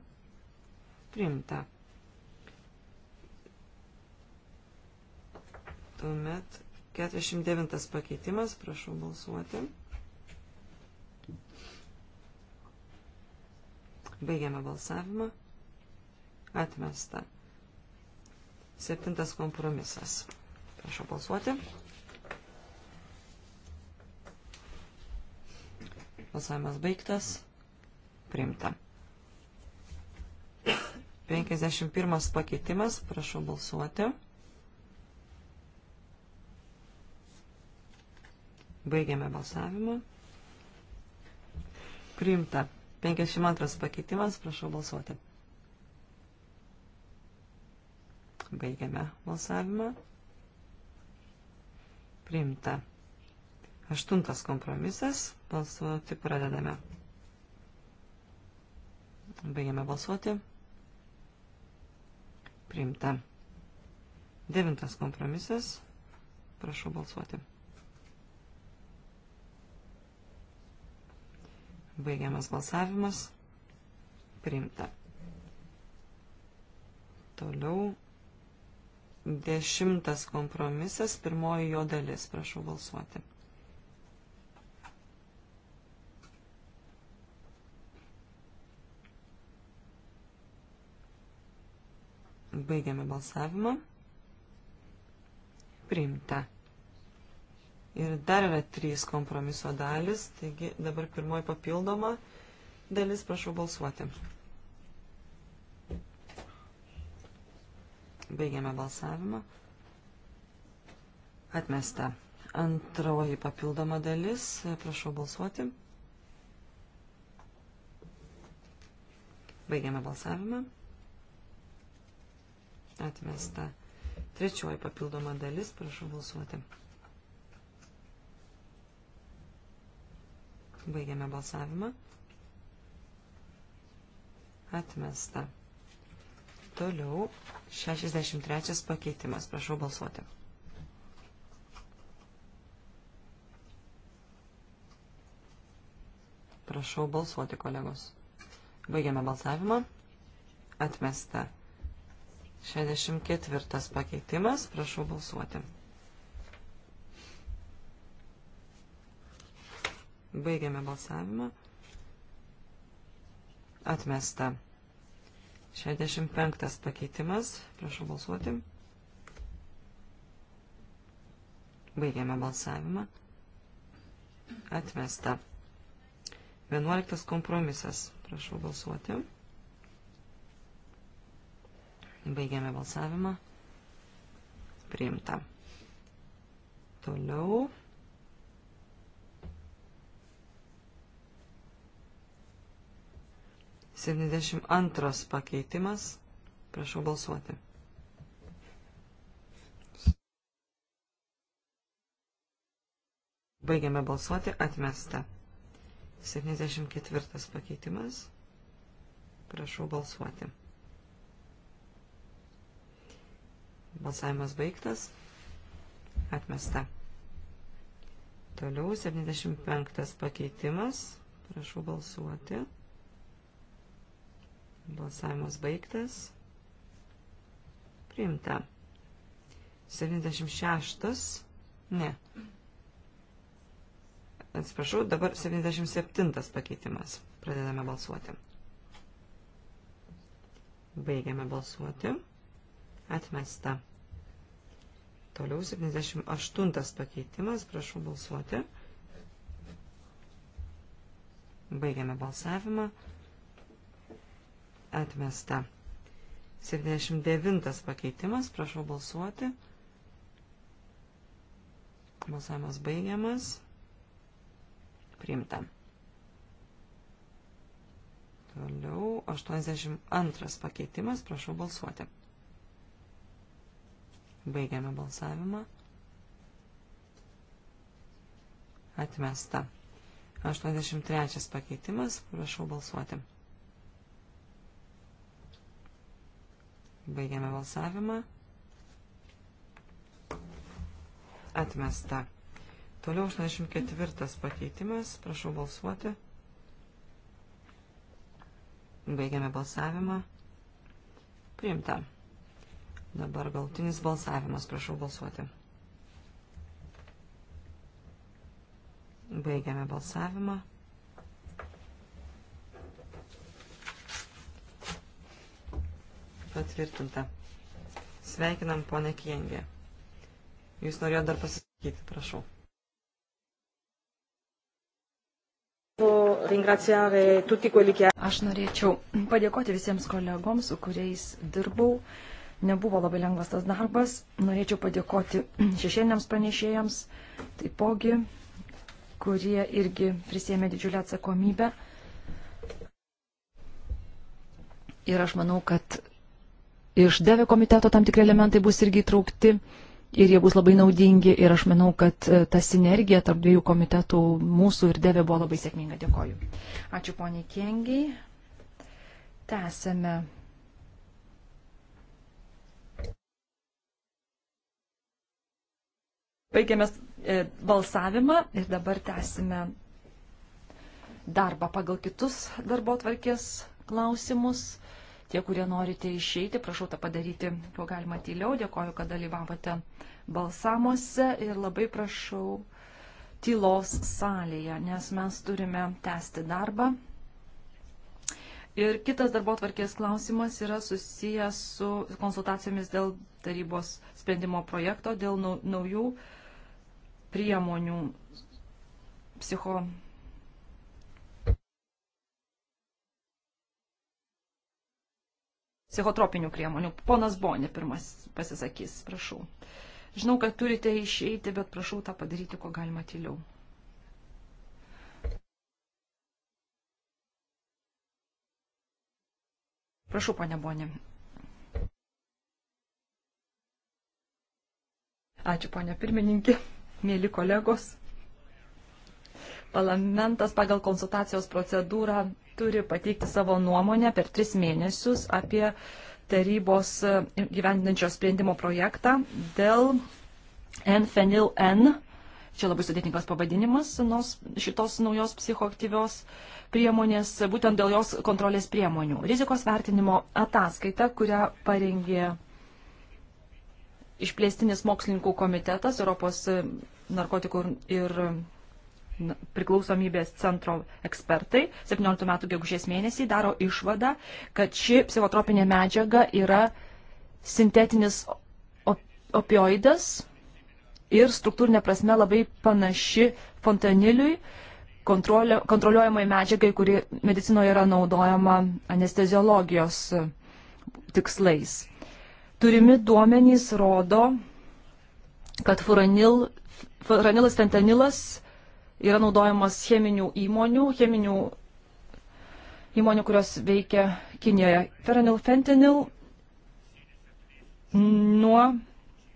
Priimta. Tuomet 49 pakeitimas, prašau balsuoti. Baigiame balsavimą. Atmesta. Septintas kompromisas. Prašau balsuoti. Balsavimas baigtas. Priimta. 51 pakeitimas. Prašau balsuoti. Baigiame balsavimą. Priimta. 52 pakeitimas. Prašau balsuoti. Baigiame balsavimą. Priimta. Aštuntas kompromisas. Balsuoti pradedame. Baigiame balsuoti. Priimta. Devintas kompromisas. Prašau balsuoti. Baigiamas balsavimas. Priimta. Toliau Dešimtas kompromisas, pirmoji jo dalis. Prašau balsuoti. Baigiame balsavimą. Priimta. Ir dar yra trys kompromiso dalis, taigi dabar pirmoji papildoma dalis, prašau balsuoti. Baigiame balsavimą. Atmesta. Antroji papildoma dalis. Prašau balsuoti. Baigiame balsavimą. Atmesta. Trečioji papildoma dalis. Prašau balsuoti. Baigiame balsavimą. Atmesta. Toliau 63 pakeitimas. Prašau balsuoti. Prašau balsuoti, kolegos. Baigiame balsavimą. Atmesta. 64 pakeitimas. Prašau balsuoti. Baigiame balsavimą. Atmesta. 65 pakeitimas. Prašau balsuoti. Baigiame balsavimą. Atmesta. 11 kompromisas. Prašau balsuoti. Baigiame balsavimą. Priimta. Toliau. 72 pakeitimas. Prašau balsuoti. Baigiame balsuoti. Atmesta. 74 pakeitimas. Prašau balsuoti. Balsavimas baigtas. Atmesta. Toliau 75 pakeitimas. Prašau balsuoti. Balsavimas baigtas. Priimta. 76. Ne. Atsiprašau, dabar 77 pakeitimas. Pradedame balsuoti. Baigiame balsuoti. Atmesta. Toliau 78 pakeitimas. Prašau balsuoti. Baigiame balsavimą atmesta. 79 pakeitimas, prašau balsuoti. Balsavimas baigiamas. Priimta. Toliau 82 pakeitimas, prašau balsuoti. Baigiame balsavimą. Atmesta. 83 pakeitimas, prašau balsuoti. Baigiame balsavimą. Atmesta. Toliau 84 pakeitimas. Prašau balsuoti. Baigiame balsavimą. Priimta. Dabar galtinis balsavimas. Prašau balsuoti. Baigiame balsavimą. patvirtinta. Sveikinam, ponė Kiengė. Jūs norėjot dar pasisakyti, prašau. Aš norėčiau padėkoti visiems kolegoms, su kuriais dirbau. Nebuvo labai lengvas tas darbas. Norėčiau padėkoti šešėliniams pranešėjams, taipogi, kurie irgi prisėmė didžiulę atsakomybę. Ir aš manau, kad iš DEVE komiteto tam tikri elementai bus irgi įtraukti ir jie bus labai naudingi ir aš manau, kad e, ta sinergija tarp dviejų komitetų mūsų ir DEVE buvo labai sėkminga. Dėkoju. Ačiū poniai Kengiai. Tęsėme. Baigėme e, balsavimą ir dabar tęsime darbą pagal kitus darbo tvarkės klausimus. Tie, kurie norite išeiti, prašau tą padaryti, kuo galima tyliau. Dėkoju, kad dalyvavote balsamuose ir labai prašau tylos salėje, nes mes turime tęsti darbą. Ir kitas darbo tvarkės klausimas yra susijęs su konsultacijomis dėl tarybos sprendimo projekto, dėl naujų priemonių psicho psichotropinių priemonių. Ponas Bonė pirmas pasisakys, prašau. Žinau, kad turite išeiti, bet prašau tą padaryti, ko galima tyliau. Prašau, ponė Bonė. Ačiū, ponė pirmininkė, mėly kolegos. Parlamentas pagal konsultacijos procedūrą turi pateikti savo nuomonę per tris mėnesius apie tarybos e, gyvendinančio sprendimo projektą dėl N-fenil N. Čia labai sudėtingas pavadinimas nors šitos naujos psichoaktyvios priemonės, būtent dėl jos kontrolės priemonių. Rizikos vertinimo ataskaita, kurią parengė išplėstinis mokslininkų komitetas Europos e, narkotikų ir priklausomybės centro ekspertai 17 metų gegužės mėnesį daro išvadą, kad ši psichotropinė medžiaga yra sintetinis opioidas ir struktūrinė prasme labai panaši fontaniliui kontroliuojamai medžiagai, kuri medicinoje yra naudojama anesteziologijos e, tikslais. Turimi duomenys rodo, kad furanilas fentanilas yra naudojamas cheminių įmonių, cheminių įmonių, kurios veikia Kinijoje. Feranilfentanil nuo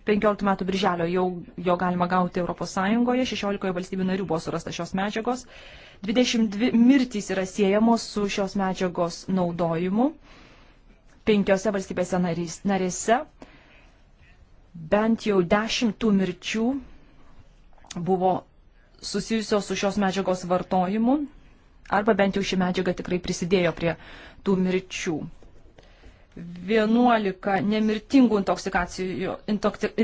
15 metų birželio jau jo galima gauti ES, 16 valstybių narių buvo surasta šios medžiagos, 22 mirtys yra siejamos su šios medžiagos naudojimu, 5 valstybėse narėse bent jau 10 tų mirčių buvo susijusios su šios medžiagos vartojimu, arba bent jau ši medžiaga tikrai prisidėjo prie tų mirčių. 11 nemirtingų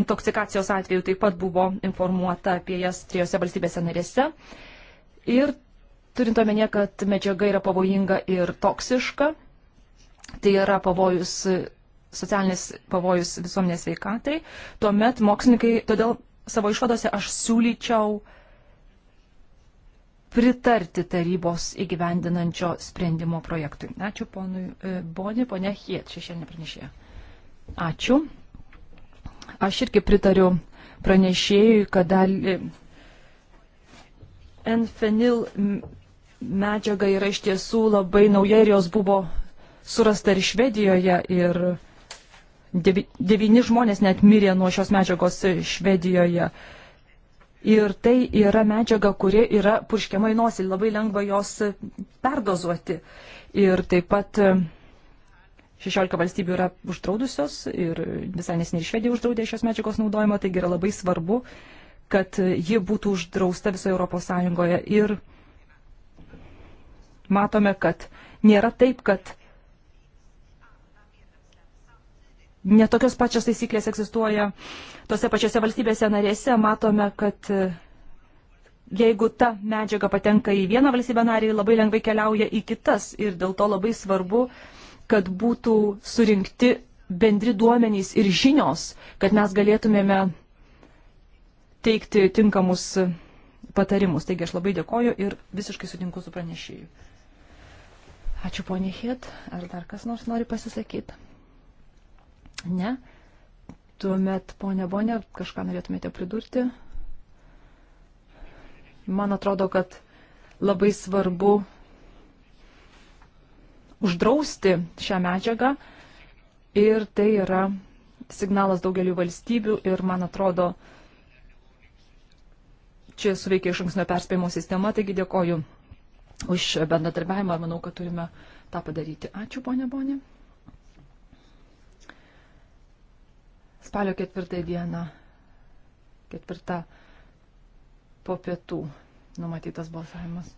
intoksikacijos atvejų taip pat buvo informuota apie jas trijose valstybėse narėse. Ir turint omenyje, kad medžiaga yra pavojinga ir toksiška, tai yra pavojus, socialinis pavojus visuomenės veikatai, tuomet mokslininkai, todėl savo išvadose aš siūlyčiau uh, pritarti tarybos įgyvendinančio sprendimo projektui. Ačiū ponui e, Boni, ponė Hiet, šešėlė pranešėja. Ačiū. Aš irgi pritariu pranešėjui, kad dalį Enfenil medžiaga yra iš tiesų labai nauja ir jos buvo surasta ir Švedijoje ir devyni žmonės net mirė nuo šios medžiagos Švedijoje. Uh, Ir tai yra medžiaga, kuri yra purškiama į nosį, labai lengva jos perdozuoti. Ir taip pat 16 e, valstybių yra uždraudusios ir visai nesiniai švedija uždraudė šios medžiagos naudojimą, taigi yra labai svarbu, kad ji būtų uždrausta visoje Europos Sąjungoje. Ir matome, kad nėra taip, kad netokios pačios taisyklės egzistuoja tose pačiose valstybėse narėse, matome, kad e, jeigu ta medžiaga patenka į vieną valstybę narį, labai lengvai keliauja į kitas ir dėl to labai svarbu, kad būtų surinkti bendri duomenys ir žinios, kad mes galėtumėme teikti tinkamus patarimus. Taigi aš labai dėkoju ir visiškai sutinku su pranešėju. Ačiū ponė Hit. Ar dar kas nors nori pasisakyti? Ne. Tuomet, ponė Bonė, kažką norėtumėte pridurti? Man atrodo, kad labai svarbu uždrausti šią medžiagą ir tai yra signalas daugeliu valstybių ir man atrodo, čia suveikia iš anksnio perspėjimo sistema, taigi dėkoju už bendradarbiavimą ir manau, kad turime tą padaryti. Ačiū, ponė Bonė. spalio ketvirtą dieną, ketvirtą po pietų numatytas balsavimas.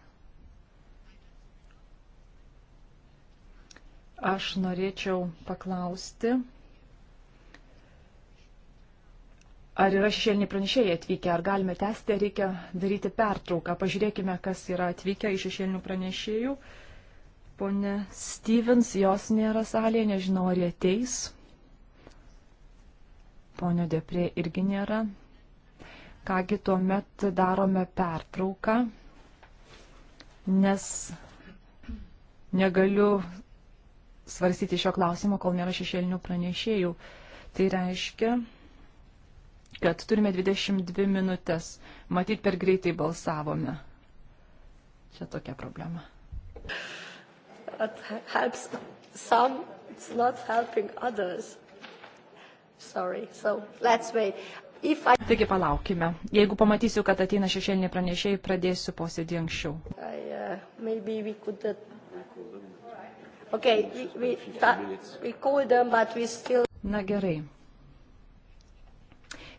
Aš norėčiau paklausti, ar yra šešėliniai pranešėjai atvykę, ar galime tęsti, ar reikia daryti pertrauką. Pažiūrėkime, kas yra atvykę iš šešėlinių pranešėjų. Pone Stevens, jos nėra salėje, nežinau, ar jie ateis. Ponio Deprė irgi nėra. Kągi tuomet darome pertrauką, nes negaliu svarstyti šio klausimo, kol nėra šešėlinių pranešėjų. Tai reiškia, kad turime 22 minutės. Matyt, per greitai balsavome. Čia tokia problema. It helps some, it's not helping others. Sorry, so let's wait. If I... Taigi palaukime. Jeigu pamatysiu, kad ateina šešėlinė pranešėjai, pradėsiu posėdį anksčiau. I, uh, could, uh... okay, we, we them, still... Na gerai.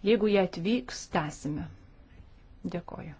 Jeigu jie atvyks, tęsime. Dėkoju.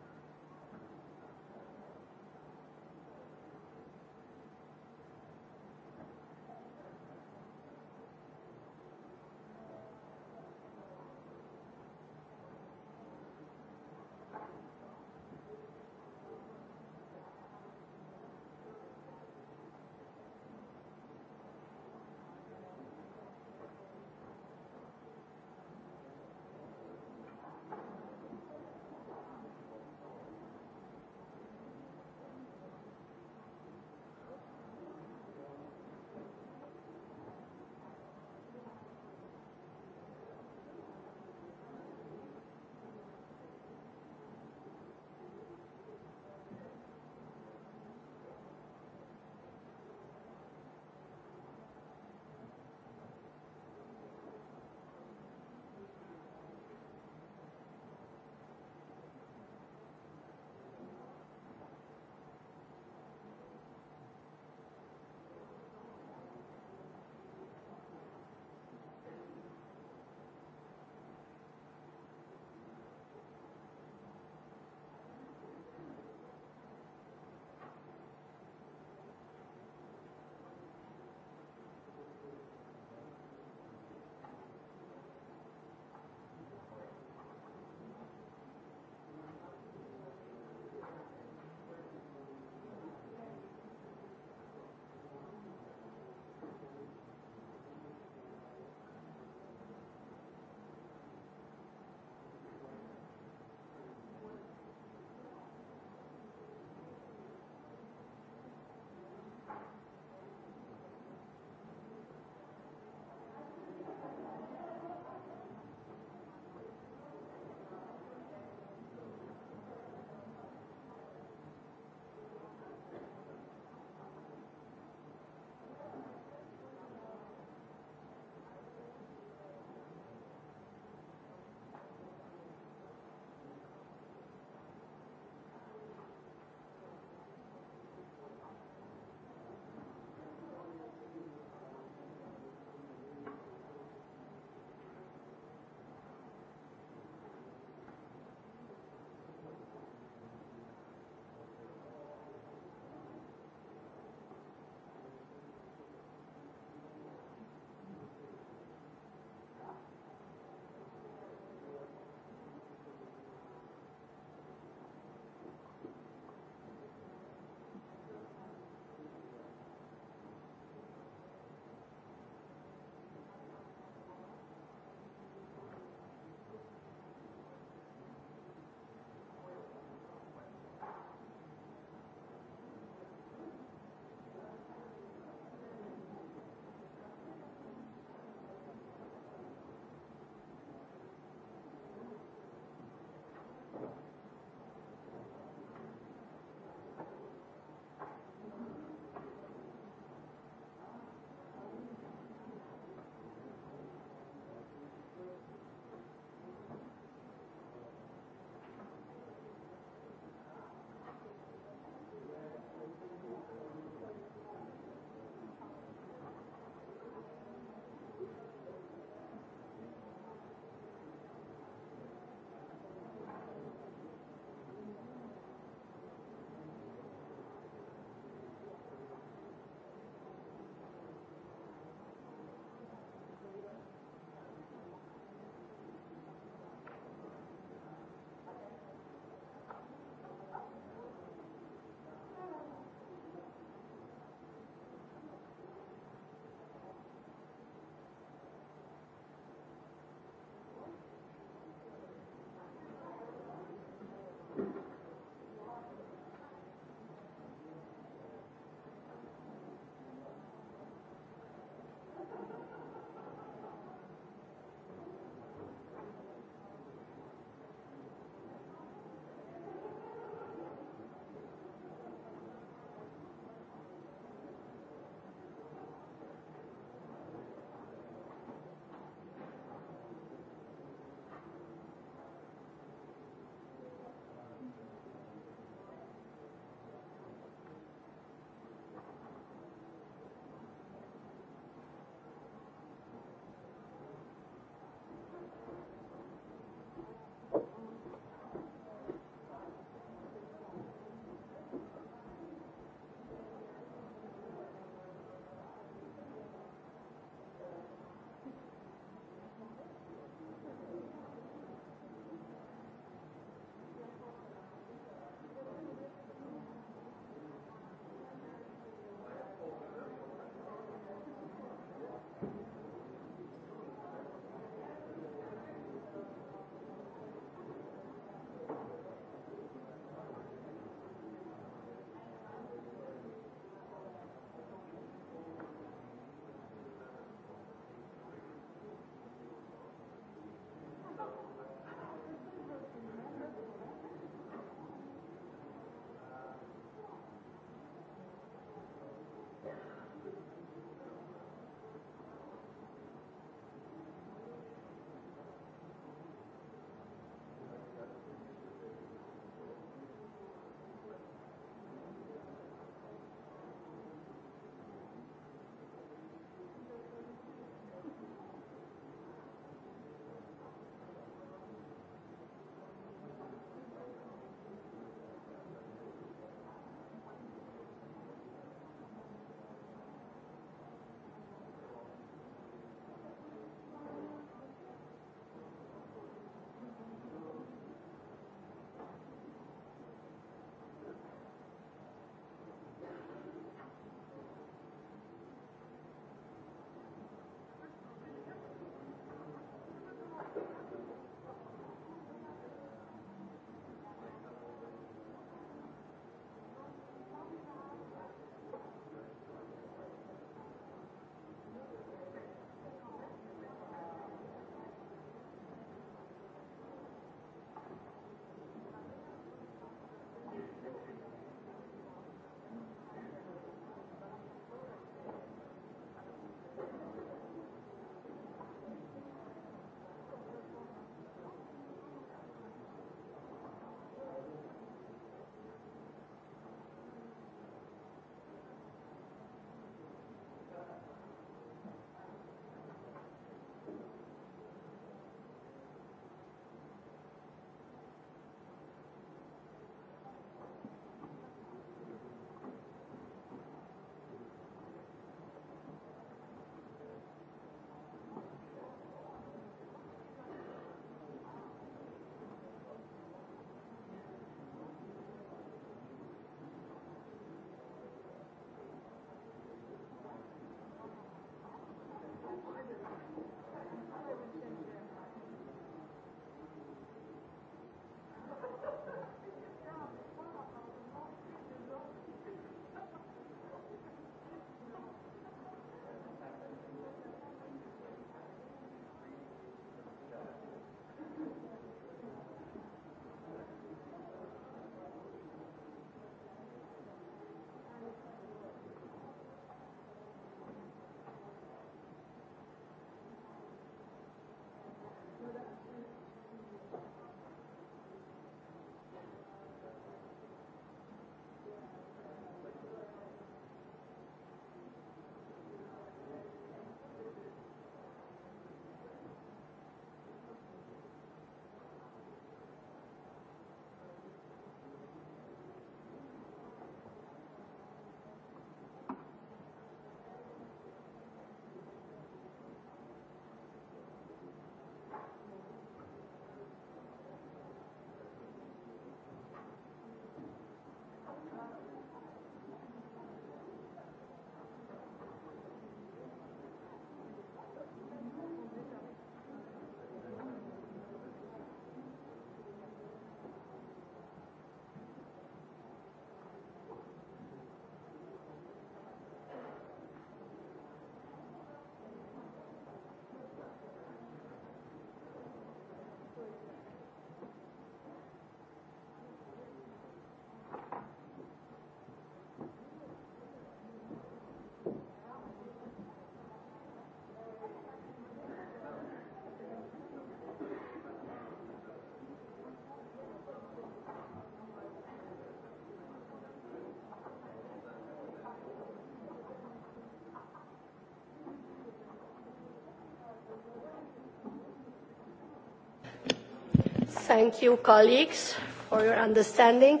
Thank you, colleagues, for your understanding.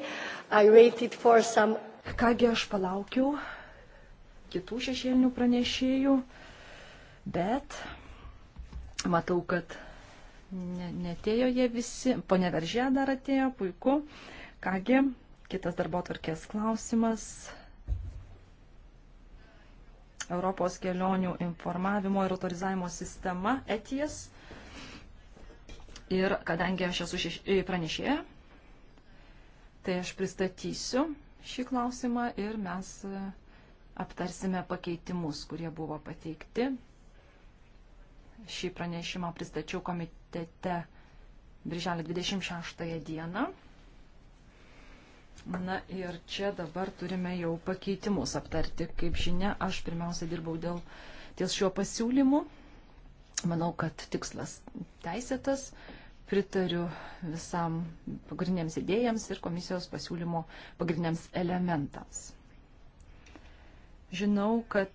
I waited for some. Kągi aš palaukiau kitų šešėlinių pranešėjų, bet matau, kad ne, netėjo jie visi. Pone Veržė dar atėjo, puiku. Kągi, kitas darbo tvarkės klausimas. Europos kelionių informavimo ir autorizavimo sistema ETIES Ir kadangi aš esu šeš... E, pranešėja, tai aš pristatysiu šį klausimą ir mes e, aptarsime pakeitimus, kurie buvo pateikti. Šį pranešimą pristačiau komitete Birželio 26 dieną. Na ir čia dabar turime jau pakeitimus aptarti. Kaip žinia, aš pirmiausia dirbau dėl ties šiuo pasiūlymu. Manau, kad tikslas teisėtas pritariu visam pagrindiniams idėjams ir komisijos pasiūlymo pagrindiniams elementams. Žinau, kad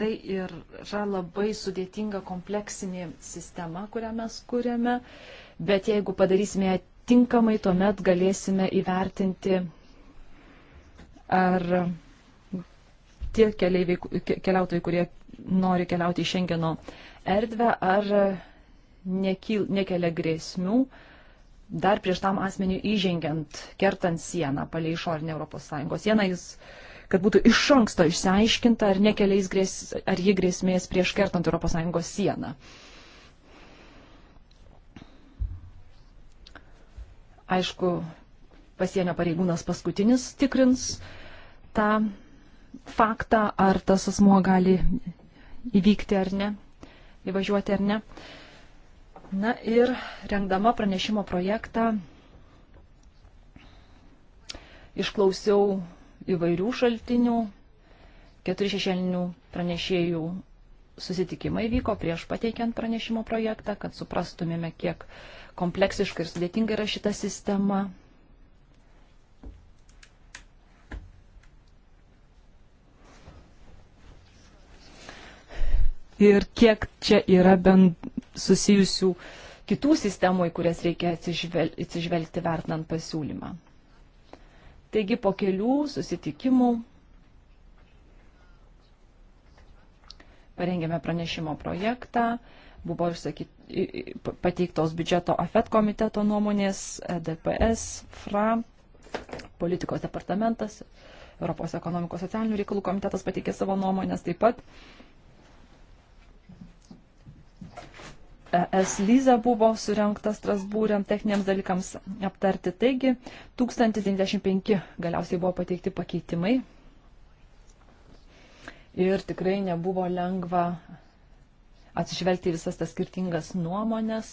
tai yra labai sudėtinga kompleksinė sistema, kurią mes kūrėme, bet jeigu padarysime ją tinkamai, tuomet galėsime įvertinti, ar tie keliaiviai, keliautojai, kurie nori keliauti į Šengeno erdvę, ar nekyl, nekelia grėsmių dar prieš tam asmeniu įžengiant, kertant sieną palei išorinę ES sieną, jis, kad būtų iš anksto išsiaiškinta, ar nekeliais grės, ar jie grėsmės prieš kertant ES sieną. Aišku, pasienio pareigūnas paskutinis tikrins tą faktą, ar tas asmuo gali įvykti ar ne, įvažiuoti ar ne. Na ir rengdama pranešimo projektą išklausiau įvairių šaltinių, keturi šešėlinių pranešėjų susitikimai vyko prieš pateikiant pranešimo projektą, kad suprastumėme, kiek kompleksiškai ir sudėtingai yra šita sistema, ir kiek čia yra bent susijusių kitų sistemų, į kurias reikia atsižvel atsižvelgti vertinant pasiūlymą. Taigi po kelių susitikimų parengėme pranešimo projektą, buvo išsakyt, pateiktos biudžeto AFET komiteto nuomonės, e DPS, FRA, politikos departamentas, Europos ekonomikos socialinių reikalų komitetas pateikė savo nuomonės taip pat. ES Lyza buvo surinktas Strasbūrėm techniniams dalykams aptarti. Taigi 1095 galiausiai buvo pateikti pakeitimai. Ir tikrai nebuvo lengva atsižvelgti visas tas skirtingas nuomonės,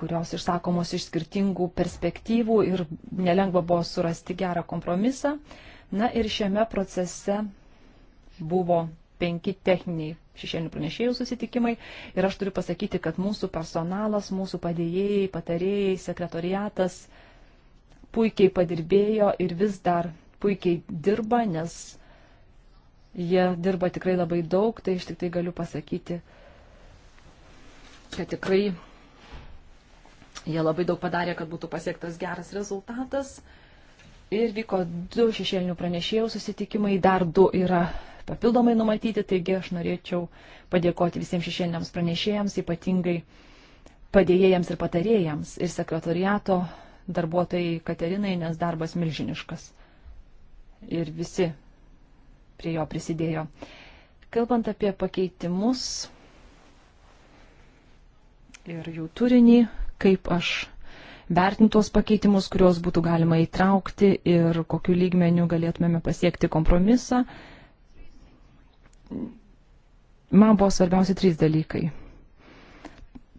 kurios išsakomos iš skirtingų perspektyvų ir nelengva buvo surasti gerą kompromisą. Na ir šiame procese buvo penki techniniai šešėlinių pranešėjų susitikimai ir aš turiu pasakyti, kad mūsų personalas, mūsų padėjėjai, patarėjai, sekretoriatas puikiai padirbėjo ir vis dar puikiai dirba, nes jie dirba tikrai labai daug, tai aš tik tai galiu pasakyti, kad tikrai jie labai daug padarė, kad būtų pasiektas geras rezultatas. Ir vyko du šešėlinių pranešėjų susitikimai, dar du yra papildomai numatyti, taigi aš norėčiau padėkoti visiems šešėliniams pranešėjams, ypatingai padėjėjams ir patarėjams ir sekretoriato darbuotojai Katerinai, nes darbas milžiniškas. Ir visi prie jo prisidėjo. Kalbant apie pakeitimus ir jų turinį, kaip aš vertinti tuos pakeitimus, kuriuos būtų galima įtraukti ir kokiu lygmeniu galėtumėme pasiekti kompromisą man buvo svarbiausia trys dalykai.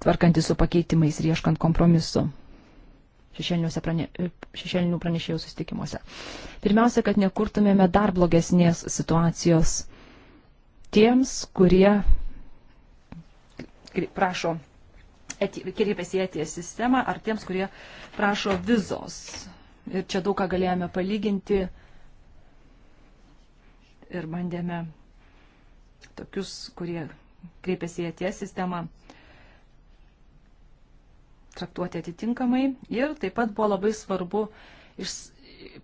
Tvarkantis su pakeitimais ir ieškant kompromisu prane, e, šešėlinių pranešėjų susitikimuose. Pirmiausia, kad nekurtumėme dar blogesnės situacijos tiems, kurie prašo, kreipiasi į eties sistemą, ar tiems, kurie prašo vizos. Ir čia daug ką galėjome palyginti ir bandėme tokius, kurie kreipiasi į ATS sistemą, traktuoti atitinkamai. Ir taip pat buvo labai svarbu iš,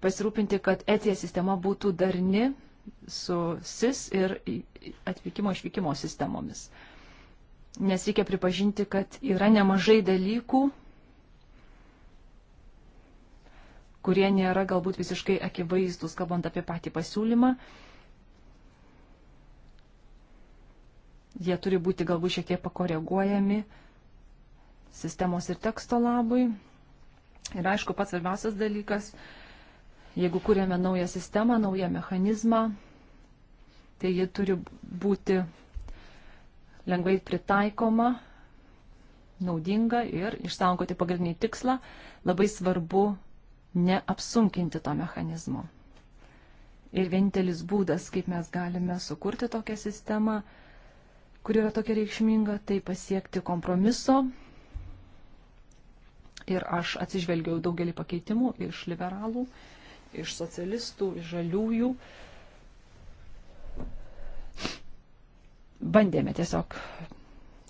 pasirūpinti, kad ETS sistema būtų darni su SIS ir atvykimo išvykimo sistemomis. Nes reikia pripažinti, kad yra nemažai dalykų, kurie nėra galbūt visiškai akivaizdus, kalbant apie patį pasiūlymą. Uh, Jie turi būti galbūt šiek tiek pakoreguojami sistemos ir teksto labui. Ir aišku, pats svarbiausias dalykas, jeigu kūrėme naują sistemą, naują mechanizmą, tai ji turi būti lengvai pritaikoma, naudinga ir išsaugoti pagrindinį tikslą, labai svarbu neapsunkinti to mechanizmo. Ir vienintelis būdas, kaip mes galime sukurti tokią sistemą, kuri yra tokia reikšminga, tai pasiekti kompromiso. Ir aš atsižvelgiau daugelį pakeitimų iš liberalų, iš socialistų, iš žaliųjų. Bandėme tiesiog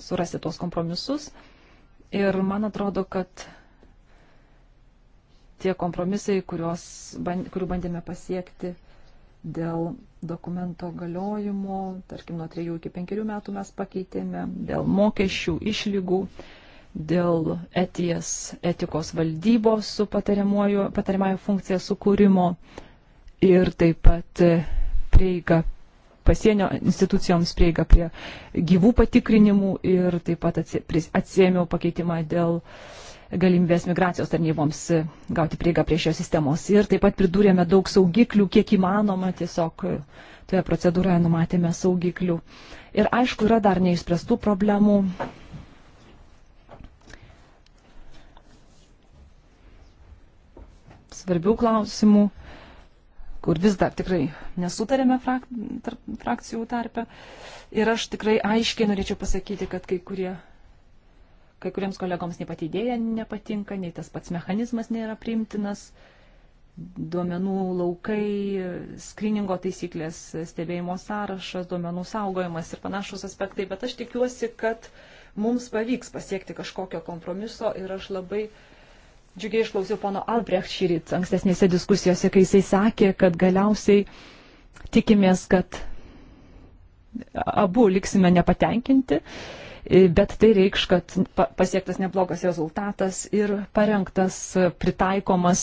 surasti tuos kompromisus. Ir man atrodo, kad tie kompromisai, kurios, kurių bandėme pasiekti, dėl dokumento galiojimo, tarkim, nuo 3 iki 5 metų mes pakeitėme, dėl mokesčių išlygų, dėl eties, etikos valdybos su patariamąją funkciją sukūrimo ir taip pat prieiga pasienio institucijoms prieiga prie gyvų patikrinimų ir taip pat atsiemiau pakeitimą dėl uh, galimybės migracijos tarnyboms e, gauti prieigą prie šios sistemos. Ir taip pat pridūrėme daug saugiklių, kiek įmanoma, tiesiog e, toje procedūroje numatėme saugiklių. Ir aišku, yra dar neišspręstų problemų. Svarbių klausimų, kur vis dar tikrai nesutarėme frak, tarp, frakcijų tarpe. Ir aš tikrai aiškiai norėčiau pasakyti, kad kai kurie kai kuriems kolegoms nei pati idėja nepatinka, nei tas pats mechanizmas nėra priimtinas, duomenų laukai, skriningo taisyklės, stebėjimo sąrašas, duomenų saugojimas ir panašus aspektai, bet aš tikiuosi, kad mums pavyks pasiekti kažkokio kompromiso ir aš labai džiugiai išklausiau pono Albrecht šyryt ankstesnėse diskusijose, kai jisai sakė, kad galiausiai tikimės, kad abu liksime nepatenkinti bet tai reikš, kad pasiektas neblogas rezultatas ir parengtas, pritaikomas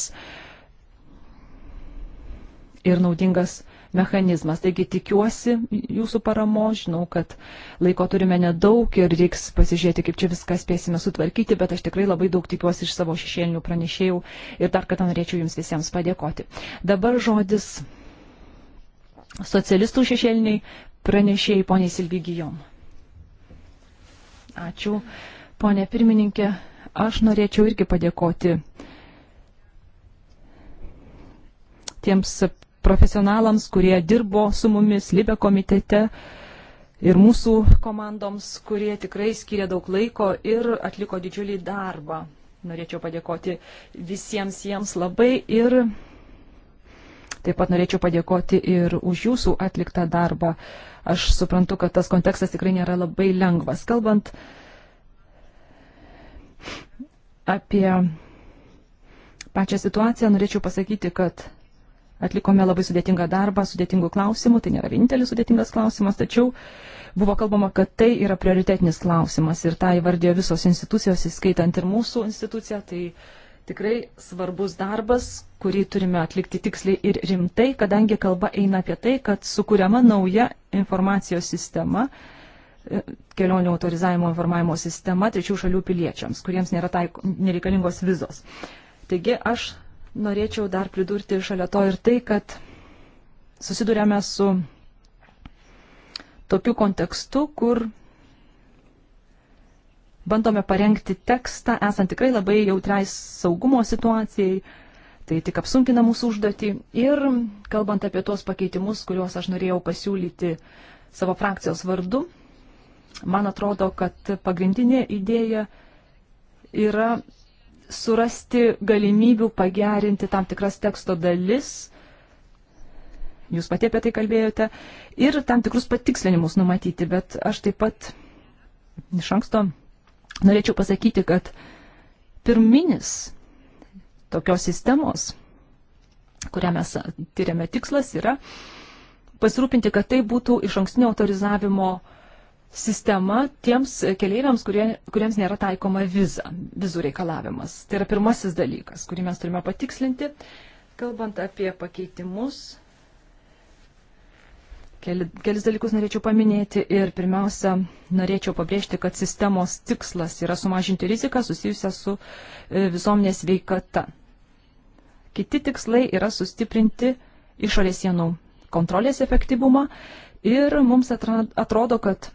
ir naudingas mechanizmas. Taigi tikiuosi jūsų paramo, žinau, kad laiko turime nedaug ir reiks pasižiūrėti, kaip čia viską spėsime sutvarkyti, bet aš tikrai labai daug tikiuosi iš savo šešėlinių pranešėjų ir dar kartą norėčiau jums visiems padėkoti. Dabar žodis socialistų šešėliniai pranešėjai poniai Silvigijom. Ačiū. Pone pirmininkė, aš norėčiau irgi padėkoti tiems profesionalams, kurie dirbo su mumis Libe komitete ir mūsų komandoms, kurie tikrai skiria daug laiko ir atliko didžiulį darbą. Norėčiau padėkoti visiems jiems labai ir taip pat norėčiau padėkoti ir už jūsų atliktą darbą. Aš suprantu, kad tas kontekstas tikrai nėra labai lengvas. Kalbant apie pačią situaciją, norėčiau pasakyti, kad atlikome labai sudėtingą darbą, sudėtingų klausimų, tai nėra vienintelis sudėtingas klausimas, tačiau buvo kalbama, kad tai yra prioritetinis klausimas ir tą įvardėjo visos institucijos, įskaitant ir mūsų instituciją, tai tikrai svarbus darbas, kurį turime atlikti tiksliai ir rimtai, kadangi kalba eina apie tai, kad sukūriama nauja informacijos sistema, e, kelionių autorizavimo informavimo sistema trečių šalių piliečiams, kuriems nėra taiko, nereikalingos vizos. Taigi aš norėčiau dar pridurti šalia to ir tai, kad susidurėme su tokiu kontekstu, kur bandome parengti tekstą, esant tikrai labai jautriai saugumo situacijai. Tai tik apsunkina mūsų užduotį. Ir kalbant apie tuos pakeitimus, kuriuos aš norėjau pasiūlyti savo frakcijos vardu, man atrodo, kad pagrindinė idėja yra surasti galimybių pagerinti tam tikras teksto dalis, jūs pati apie tai kalbėjote, ir tam tikrus patikslinimus numatyti, bet aš taip pat iš anksto norėčiau pasakyti, kad pirminis tokios sistemos, kurią mes tyriame tikslas, yra pasirūpinti, kad tai būtų iš ankstinio autorizavimo sistema tiems keleiviams, kurie, kuriems nėra taikoma viza, vizų reikalavimas. Tai yra pirmasis dalykas, kurį mes turime patikslinti, kalbant apie pakeitimus Keli, kelis dalykus norėčiau paminėti ir pirmiausia, norėčiau pabrėžti, kad sistemos tikslas yra sumažinti riziką susijusią su e, visuomenės veikata. Kiti tikslai yra sustiprinti išorės sienų kontrolės efektyvumą ir mums atrodo, kad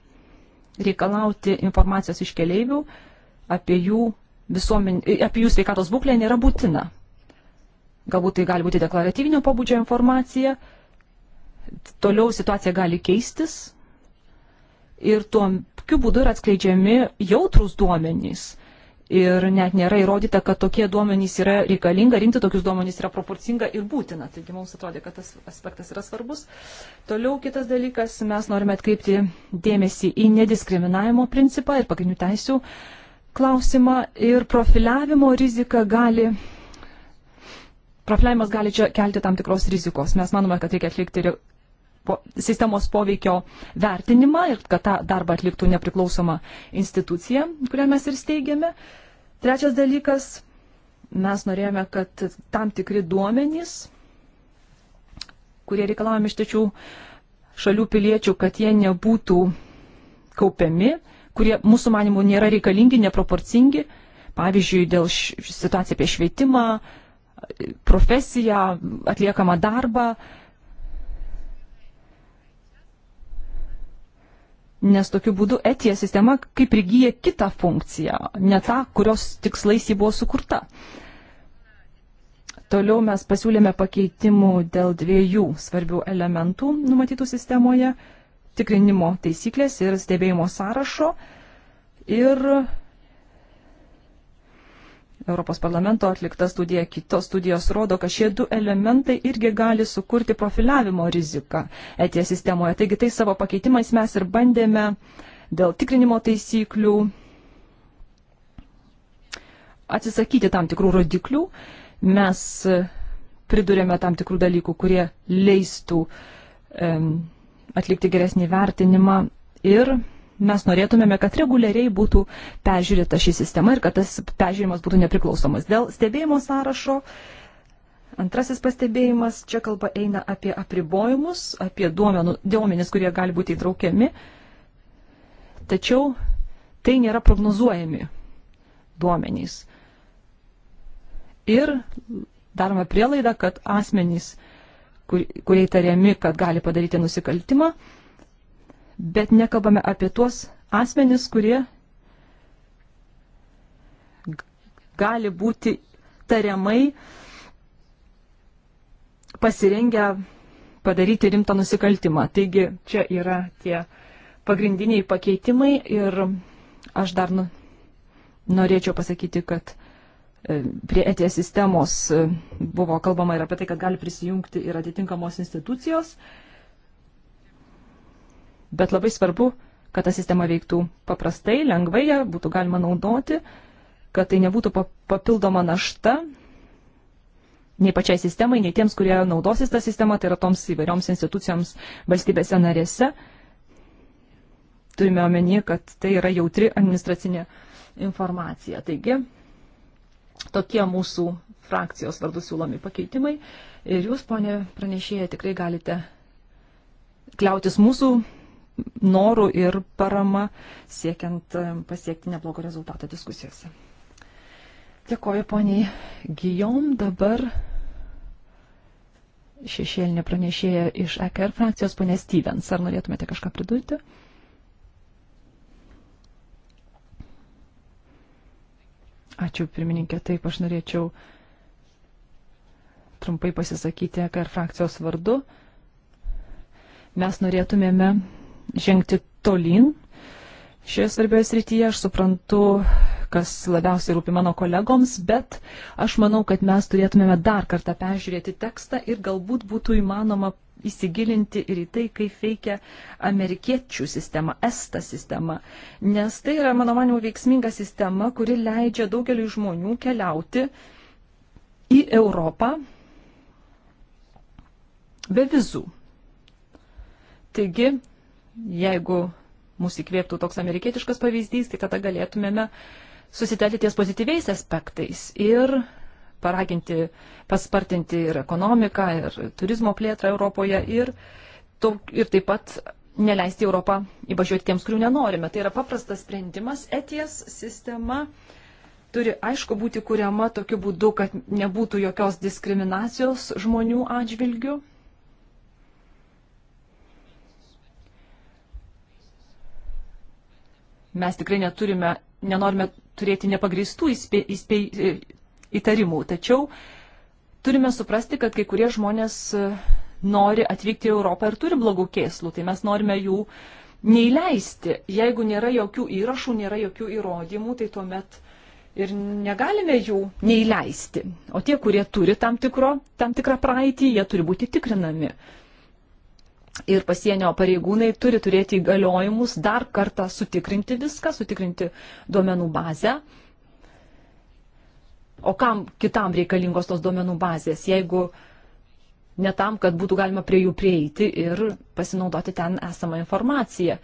reikalauti informacijos iš keleivių apie jų, visuomen, e, apie jų sveikatos būklę nėra būtina. Galbūt tai gali būti deklaratyvinio pobūdžio informacija toliau situacija gali keistis ir tokiu būdu yra atskleidžiami jautrus duomenys. Ir net nėra įrodyta, kad tokie duomenys yra reikalinga, rinkti tokius duomenys yra proporcinga ir būtina. Taigi mums atrodė, kad tas aspektas yra svarbus. Toliau kitas dalykas, mes norime atkreipti dėmesį į nediskriminavimo principą ir pagrindinių teisių klausimą. Ir profiliavimo rizika gali profiliavimas gali čia kelti tam tikros rizikos. Mes manome, kad reikia atlikti po, sistemos poveikio vertinimą ir kad tą darbą atliktų nepriklausoma institucija, kurią mes ir steigėme. Trečias dalykas, mes norėjome, kad tam tikri duomenys, kurie reikalavome iš tečių šalių piliečių, kad jie nebūtų kaupiami, kurie mūsų manimų nėra reikalingi, neproporcingi, pavyzdžiui, dėl situacijos apie švietimą, profesiją, atliekamą darbą, nes tokiu būdu etija sistema kaip įgyja kitą funkciją, ne tą, kurios tikslais ji buvo sukurta. Toliau mes pasiūlėme pakeitimų dėl dviejų svarbių elementų numatytų sistemoje - tikrinimo taisyklės ir stebėjimo sąrašo. Ir Europos parlamento atlikta studija, kitos studijos rodo, kad šie du elementai irgi gali sukurti profiliavimo riziką etie sistemoje. Taigi tai savo pakeitimais mes ir bandėme dėl tikrinimo taisyklių atsisakyti tam tikrų rodiklių. Mes pridurėme tam tikrų dalykų, kurie leistų um, atlikti geresnį vertinimą ir mes norėtumėme, kad reguliariai būtų peržiūrėta ši sistema ir kad tas peržiūrimas būtų nepriklausomas. Dėl stebėjimo sąrašo, antrasis pastebėjimas, čia kalba eina apie apribojimus, apie duomenų, duomenis, kurie gali būti įtraukiami, tačiau tai nėra prognozuojami duomenys. Ir darome prielaidą, kad asmenys, kur, kurie įtariami, kad gali padaryti nusikaltimą, bet nekalbame apie tuos asmenis, kurie gali būti tariamai pasirengę padaryti rimtą nusikaltimą. Taigi čia yra tie pagrindiniai pakeitimai ir aš dar nu, norėčiau pasakyti, kad e, prie ETS sistemos e, buvo kalbama ir apie tai, kad gali prisijungti ir atitinkamos institucijos bet labai svarbu, kad ta sistema veiktų paprastai, lengvai ją būtų galima naudoti, kad tai nebūtų papildoma našta nei pačiai sistemai, nei tiems, kurie naudosis tą sistemą, tai yra toms įvairioms institucijoms valstybėse narėse. Turime omenyje, kad tai yra jautri administracinė informacija. Taigi, tokie mūsų frakcijos vardu siūlomi pakeitimai. Ir jūs, ponė pranešėja, tikrai galite kliautis mūsų norų ir parama siekiant pasiekti neblogą rezultatą diskusijose. Dėkoju poniai Gijom, dabar šešėlinė pranešėja iš EKR frakcijos, ponė Stevens. Ar norėtumėte kažką pridurti? Ačiū, pirmininkė. Taip, aš norėčiau trumpai pasisakyti EKR frakcijos vardu. Mes norėtumėme žengti tolyn šioje svarbioje srityje. Aš suprantu, kas labiausiai rūpi mano kolegoms, bet aš manau, kad mes turėtumėme dar kartą peržiūrėti tekstą ir galbūt būtų įmanoma įsigilinti ir į tai, kaip veikia amerikiečių sistema, esta sistema. Nes tai yra, mano manimu, veiksminga sistema, kuri leidžia daugeliu žmonių keliauti į Europą be vizų. Taigi, jeigu mus įkvėptų toks amerikietiškas pavyzdys, tai tada galėtumėme susitelti ties pozityviais aspektais ir paraginti, paspartinti ir ekonomiką, ir turizmo plėtrą Europoje, ir, to, ir taip pat neleisti Europą įvažiuoti tiems, kurių nenorime. Tai yra paprastas sprendimas. Eties sistema turi, aišku, būti kuriama tokiu būdu, kad nebūtų jokios diskriminacijos žmonių atžvilgių mes tikrai neturime, nenorime turėti nepagristų įspė, įspė, e, įtarimų. Tačiau turime suprasti, kad kai kurie žmonės e, nori atvykti į Europą ir turi blogų kėslų, tai mes norime jų neįleisti. Jeigu nėra jokių įrašų, nėra jokių įrodymų, tai tuomet ir negalime jų neįleisti. O tie, kurie turi tam, tikro, tam tikrą praeitį, jie turi būti tikrinami. Uh, ir pasienio pareigūnai turi turėti įgaliojimus dar kartą sutikrinti viską, sutikrinti duomenų bazę. O kam kitam reikalingos tos duomenų bazės, jeigu ne tam, kad būtų galima prie jų prieiti ir pasinaudoti ten esamą informaciją.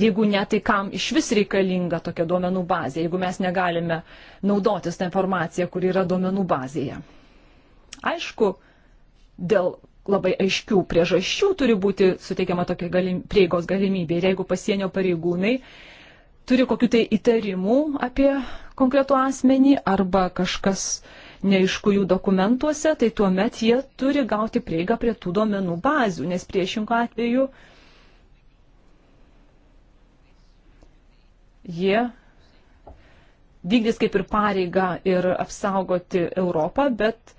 Jeigu ne, tai kam iš vis reikalinga tokia duomenų bazė, jeigu mes negalime naudotis tą informaciją, kuri yra duomenų bazėje. Aišku, dėl labai aiškių priežasčių turi būti suteikiama tokia galim, prieigos galimybė. Ir jeigu pasienio pareigūnai turi kokiu tai įtarimu apie konkretų asmenį arba kažkas neaišku jų dokumentuose, tai tuomet jie turi gauti prieigą prie tų duomenų bazių, nes priešingų atveju jie vykdys kaip ir pareigą ir apsaugoti Europą, bet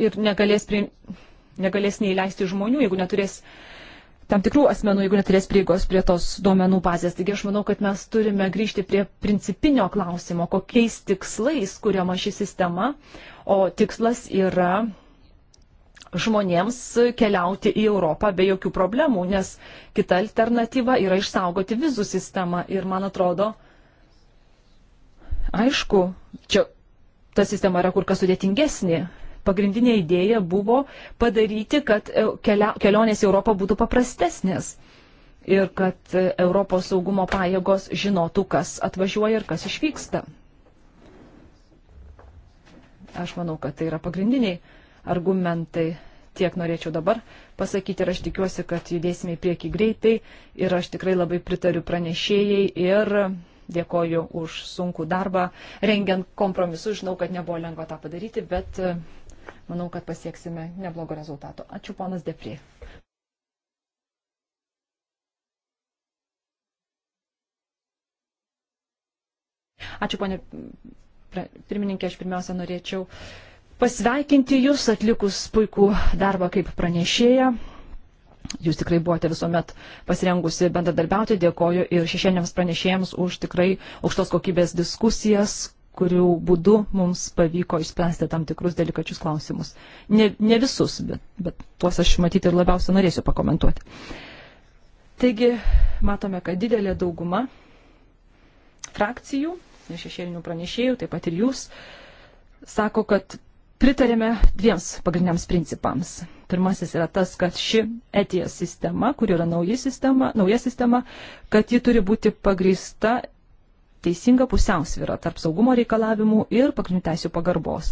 ir negalės, prie, negalės neįleisti žmonių, jeigu neturės tam tikrų asmenų, jeigu neturės prieigos prie tos duomenų bazės. Taigi aš manau, kad mes turime grįžti prie principinio klausimo, kokiais tikslais kuriama ši sistema, o tikslas yra žmonėms keliauti į Europą be jokių problemų, nes kita alternatyva yra išsaugoti vizų sistemą. Ir man atrodo, aišku, čia ta sistema yra kur kas sudėtingesnė pagrindinė idėja buvo padaryti, kad e, kelionės į Europą būtų paprastesnės ir kad e, Europos saugumo pajėgos žinotų, kas atvažiuoja ir kas išvyksta. Aš manau, kad tai yra pagrindiniai argumentai. Tiek norėčiau dabar pasakyti ir aš tikiuosi, kad judėsime į priekį greitai ir aš tikrai labai pritariu pranešėjai ir dėkoju už sunkų darbą, rengiant kompromisus. Žinau, kad nebuvo lengva tą padaryti, bet e, manau, kad pasieksime neblogo rezultato. Ačiū, ponas Depri. Ačiū, ponė pirmininkė, aš pirmiausia norėčiau pasveikinti Jūs atlikus puikų darbą kaip pranešėja. Jūs tikrai buvote visuomet pasirengusi bendradarbiauti, dėkoju ir šešėniams pranešėjams už tikrai aukštos kokybės diskusijas, kurių būdu mums pavyko išspręsti tam tikrus delikačius klausimus. Ne, ne visus, bet, bet tuos aš matyti ir labiausia norėsiu pakomentuoti. Taigi, matome, kad didelė dauguma frakcijų, šešėlinių pranešėjų, taip pat ir jūs, sako, kad pritarėme dviems pagrindiniams principams. Pirmasis yra tas, kad ši etijos sistema, kur yra nauja sistema, nauja sistema, kad ji turi būti pagrįsta teisinga pusiausvyra tarp saugumo reikalavimų ir pagrindinių teisų pagarbos.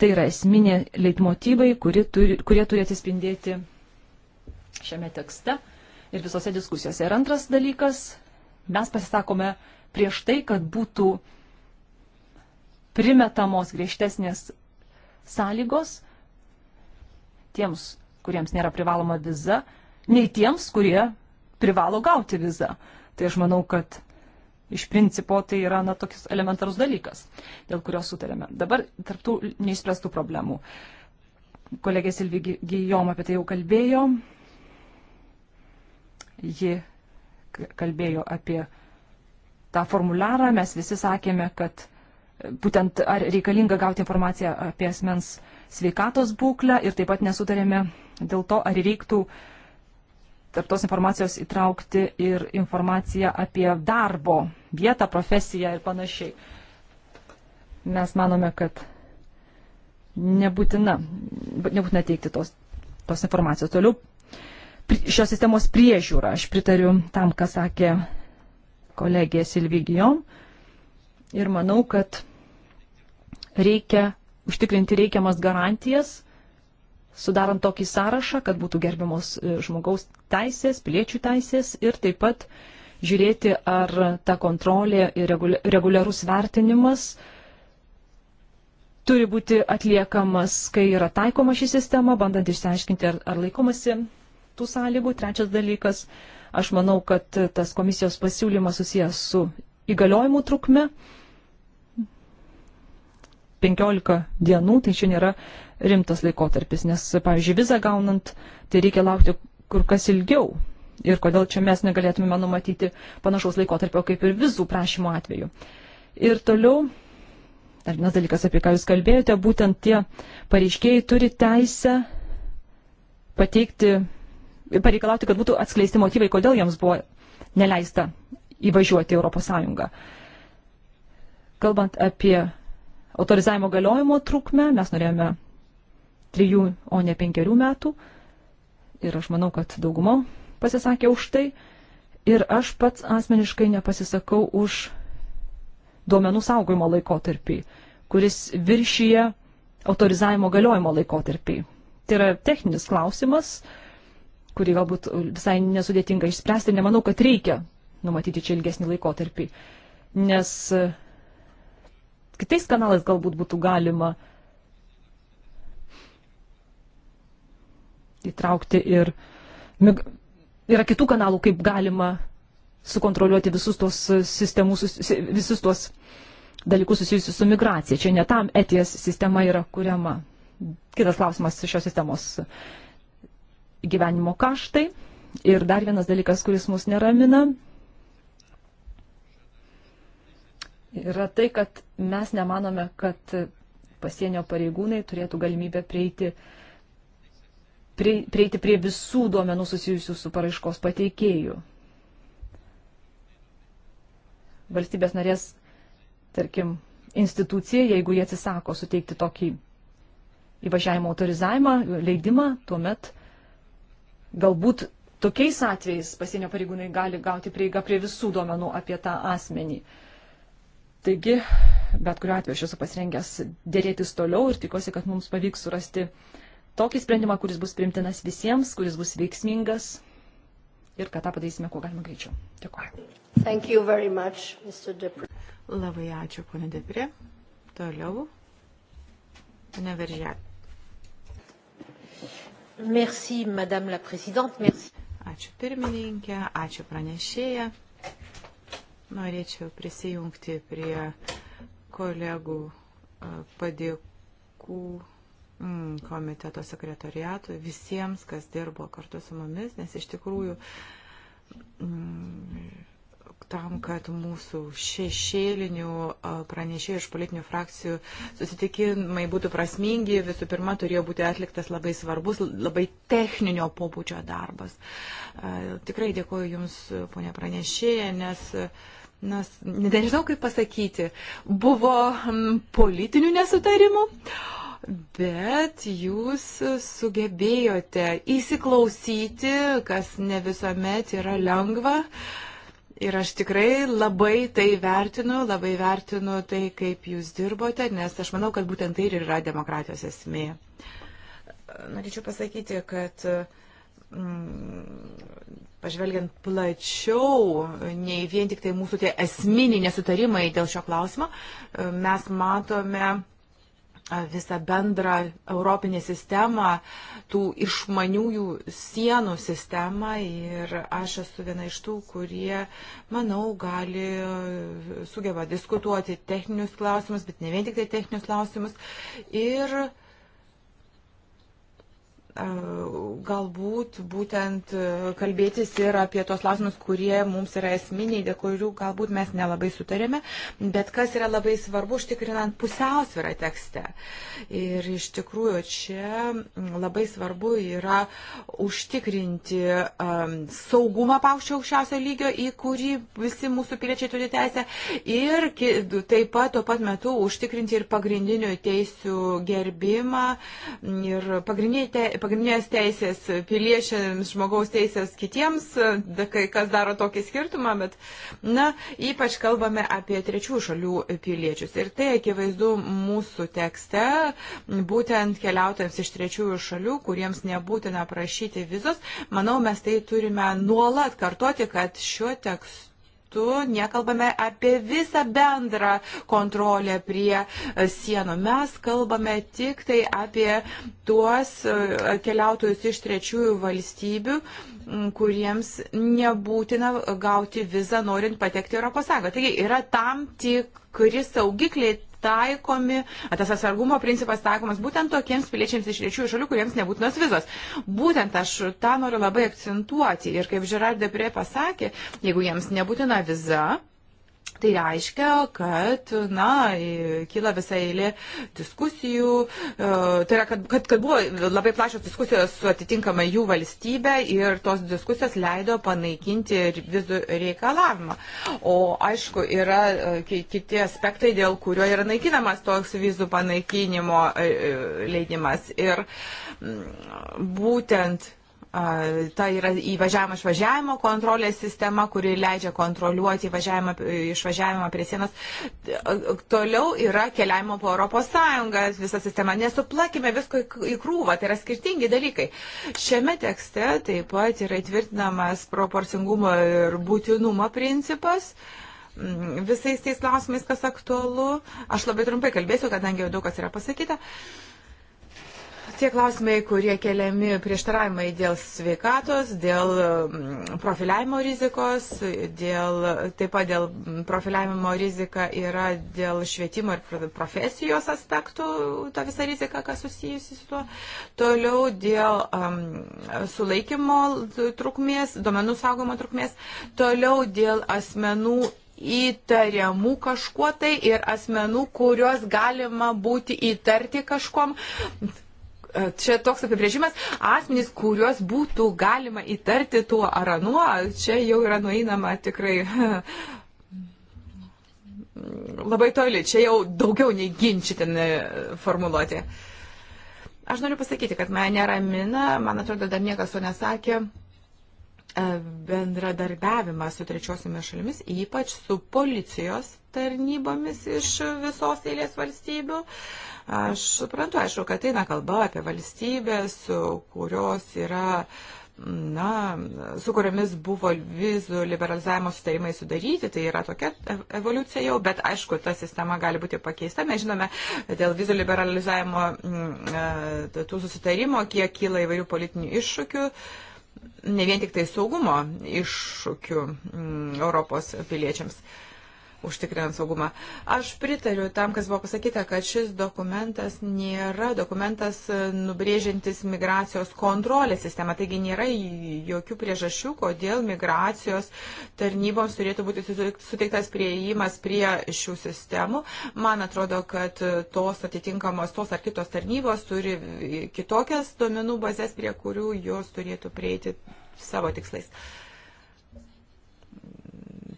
Tai yra esminė leitmotyvai, turi, kurie turi atsispindėti šiame tekste ir visose diskusijose. Ir antras dalykas, mes pasisakome prieš tai, kad būtų primetamos griežtesnės sąlygos tiems, kuriems nėra privaloma viza, nei tiems, kurie privalo gauti vizą. Tai aš manau, kad iš principo tai yra na, toks elementarus dalykas, dėl kurio sutarėme. Dabar tarptų neišspręstų problemų. Kolegė Silvi Gijom apie tai jau kalbėjo. Ji kalbėjo apie tą formularą. Mes visi sakėme, kad e, būtent ar reikalinga gauti informaciją apie asmens sveikatos būklę ir taip pat nesutarėme dėl to, ar reiktų uh, tarp tos informacijos įtraukti ir informaciją apie darbo vietą, profesiją ir panašiai. Mes manome, kad nebūtina, nebūtina teikti tos, tos informacijos. Toliau šios sistemos priežiūra. Aš pritariu tam, ką sakė kolegė Silvigijom. Ir manau, kad reikia užtikrinti reikiamas garantijas sudarant tokį sąrašą, kad būtų gerbiamos e, žmogaus teisės, piliečių teisės ir taip pat žiūrėti, ar ta kontrolė ir reguliarus vertinimas turi būti atliekamas, kai yra taikoma ši sistema, bandant išsiaiškinti, ar, ar laikomasi tų sąlygų. Trečias dalykas, aš manau, kad tas komisijos pasiūlymas susijęs su įgaliojimų trukme. Uh, 15 dienų, tai čia nėra rimtas laikotarpis, nes, pavyzdžiui, vizą gaunant, tai reikia laukti kur kas ilgiau. Ir kodėl čia mes negalėtume numatyti panašaus laikotarpio kaip ir vizų prašymo atveju. Ir toliau, dar vienas dalykas, apie ką jūs kalbėjote, būtent tie pareiškėjai turi teisę pateikti, pareikalauti, kad būtų atskleisti motyvai, kodėl jiems buvo neleista įvažiuoti į ES. Kalbant apie autorizavimo galiojimo trukmę, mes norėjome trijų, o ne penkerių metų. Ir aš manau, kad dauguma pasisakė už tai. Ir aš pats asmeniškai nepasisakau už duomenų saugojimo laikotarpį, kuris viršyje autorizavimo galiojimo laikotarpį. Tai yra techninis klausimas, kurį galbūt visai nesudėtinga išspręsti. Nemanau, kad reikia numatyti čia ilgesnį laikotarpį, nes kitais kanalais galbūt būtų galima įtraukti ir yra kitų kanalų, kaip galima sukontroliuoti visus tos sistemų, visus tos dalykus susijusius su migracija. Čia ne tam eties sistema yra kuriama. Kitas klausimas šios sistemos gyvenimo kaštai. Ir dar vienas dalykas, kuris mus neramina, yra tai, kad mes nemanome, kad pasienio pareigūnai turėtų galimybę prieiti, prie, prieiti prie visų duomenų susijusių su paraiškos pateikėjų. Valstybės narės, tarkim, institucija, jeigu jie atsisako suteikti tokį įvažiavimo autorizavimą, leidimą, tuomet galbūt tokiais atvejais pasienio pareigūnai gali gauti prieigą prie visų duomenų apie tą asmenį. Uh, Taigi, bet kuriuo atveju aš esu pasirengęs dėrėtis toliau ir tikiuosi, kad mums pavyks surasti tokį sprendimą, kuris bus primtinas visiems, kuris bus veiksmingas ir kad tą padarysime kuo galima greičiau. Dėkuoju. Much, Labai ačiū, ponė Deprė. Toliau. Neveržė. Merci, madame la présidente. Merci. Ačiū pirmininkė, ačiū pranešėja. Norėčiau prisijungti prie kolegų padėkų mm, komiteto sekretoriatui, visiems, kas dirbo kartu su mumis, nes iš tikrųjų mm, tam, kad mūsų šešėlinių pranešėjų iš politinių frakcijų susitikimai būtų prasmingi, visų pirma, turėjo būti atliktas labai svarbus, labai techninio pobūdžio darbas. Tikrai dėkuoju Jums, ponė pranešėja, nes uh, nes nežinau kaip pasakyti, buvo mm, politinių nesutarimų, bet jūs sugebėjote įsiklausyti, kas ne visuomet yra lengva. Ir aš tikrai labai tai vertinu, labai vertinu tai, kaip jūs dirbote, nes aš manau, kad būtent tai ir yra demokratijos esmė. Norėčiau pasakyti, kad uh, Mm, pažvelgiant plačiau, nei vien tik tai mūsų tie esminiai nesutarimai dėl šio klausimo, e, mes matome e, visą bendrą europinę sistemą, tų išmaniųjų sienų sistemą ir aš esu viena iš tų, kurie, manau, gali e, sugeba diskutuoti techninius klausimus, bet ne vien tik tai techninius klausimus. Ir galbūt būtent kalbėtis ir apie tos klausimus, kurie mums yra esminiai, dėl kurių galbūt mes nelabai sutarėme, bet kas yra labai svarbu, užtikrinant pusiausvyrą tekste. Ir iš tikrųjų čia labai svarbu yra užtikrinti um, saugumą paukščio aukščiausio lygio, į kurį visi mūsų piliečiai turi teisę ir taip pat tuo pat metu užtikrinti ir pagrindinių teisių gerbimą ir pagrindiniai te pagrindinės teisės piliečiams, žmogaus teisės kitiems, kai kas daro tokį skirtumą, bet, na, ypač kalbame apie trečių šalių piliečius. Ir tai akivaizdu mūsų tekste, būtent keliautams iš trečiųjų šalių, kuriems nebūtina prašyti vizos, manau, mes tai turime nuolat kartoti, kad šiuo tekstu metu nekalbame apie visą bendrą kontrolę prie e, sienų. Mes kalbame tik tai apie tuos e, keliautojus iš trečiųjų valstybių, kuriems nebūtina gauti vizą norint patekti Europos Sąjungą. Taigi yra tam tikri saugikliai taikomi, tas atsargumo principas taikomas būtent tokiems piliečiams iš trečiųjų šalių, kuriems nebūtinos vizos. Būtent aš tą noriu labai akcentuoti. Ir kaip Žerardė prie pasakė, jeigu jiems nebūtina viza, Tai reiškia, kad, na, kyla visa eilė diskusijų, e, tai yra, kad, kad, kad buvo labai plašios diskusijos su atitinkama jų valstybė ir tos diskusijos leido panaikinti vizų reikalavimą. O aišku, yra e, kiti aspektai, dėl kurio yra naikinamas toks vizų panaikinimo e, leidimas. Ir būtent Ta yra įvažiavimo išvažiavimo kontrolės sistema, kuri leidžia kontroliuoti įvažiavimą, išvažiavimą prie sienos. Toliau yra keliavimo po Europos Sąjungą, visa sistema. Nesuplakime visko į krūvą, tai yra skirtingi dalykai. Šiame tekste taip pat yra įtvirtinamas proporcingumo ir būtinumo principas visais tais klausimais, kas aktualu. Aš labai trumpai kalbėsiu, kadangi jau daug kas yra pasakyta. Uh, tie klausimai, kurie keliami prieštaravimai dėl sveikatos, dėl mm, profiliavimo rizikos, dėl, taip pat dėl mm, profiliavimo rizika yra dėl švietimo ir profesijos aspektų, ta visa rizika, kas susijusi su tuo. Toliau dėl um, sulaikymo trukmės, duomenų saugomo trukmės, toliau dėl asmenų įtariamų kažkuo tai ir asmenų, kuriuos galima būti įtarti kažkom čia toks apibrėžimas, asmenys, kuriuos būtų galima įtarti tuo ar anuo, čia jau yra nueinama tikrai labai toli, čia jau daugiau nei ginčitinė formuluotė. Aš noriu pasakyti, kad mane neramina, man atrodo, dar niekas to nesakė, bendradarbiavimą su trečiosiomis šalimis, ypač su policijos tarnybomis iš visos eilės valstybių. Aš suprantu, aišku, kad eina kalba apie valstybės, kurios yra na, su kuriomis buvo vizų liberalizavimo sutarimai sudaryti, tai yra tokia evoliucija jau, bet aišku, ta sistema gali būti pakeista. Mes žinome dėl vizų liberalizavimo mm, e, tų susitarimo, kiek kyla įvairių politinių iššūkių. Uh, ne vien tik tai saugumo iššūkių mm, Europos piliečiams. Uh, užtikrinant saugumą. Aš pritariu tam, kas buvo pasakyta, kad šis dokumentas nėra dokumentas e, nubrėžintis migracijos kontrolės sistemą. Taigi nėra jokių priežasčių, kodėl migracijos tarnyboms turėtų būti suteiktas prieimas prie šių sistemų. Man atrodo, kad tos atitinkamos, tos ar kitos tarnybos turi kitokias duomenų bazės, prie kurių jos turėtų prieiti savo tikslais. Uh,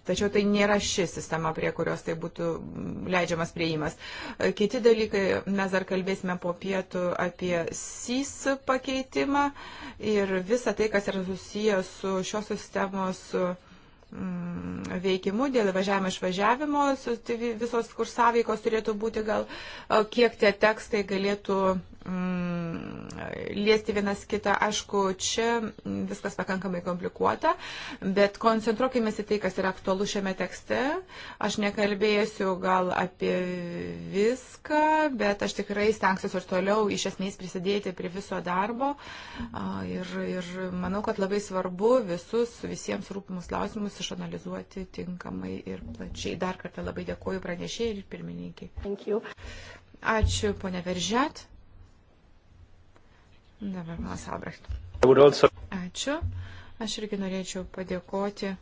Tačiau tai nėra ši sistema, prie kurios tai būtų mm, leidžiamas prieimas. E, kiti dalykai, mes dar kalbėsime po pietų apie SIS pakeitimą ir visą tai, kas yra susijęs su šios sistemos mm, veikimu dėl važiavimo išvažiavimo, visos kur sąveikos turėtų būti gal, e, kiek tie tekstai galėtų Mm, liesti vienas kitą. Aišku, čia viskas pakankamai komplikuota, bet koncentruokime į tai, kas yra aktualu šiame tekste. Aš nekalbėsiu gal apie viską, bet aš tikrai stengsiuosi ir toliau iš esmės prisidėti prie viso darbo. Ir, ir manau, kad labai svarbu visus visiems rūpimus klausimus išanalizuoti tinkamai ir plačiai. Dar kartą labai dėkuoju pranešėjai ir pirmininkiai. Ačiū, ponia Veržet. Dabar panas Albrecht. Ačiū. Aš irgi norėčiau padėkoti mm,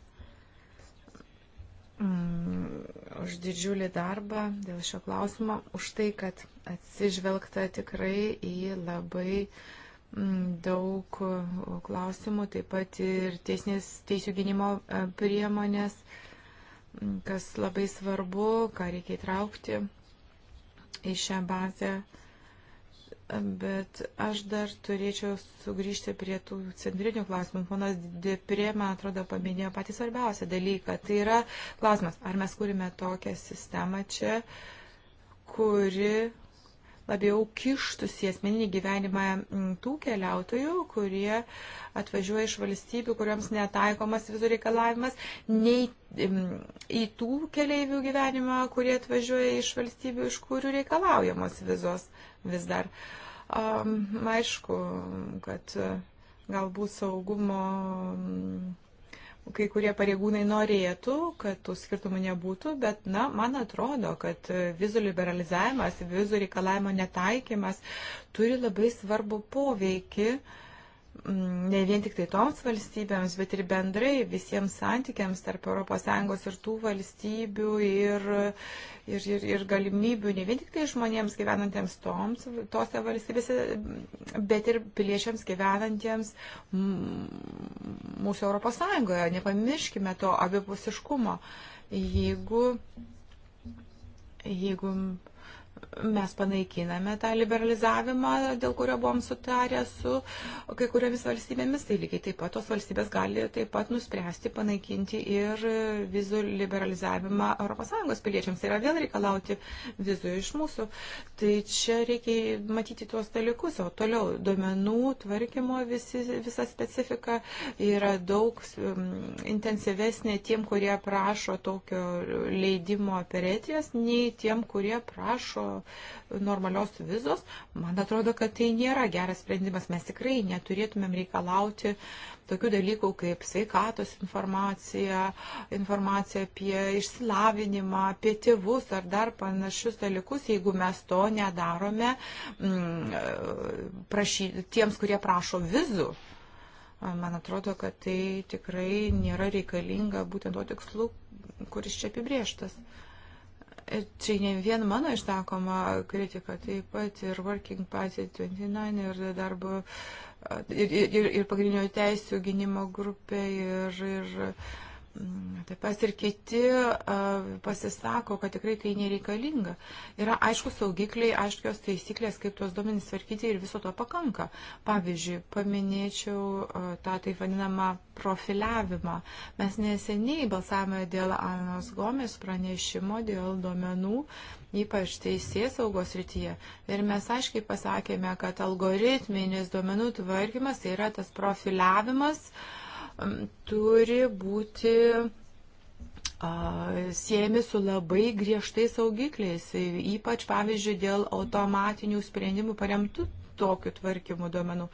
už didžiulį darbą dėl šio klausimo, už tai, kad atsižvelgta tikrai į labai mm, daug klausimų, taip pat ir teisinės teisų gynimo e, priemonės, mm, kas labai svarbu, ką reikia įtraukti į šią bazę. Bet aš dar turėčiau sugrįžti prie tų centrinių klausimų. Ponas Deprė, man atrodo, paminėjo patį svarbiausią dalyką. Tai yra klausimas, ar mes kūrime tokią sistemą čia, kuri labiau kištusi į asmeninį gyvenimą tų keliautojų, kurie atvažiuoja iš valstybių, kuriuoms netaikomas vizų reikalavimas, nei į tų keliaivių gyvenimą, kurie atvažiuoja iš valstybių, iš kurių reikalaujamos vizos vis dar. Um, aišku, kad e, galbūt saugumo kai kurie pareigūnai norėtų, kad tų skirtumų nebūtų, bet, na, man atrodo, kad vizų liberalizavimas, vizų reikalavimo netaikymas turi labai svarbu poveikį uh, Mm, ne vien tik tai toms valstybėms, bet ir bendrai visiems santykiams tarp ES ir tų valstybių ir, ir, ir, ir galimybių ne vien tik tai žmonėms gyvenantiems toms, tose valstybėse, bet ir piliečiams gyvenantiems mūsų ES. Nepamirškime to abipusiškumo. Jeigu, jeigu mes panaikiname tą liberalizavimą, dėl kurio buvom sutarę su kai kuriomis valstybėmis, tai lygiai taip pat tos valstybės gali taip pat nuspręsti panaikinti ir vizų liberalizavimą ES piliečiams. Tai yra vėl reikalauti vizų iš mūsų. Tai čia reikia matyti tuos dalykus, o toliau duomenų tvarkymo visi, visa specifika yra daug um, intensyvesnė tiem, kurie prašo tokio leidimo operetijas, nei tiem, kurie prašo normalios vizos, man atrodo, kad tai nėra geras sprendimas. Mes tikrai neturėtumėm reikalauti tokių dalykų kaip sveikatos informacija, informacija apie išsilavinimą, apie tėvus ar dar panašius dalykus, jeigu mes to nedarome mm, prašy, tiems, kurie prašo vizų man atrodo, kad tai tikrai nėra reikalinga būtent to tikslu, kuris čia apibrieštas čia ne vien mano išsakoma kritika, taip pat ir Working Party 29 ir darbo ir, ir, ir pagrindinio teisų gynimo grupė ir, ir Mm, taip pat ir kiti pasisako, kad tikrai tai nereikalinga. Yra aiškus saugikliai, aiškios taisyklės, kaip tuos duomenys tvarkyti ir viso to pakanka. Pavyzdžiui, paminėčiau tą taip vadinamą profiliavimą. Mes neseniai balsavome dėl Anos Gomis pranešimo, dėl duomenų, ypač teisės saugos rytyje. Ir mes aiškiai pasakėme, kad algoritminis duomenų tvarkymas tai yra tas profiliavimas. Uh, turi būti siejami su labai griežtais saugikliais, ypač pavyzdžiui dėl automatinių sprendimų paremtų tokiu tvarkymu duomenų.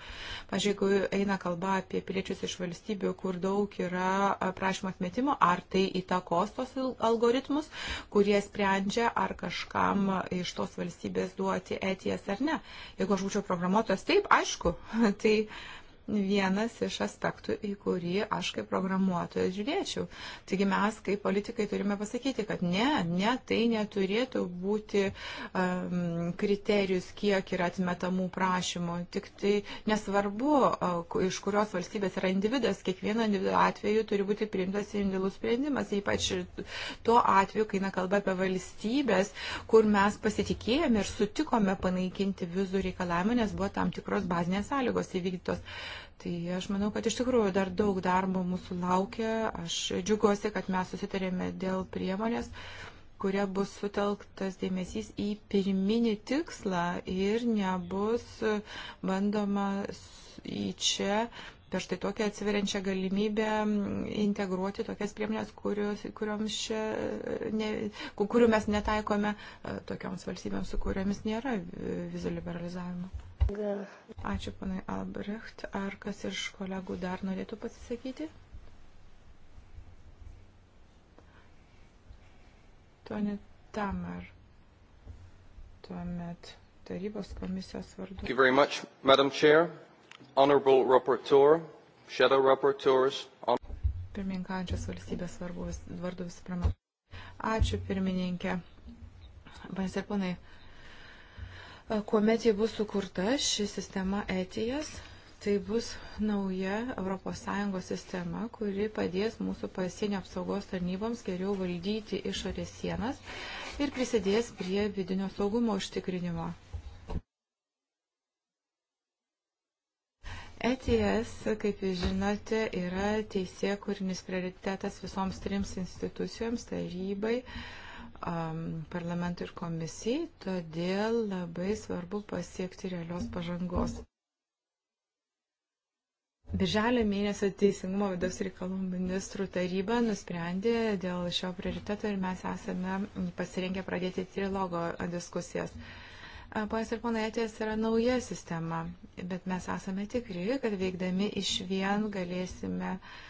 Pavyzdžiui, jeigu eina kalba apie piliečius iš valstybių, kur daug yra prašymo atmetimo, ar tai įtakos tos algoritmus, kurie sprendžia, ar kažkam iš tos valstybės duoti etijas ar ne. Jeigu aš būčiau programuotojas, taip, aišku, tai uh, vienas iš aspektų, į kurį aš kaip programuotojas žiūrėčiau. Taigi mes kaip politikai turime pasakyti, kad ne, ne, tai neturėtų būti um, kriterijus, kiek yra atmetamų prašymų. Tik tai nesvarbu, uh, iš kurios valstybės yra individas, kiekvieno individuo atveju turi būti priimtas individualus sprendimas, ypač tuo atveju, kai nekalba apie valstybės, kur mes pasitikėjome ir sutikome panaikinti vizų reikalavimą, nes buvo tam tikros bazinės sąlygos įvykdytos. Uh, Tai aš manau, kad iš tikrųjų dar daug darbo mūsų laukia. Aš džiugiuosi, kad mes susitarėme dėl priemonės, kuria bus sutelktas dėmesys į pirminį tikslą ir nebus bandoma į čia per štai tokią atsiveriančią galimybę integruoti tokias priemonės, kurios, ne, kurių mes netaikome tokioms valstybėms, su kuriomis nėra vizų liberalizavimo. Ačiū, panai Albrecht. Ar kas iš kolegų dar norėtų pasisakyti? Toni Tamar. Tuomet tarybos komisijos vardu. Thank you very much, Madam Chair, Honorable Rapporteur, Shadow Rapporteurs. On... Pirmininkančios valstybės vardu visų pirma. Ačiū, pirmininkė. Panas ir ponai. Kuomet ji bus sukurta, ši sistema ETIAS, tai bus nauja ES sistema, kuri padės mūsų pasienio apsaugos tarnyboms geriau valdyti išorės sienas ir prisidės prie vidinio saugumo užtikrinimo. ETS, kaip jūs žinote, yra teisė kūrinis prioritetas visoms trims institucijoms - tarybai, uh, parlamentui ir komisijai, todėl labai svarbu pasiekti realios pažangos. Birželio mėnesio Teisingumo vidaus reikalų ministrų taryba nusprendė dėl šio prioriteto ir mes esame pasirengę pradėti trilogo diskusijas. Pojas ir ponajatės yra nauja sistema, bet mes esame tikri, kad veikdami iš vien galėsime uh,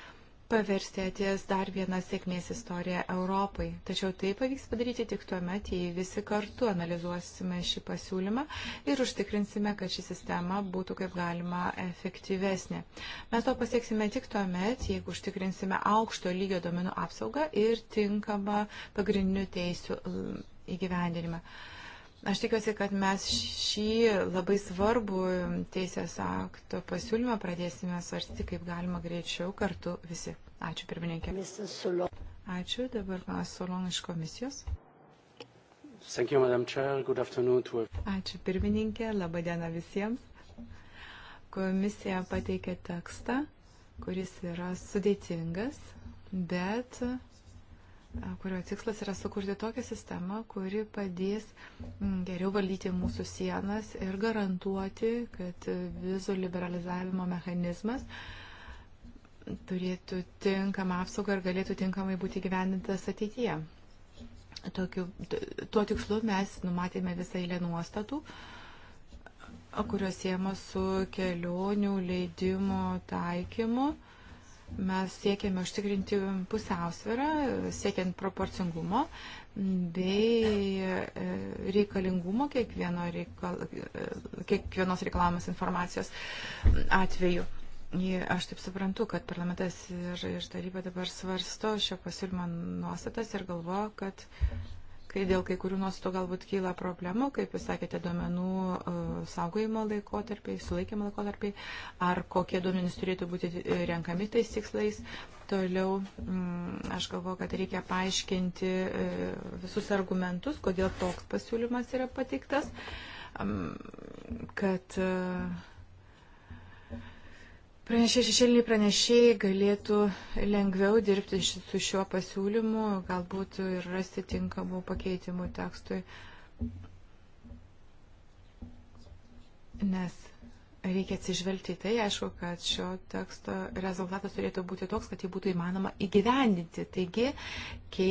paversti atės dar vieną sėkmės istoriją Europai. Tačiau tai pavyks padaryti tik tuo met, jei visi kartu analizuosime šį pasiūlymą ir užtikrinsime, kad ši sistema būtų kaip galima efektyvesnė. Mes to pasieksime tik tuo met, jeigu užtikrinsime aukšto lygio domenų apsaugą ir tinkamą pagrindinių teisių mm, įgyvendinimą. Uh, Aš tikiuosi, kad mes šį labai svarbų teisės akto pasiūlymą pradėsime svarstyti kaip galima greičiau kartu visi. Ačiū pirmininkė. Ačiū. Dabar panas Solon iš komisijos. Thank you, Madam Chair. Good afternoon to everyone. Ačiū pirmininkė. Labą dieną visiems. Komisija pateikė tekstą, kuris yra sudėtingas, bet kurio tikslas yra sukurti tokią sistemą, kuri padės mm, geriau valdyti mūsų sienas ir garantuoti, kad vizų liberalizavimo mechanizmas turėtų tinkamą apsaugą ir galėtų tinkamai būti gyvenintas ateityje. Tokiu, tuo tikslu mes numatėme visą eilę nuostatų, kurios siema su kelionių leidimo taikymu Mes siekiame užtikrinti pusiausvyrą, siekiant proporcingumo bei e, reikalingumo kiekvieno reikal, e, kiekvienos reikalavimas informacijos atveju. Aš taip suprantu, kad parlamentas ir, ir taryba dabar svarsto šio pasiūlymo nuostatas ir galvoja, kad kai dėl kai kurių nuostatų galbūt kyla problemų, kaip jūs sakėte, duomenų e, saugojimo laikotarpiai, sulaikymo laikotarpiai, ar kokie duomenys turėtų būti e, renkami tais tikslais. Toliau mm, aš galvoju, kad reikia paaiškinti e, visus argumentus, kodėl toks pasiūlymas yra pateiktas, mm, kad uh, Pranešė šešėliniai pranešėjai galėtų lengviau dirbti su šiuo pasiūlymu, galbūt ir rasti tinkamų pakeitimų tekstui, nes Reikia atsižvelgti į tai, aišku, kad šio teksto rezultatas turėtų būti toks, kad jį būtų įmanoma įgyvendinti. Taigi, kai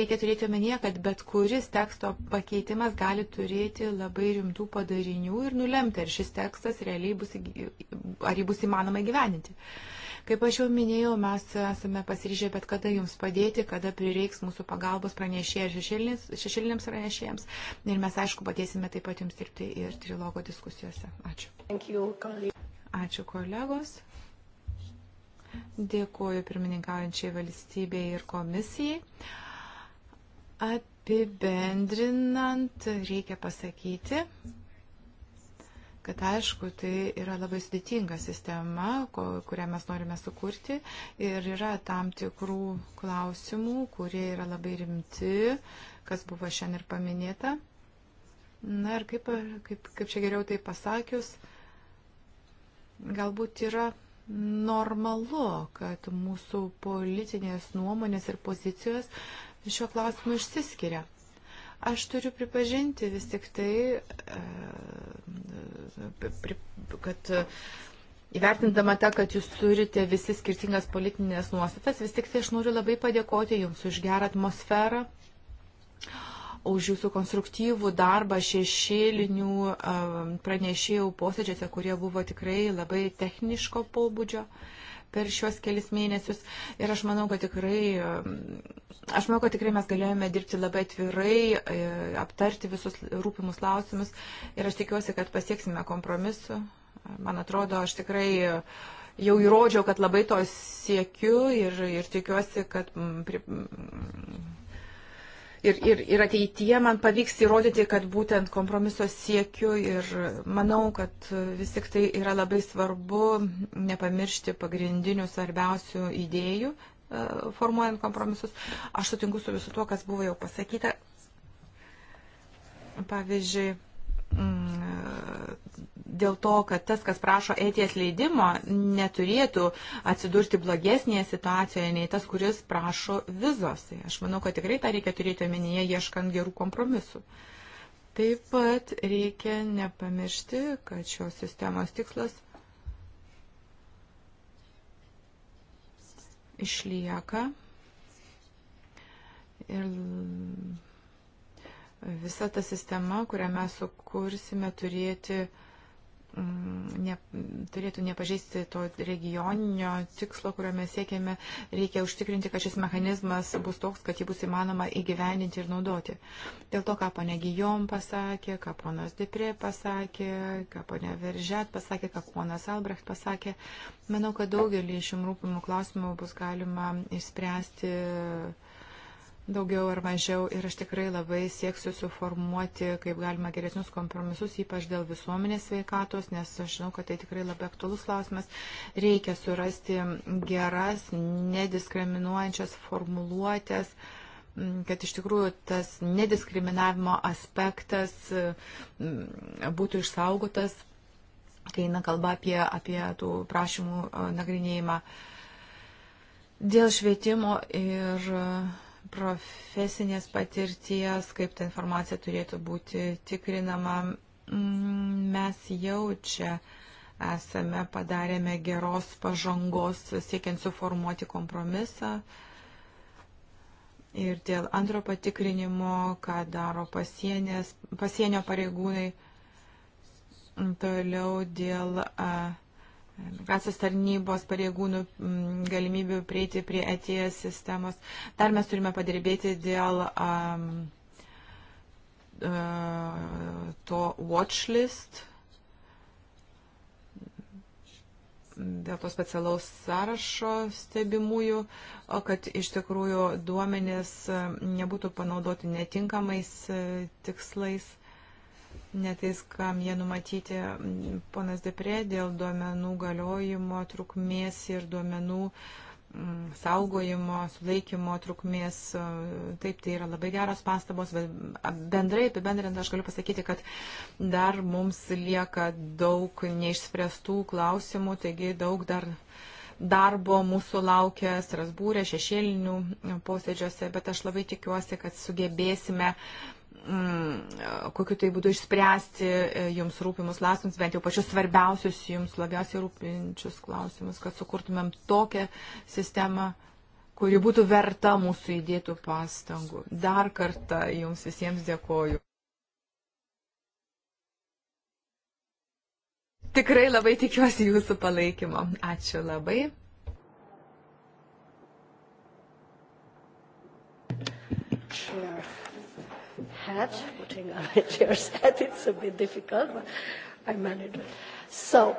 reikia turėti omenyje, kad bet kuris teksto pakeitimas gali turėti labai rimtų padarinių ir nulemti, ar šis tekstas realiai bus, ar jį bus įmanoma įgyvendinti. Uh, Kaip aš jau minėjau, mes esame pasiryžę bet kada jums padėti, kada prireiks mūsų pagalbos pranešėjai ir šešėliniams pranešėjams. Ir mes, aišku, padėsime taip pat jums dirbti ir trilogo diskusijose. Ačiū. Ačiū kolegos. Dėkuoju pirmininkaujančiai valstybei ir komisijai. Apibendrinant, reikia pasakyti, kad aišku, tai yra labai sudėtinga sistema, ko, kurią mes norime sukurti ir yra tam tikrų klausimų, kurie yra labai rimti, kas buvo šiandien ir paminėta. Na ir kaip, kaip, kaip čia geriau tai pasakius, galbūt yra normalu, kad mūsų politinės nuomonės ir pozicijos šiuo klausimu išsiskiria. Aš turiu pripažinti vis tik tai, e, kad e, Įvertindama tą, kad jūs turite visi skirtingas politinės nuostatas, vis tik tai aš noriu labai padėkoti Jums už gerą atmosferą, už Jūsų konstruktyvų darbą šešėlinių e, pranešėjų posėdžiuose, kurie buvo tikrai labai techniško pobūdžio. Uh, per šiuos kelis mėnesius. Ir aš manau, kad tikrai, mm, aš manau, kad tikrai mes galėjome dirbti labai atvirai, e, aptarti visus rūpimus klausimus. Ir aš tikiuosi, kad pasieksime kompromisu. Man atrodo, aš tikrai jau įrodžiau, kad labai to siekiu ir, ir tikiuosi, kad mm, pri, mm, ir, ir, ir ateityje man pavyks įrodyti, kad būtent kompromiso siekiu ir manau, kad vis tik tai yra labai svarbu nepamiršti pagrindinių svarbiausių idėjų e, formuojant kompromisus. Aš sutinku su visu tuo, kas buvo jau pasakyta. Pavyzdžiui, mm, dėl to, kad tas, kas prašo eities leidimo, neturėtų atsidurti blogesnėje situacijoje nei tas, kuris prašo vizos. Tai aš manau, kad tikrai tą reikia turėti omenyje, ieškant gerų kompromisų. Taip pat reikia nepamiršti, kad šios sistemos tikslas išlieka ir visa ta sistema, kurią mes sukursime, turėti uh, Mm, ne, turėtų nepažeisti to regioninio tikslo, kurio mes siekėme, reikia užtikrinti, kad šis mechanizmas bus toks, kad jį bus įmanoma įgyveninti ir naudoti. Dėl to, ką ponė Gijom pasakė, ką ponas Diprė pasakė, ką ponė Veržet pasakė, ką ponas Albrecht pasakė, manau, kad daugelį šių rūpimų klausimų bus galima išspręsti. Uh, daugiau ar mažiau ir aš tikrai labai sieksiu suformuoti, kaip galima geresnius kompromisus, ypač dėl visuomenės veikatos, nes aš žinau, kad tai tikrai labai aktuolus klausimas. Reikia surasti geras, nediskriminuojančias formuluotės kad iš tikrųjų tas nediskriminavimo aspektas mm, būtų išsaugotas, kai eina kalba apie, apie tų prašymų e, nagrinėjimą. Dėl švietimo ir uh, profesinės patirties, kaip ta informacija turėtų būti tikrinama. Mm, mes jau čia esame padarėme geros pažangos siekiant suformuoti kompromisą. Ir dėl antro patikrinimo, ką daro pasienės, pasienio pareigūnai, toliau dėl. Uh, migracijos tarnybos pareigūnų mm, galimybių prieiti prie ETS sistemos. Dar mes turime padirbėti dėl um, uh, to watchlist, dėl to specialaus sąrašo stebimųjų, kad iš tikrųjų duomenės e, nebūtų panaudoti netinkamais e, tikslais netais, kam jie numatyti. Ponas Depre dėl duomenų galiojimo trukmės ir duomenų saugojimo, sulaikymo trukmės. Taip, tai yra labai geros pastabos, bet bendrai apibendrint aš galiu pasakyti, kad dar mums lieka daug neišspręstų klausimų, taigi daug dar darbo mūsų laukia Strasbūrė šešėlinių posėdžiuose, bet aš labai tikiuosi, kad sugebėsime mm, kokiu tai būdu išspręsti e, jums rūpimus klausimus, bent jau pačius svarbiausius jums labiausiai rūpinčius klausimus, kad sukurtumėm tokią sistemą, kuri būtų verta mūsų įdėtų pastangų. Dar kartą jums visiems dėkoju. Tikrai labai tikiuosi jūsų palaikymo. Ačiū labai. Sure head, putting on a chair's head, it's a bit difficult, but I managed it. So,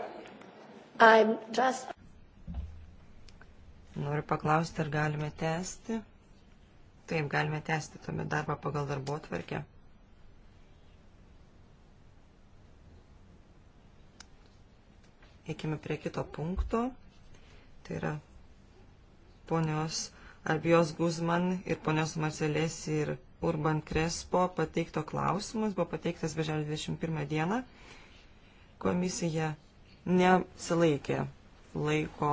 I'm just... Noriu paklausti, ar galime tęsti? Taip, galime tęsti tuomet darbą pagal darbo tvarkę. Eikime prie kito punkto. Tai yra ponios Arbijos Guzman ir ponios Marcelės ir Urban Krespo pateikto klausimus, buvo pateiktas birželio 21 dieną. Komisija nesilaikė laiko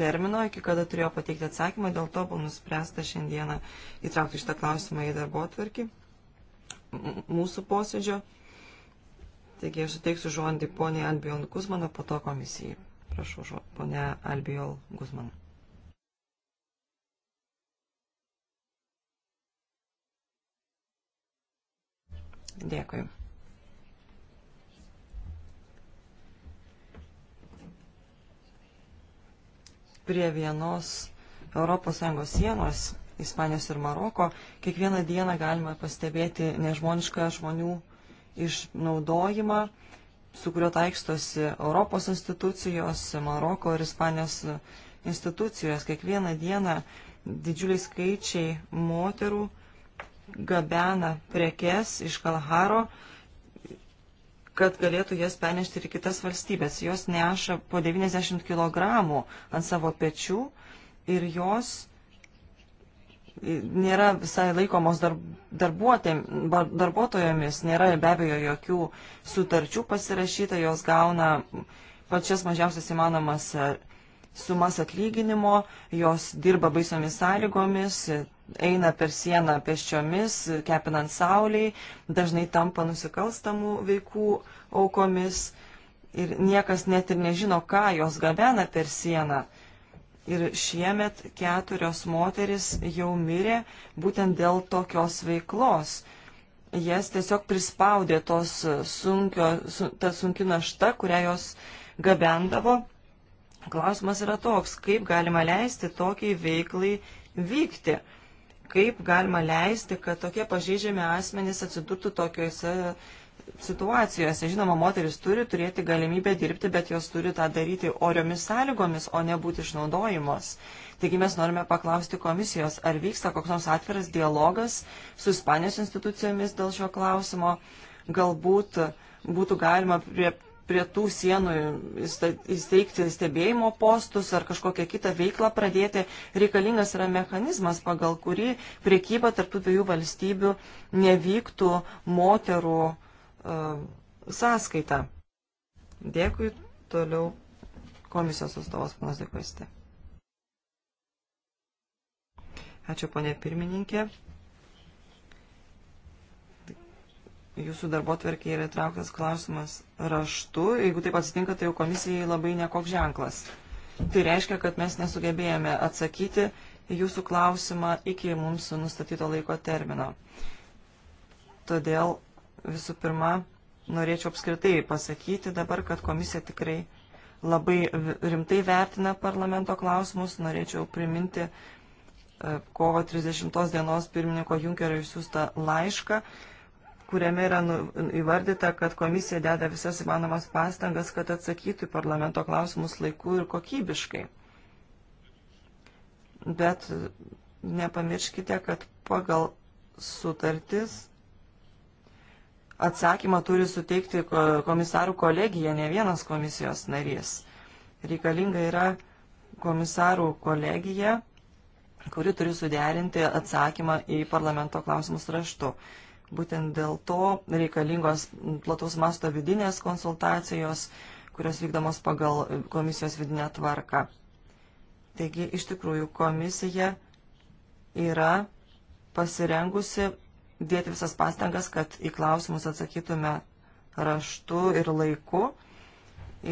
termino, iki kada turėjo pateikti atsakymą, dėl to buvo nuspręsta šiandieną įtraukti šitą klausimą į darbo atvarkį mūsų posėdžio. Taigi aš suteiksiu žodį poniai Albion Guzmaną, po to komisijai. Prašau, žodį, ponia Albion Guzmaną. Dėkui. Prie vienos ES sienos, Ispanijos ir Maroko, kiekvieną dieną galima pastebėti nežmonišką žmonių išnaudojimą, su kurio taikstosi Europos institucijos, Maroko ir Ispanijos institucijos. Kiekvieną dieną didžiuliai skaičiai moterų gabena prekes iš Kalharo, kad galėtų jas pernešti ir kitas valstybės. Jos neša po 90 kg ant savo pečių ir jos nėra visai laikomos darbuotojomis, nėra be abejo jokių sutarčių pasirašyta, jos gauna pačias mažiausias įmanomas sumas atlyginimo, jos dirba baisomis sąlygomis, eina per sieną pėsčiomis, kepinant sauliai, dažnai tampa nusikalstamų veikų aukomis ir niekas net ir nežino, ką jos gabena per sieną. Ir šiemet keturios moteris jau mirė būtent dėl tokios veiklos jas tiesiog prispaudė tos sunkio, su, ta sunki našta, kurią jos gabendavo Klausimas yra toks, kaip galima leisti tokiai veiklai vykti, kaip galima leisti, kad tokie pažeidžiami asmenys atsidurtų tokiuose situacijose. Žinoma, moteris turi turėti galimybę dirbti, bet jos turi tą daryti oriomis sąlygomis, o ne būti išnaudojimos. Taigi mes norime paklausti komisijos, ar vyksta koks nors atviras dialogas su Ispanijos institucijomis dėl šio klausimo. Galbūt būtų galima prie prie tų sienų įsteigti stebėjimo postus ar kažkokią kitą veiklą pradėti, reikalingas yra mechanizmas, pagal kurį priekyba tarptų dviejų valstybių nevyktų moterų uh, sąskaita. Dėkui toliau komisijos atstovas panas Dėkuistė. Ačiū ponė pirmininkė. jūsų darbo tvarkė yra įtrauktas klausimas raštu. Jeigu taip atsitinka, tai jau komisijai labai nekoks ženklas. Tai reiškia, kad mes nesugebėjome atsakyti jūsų klausimą iki mums nustatyto laiko termino. Todėl visų pirma, norėčiau apskritai pasakyti dabar, kad komisija tikrai labai rimtai vertina parlamento klausimus. Norėčiau priminti e, kovo 30 dienos pirmininko Junkerio išsiųstą laišką, kuriame yra nu, įvardyta, kad komisija deda visas įmanomas pastangas, kad atsakytų į parlamento klausimus laiku ir kokybiškai. Bet nepamirškite, kad pagal sutartis atsakymą turi suteikti komisarų kolegija, ne vienas komisijos narys. Reikalinga yra komisarų kolegija, kuri turi suderinti atsakymą į parlamento klausimus raštu. Būtent dėl to reikalingos plataus masto vidinės konsultacijos, kurios vykdomos pagal komisijos vidinę tvarką. Taigi, iš tikrųjų, komisija yra pasirengusi dėti visas pastangas, kad į klausimus atsakytume raštu ir laiku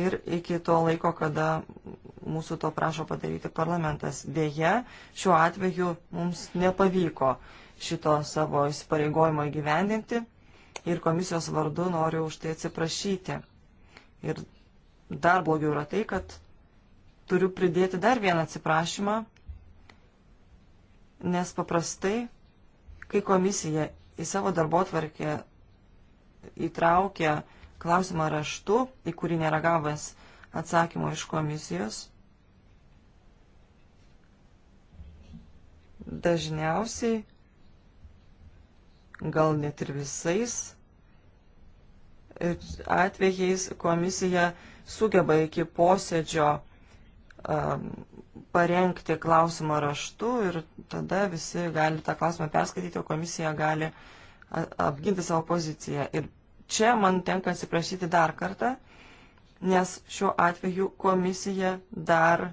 ir iki to laiko, kada mūsų to prašo padaryti parlamentas. Dėje, šiuo atveju mums nepavyko šito savo įsipareigojimo įgyvendinti ir komisijos vardu noriu už tai atsiprašyti. Ir dar blogiau yra tai, kad turiu pridėti dar vieną atsiprašymą, nes paprastai, kai komisija į savo darbo tvarkę įtraukia klausimą raštu, į kurį nėra gavęs atsakymo iš komisijos, dažniausiai gal net ir visais atvejais komisija sugeba iki posėdžio um, parengti klausimą raštu ir tada visi gali tą klausimą perskaityti, o komisija gali apginti savo poziciją. Ir čia man tenka atsiprašyti dar kartą, nes šiuo atveju komisija dar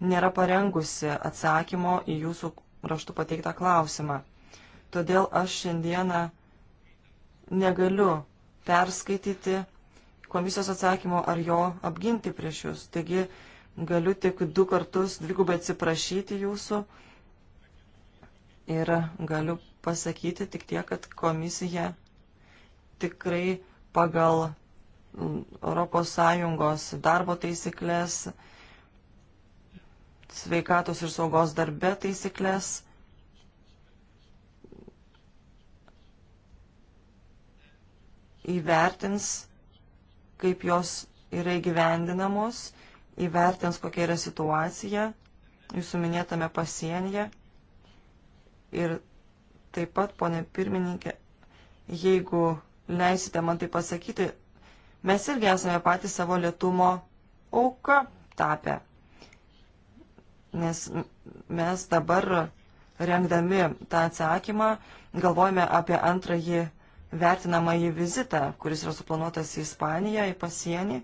nėra parengusi atsakymo į jūsų raštu pateiktą klausimą todėl aš šiandieną negaliu perskaityti komisijos atsakymo ar jo apginti prieš jūs. Taigi galiu tik du kartus dvigubai atsiprašyti jūsų ir galiu pasakyti tik tiek, kad komisija tikrai pagal ES darbo taisyklės, sveikatos ir saugos darbe taisyklės įvertins, kaip jos yra įgyvendinamos, įvertins, kokia yra situacija jūsų minėtame pasienyje. Ir taip pat, ponė pirmininkė, jeigu leisite man tai pasakyti, mes irgi esame patys savo lietumo auka tapę. Nes mes dabar, rengdami tą atsakymą, galvojame apie antrąjį vertinamąjį vizitą, kuris yra suplanuotas į Ispaniją, į pasienį.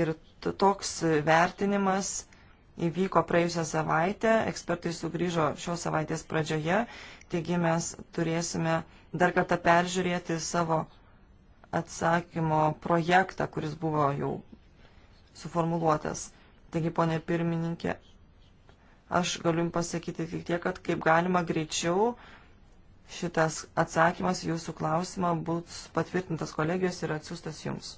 Ir toks vertinimas įvyko praėjusią savaitę, ekspertai sugrįžo šios savaitės pradžioje, taigi mes turėsime dar kartą peržiūrėti savo atsakymo projektą, kuris buvo jau suformuluotas. Taigi, ponė pirmininkė, aš galiu jums pasakyti tik tiek, kad kaip galima greičiau Šitas atsakymas jūsų klausimą bus patvirtintas kolegijos ir atsiustas jums.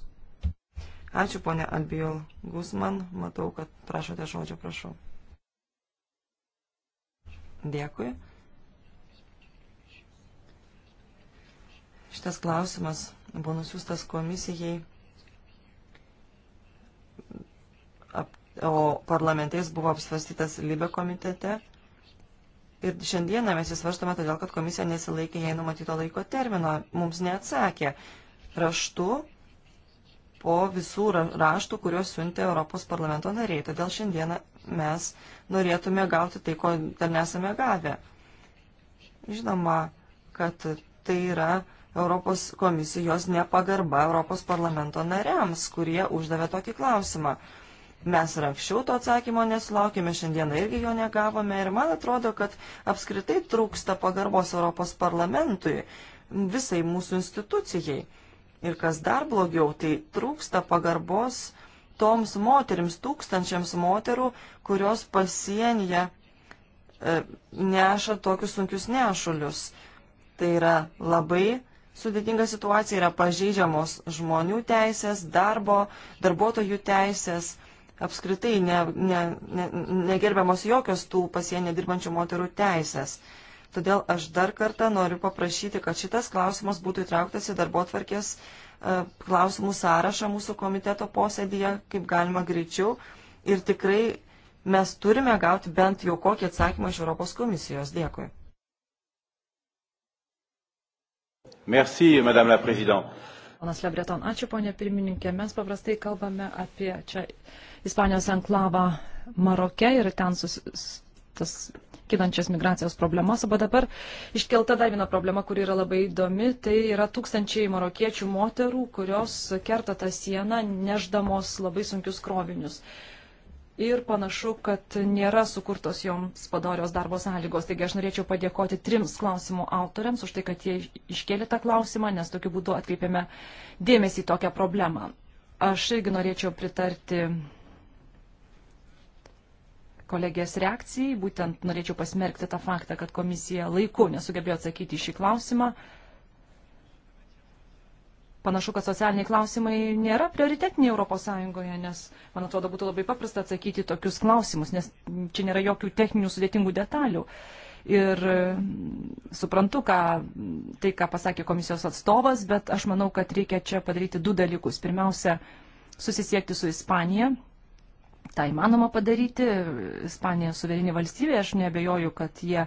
Ačiū, ponė Albijol Guzman. Matau, kad prašote žodžio, prašau. Dėkui. Šitas klausimas buvo nusiųstas komisijai, o parlamentais buvo apsvastytas Libe komitete. Ir šiandieną mes įsvarstome todėl, kad komisija nesilaikė jai numatyto laiko termino, mums neatsakė raštu po visų raštų, kuriuos siuntė Europos parlamento nariai. Todėl šiandieną mes norėtume gauti tai, ko dar nesame gavę. Žinoma, kad tai yra Europos komisijos nepagarba Europos parlamento nariams, kurie uždavė tokį klausimą. Mes ir anksčiau to atsakymo nesulaukėme, šiandieną irgi jo negavome ir man atrodo, kad apskritai trūksta pagarbos Europos parlamentui, visai mūsų institucijai. Ir kas dar blogiau, tai trūksta pagarbos toms moterims, tūkstančiams moterų, kurios pasienyje e, neša tokius sunkius nešulius. Tai yra labai sudėtinga situacija, yra pažeidžiamos žmonių teisės, darbo, darbuotojų teisės apskritai ne, ne, ne, negerbiamos jokios tų pasienė dirbančių moterų teisės. Todėl aš dar kartą noriu paprašyti, kad šitas klausimas būtų įtrauktas į darbo tvarkės e, klausimų sąrašą mūsų komiteto posėdėje, kaip galima greičiau. Ir tikrai mes turime gauti bent jau kokį atsakymą iš Europos komisijos. Dėkui. Merci, Madame la Présidente. Ponas Lebreton, ačiū ponė pirmininkė. Mes paprastai kalbame apie čia Ispanijos enklavą Maroke ir ten sus, tas kilančias migracijos problemas. O dabar iškelta dar viena problema, kuri yra labai įdomi. Tai yra tūkstančiai marokiečių moterų, kurios kerta tą sieną, neždamos labai sunkius krovinius. Ir panašu, kad nėra sukurtos joms padorios darbo sąlygos. Taigi aš norėčiau padėkoti trims klausimų autoriams už tai, kad jie iškėlė tą klausimą, nes tokiu būdu atkreipėme dėmesį į tokią problemą. Aš irgi norėčiau pritarti kolegės reakcijai. Būtent norėčiau pasmerkti tą faktą, kad komisija laiku nesugebėjo atsakyti į šį klausimą. Panašu, kad socialiniai klausimai nėra prioritetiniai ES, nes, man atrodo, būtų labai paprasta atsakyti tokius klausimus, nes čia nėra jokių techninių sudėtingų detalių. Ir mm, suprantu, ką, tai, ką pasakė komisijos atstovas, bet aš manau, kad reikia čia padaryti du dalykus. Pirmiausia, susisiekti su Ispanija tą įmanoma padaryti. Ispanija suvereni valstybė, aš nebejoju, kad jie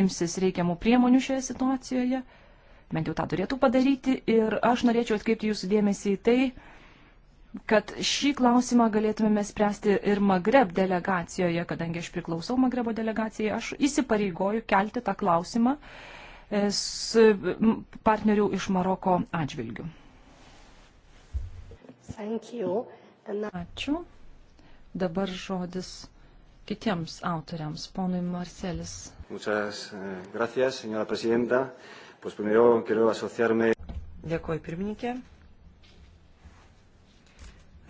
imsis reikiamų priemonių šioje situacijoje. Bent jau tą turėtų padaryti. Ir aš norėčiau atkreipti jūsų dėmesį į tai, kad šį klausimą galėtumėme spręsti ir Magreb delegacijoje, kadangi aš priklausau Magrebo delegacijai, aš įsipareigoju kelti tą klausimą e, su partnerių iš Maroko atžvilgių. Ačiū. Dabar žodis kitiems autoriams, ponui Marcelis. Muchas eh, gracias, señora presidenta. Pues primero quiero asociarme. Dėkoju, pirmininkė.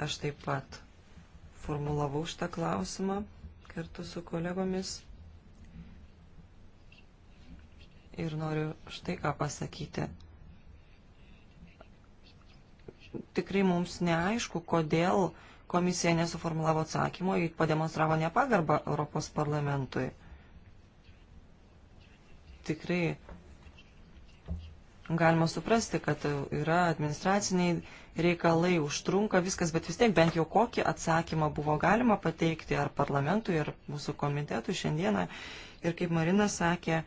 Aš taip pat formulavau šitą klausimą kartu su kolegomis. Ir noriu štai ką pasakyti. Tikrai mums neaišku, kodėl uh, komisija nesuformulavo atsakymo, jį pademonstravo nepagarbą Europos parlamentui. Tikrai galima suprasti, kad yra administraciniai reikalai, užtrunka viskas, bet vis tiek bent jau kokį atsakymą buvo galima pateikti ar parlamentui, ar mūsų komitetui šiandieną. Ir kaip Marina sakė,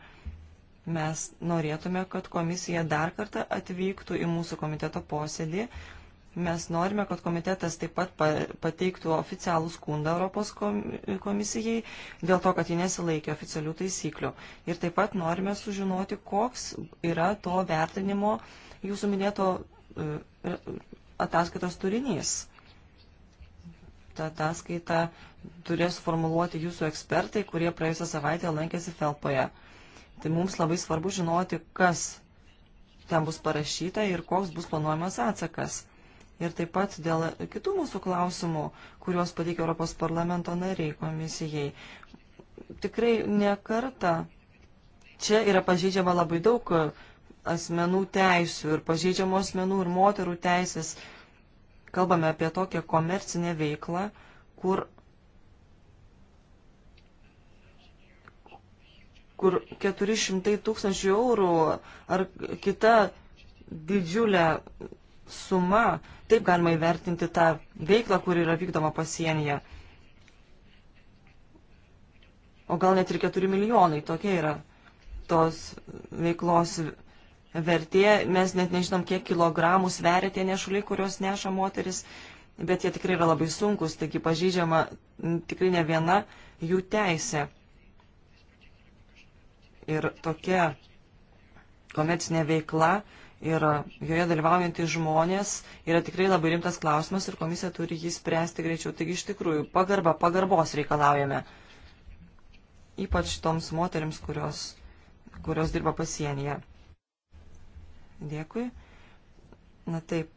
mes norėtume, kad komisija dar kartą atvyktų į mūsų komiteto posėdį Mes norime, kad komitetas taip pat pateiktų oficialų skundą Europos komisijai dėl to, kad ji nesilaikė oficialių taisyklių. Ir taip pat norime sužinoti, koks yra to vertinimo jūsų minėto e, ataskaitos turinys. Ta ataskaita turės formuluoti jūsų ekspertai, kurie praėjusią savaitę lankėsi Felpoje. Tai mums labai svarbu žinoti, kas ten bus parašyta ir koks bus planuojamas atsakas ir taip pat dėl kitų mūsų klausimų, kuriuos pateikė Europos parlamento nariai komisijai. Tikrai nekarta čia yra pažeidžiama labai daug asmenų teisų ir pažeidžiamų asmenų ir moterų teisės. Kalbame apie tokią komercinę veiklą, kur, kur 400 tūkstančių eurų ar kita didžiulė suma. Taip galima įvertinti tą veiklą, kuri yra vykdoma pasienyje. O gal net ir 4 milijonai, tokia yra tos veiklos vertė. Mes net nežinom, kiek kilogramų sveria tie nešuliai, kuriuos neša moteris, bet jie tikrai yra labai sunkus, taigi pažydžiama tikrai ne viena jų teisė. Ir tokia komercinė veikla ir joje dalyvaujantys žmonės yra tikrai labai rimtas klausimas ir komisija turi jį spręsti greičiau. Taigi iš tikrųjų pagarba, pagarbos reikalaujame. Ypač toms moteriams, kurios, kurios dirba pasienyje. Dėkui. Na taip,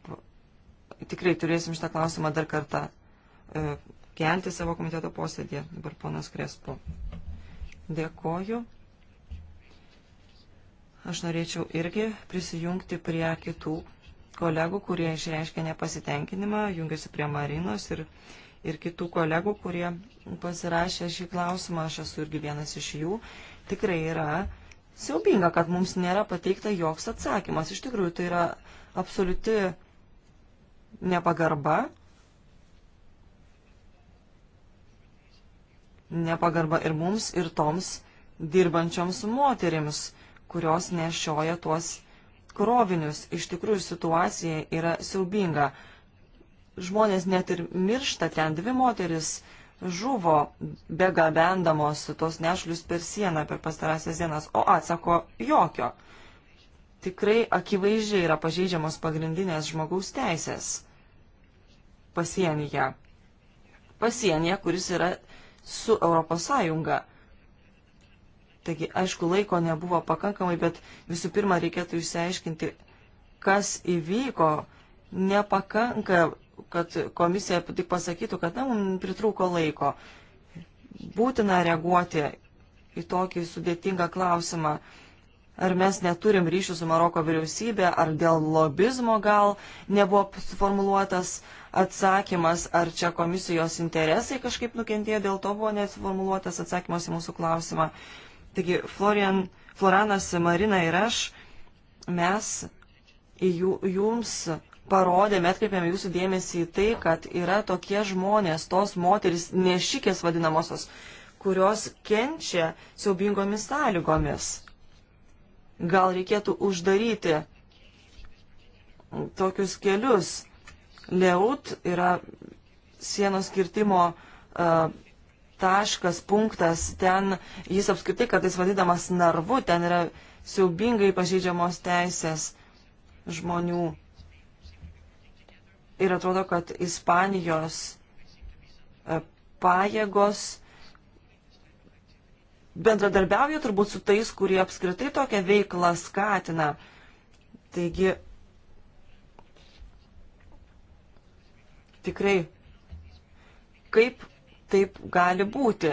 tikrai turėsim šitą klausimą dar kartą e, kelti savo komiteto posėdėje. Dabar ponas Krespo. Dėkoju. Aš norėčiau irgi prisijungti prie kitų kolegų, kurie išreiškė nepasitenkinimą, jungiasi prie Marinos ir, ir kitų kolegų, kurie pasirašė šį klausimą. Aš esu irgi vienas iš jų. Tikrai yra siaubinga, kad mums nėra pateikta joks atsakymas. Iš tikrųjų, tai yra absoliuti nepagarba nepagarba ir mums, ir toms dirbančioms moterims, kurios nešioja tuos krovinius. Iš tikrųjų situacija yra siaubinga. Žmonės net ir miršta ten. Dvi moteris žuvo begabendamos tuos nešlius per sieną per pastarąsias dienas, o atsako jokio. Tikrai akivaizdžiai yra pažeidžiamos pagrindinės žmogaus teisės pasienyje. Pasienyje, kuris yra su Europos Sąjunga. Taigi, aišku, laiko nebuvo pakankamai, bet visų pirma reikėtų išsiaiškinti, kas įvyko. Nepakanka, kad komisija tik pasakytų, kad na, mums pritrūko laiko. Būtina reaguoti į tokį sudėtingą klausimą. Ar mes neturim ryšių su Maroko vyriausybė, ar dėl lobizmo gal nebuvo suformuluotas atsakymas, ar čia komisijos interesai kažkaip nukentėjo, dėl to buvo nesuformuluotas atsakymas į mūsų klausimą. Uh, Taigi Florian, Floranas, Marina ir aš, mes jums parodėme, atkreipėme jūsų dėmesį į tai, kad yra tokie žmonės, tos moteris nešikės vadinamosios, kurios kenčia siaubingomis sąlygomis. Gal reikėtų uždaryti tokius kelius. Leut yra sienos kirtimo uh, taškas, punktas, ten jis apskritai kartais vadinamas narvu, ten yra siaubingai pažeidžiamos teisės žmonių. Ir atrodo, kad Ispanijos e, pajėgos bendradarbiauja turbūt su tais, kurie apskritai tokią veiklą skatina. Taigi tikrai kaip taip gali būti?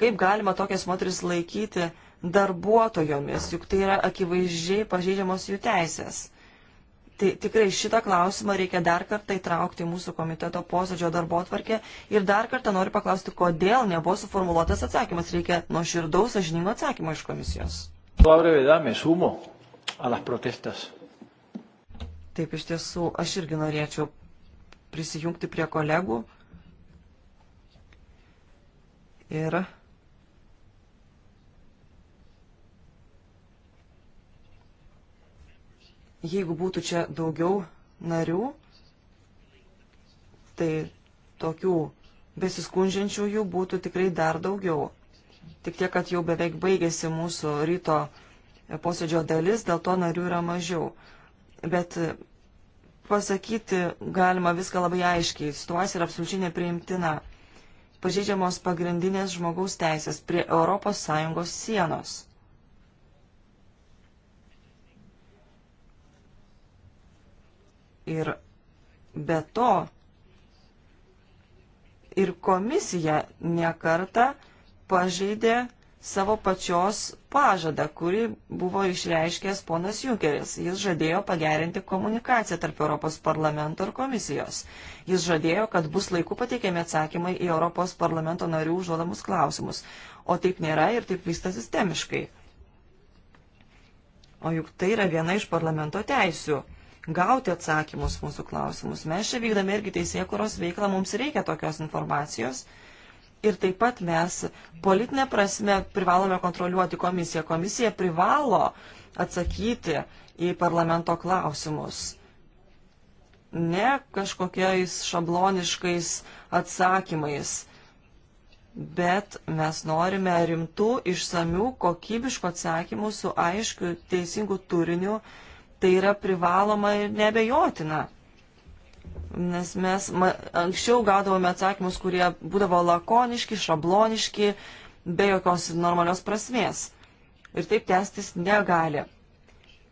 Kaip galima tokias moteris laikyti darbuotojomis, juk tai yra akivaizdžiai pažeidžiamos jų teisės? Tai tikrai šitą klausimą reikia dar kartą įtraukti į mūsų komiteto posėdžio darbo atvarkę ir dar kartą noriu paklausti, kodėl nebuvo suformuoluotas atsakymas. Reikia nuo širdaus sažiningo atsakymo iš komisijos. Taip, iš tiesų, aš irgi norėčiau prisijungti prie kolegų Ir jeigu būtų čia daugiau narių, tai tokių besiskundžiančiųjų būtų tikrai dar daugiau. Tik tiek, kad jau beveik baigėsi mūsų ryto posėdžio dalis, dėl to narių yra mažiau. Bet pasakyti galima viską labai aiškiai. Situacija yra absoliučiai nepriimtina pažeidžiamos pagrindinės žmogaus teisės prie ES sienos. Ir be to, ir komisija nekarta pažeidė savo pačios pažadą, kurį buvo išreiškęs ponas Junkeris. Jis žadėjo pagerinti komunikaciją tarp Europos parlamento ir komisijos. Jis žadėjo, kad bus laiku pateikiami atsakymai į Europos parlamento narių užduodamus klausimus. O taip nėra ir taip vyksta sistemiškai. O juk tai yra viena iš parlamento teisių gauti atsakymus mūsų klausimus. Mes čia vykdame irgi teisėkuros veiklą, mums reikia tokios informacijos Ir taip pat mes politinė prasme privalome kontroliuoti komisiją. Komisija privalo atsakyti į parlamento klausimus. Ne kažkokiais šabloniškais atsakymais, bet mes norime rimtų, išsamių, kokybiškų atsakymų su aiškiu, teisingu turiniu. Tai yra privaloma ir nebejotina. Nes mes anksčiau gaudavome atsakymus, kurie būdavo lakoniški, šabloniški, be jokios normalios prasmės. Ir taip tęstis negali.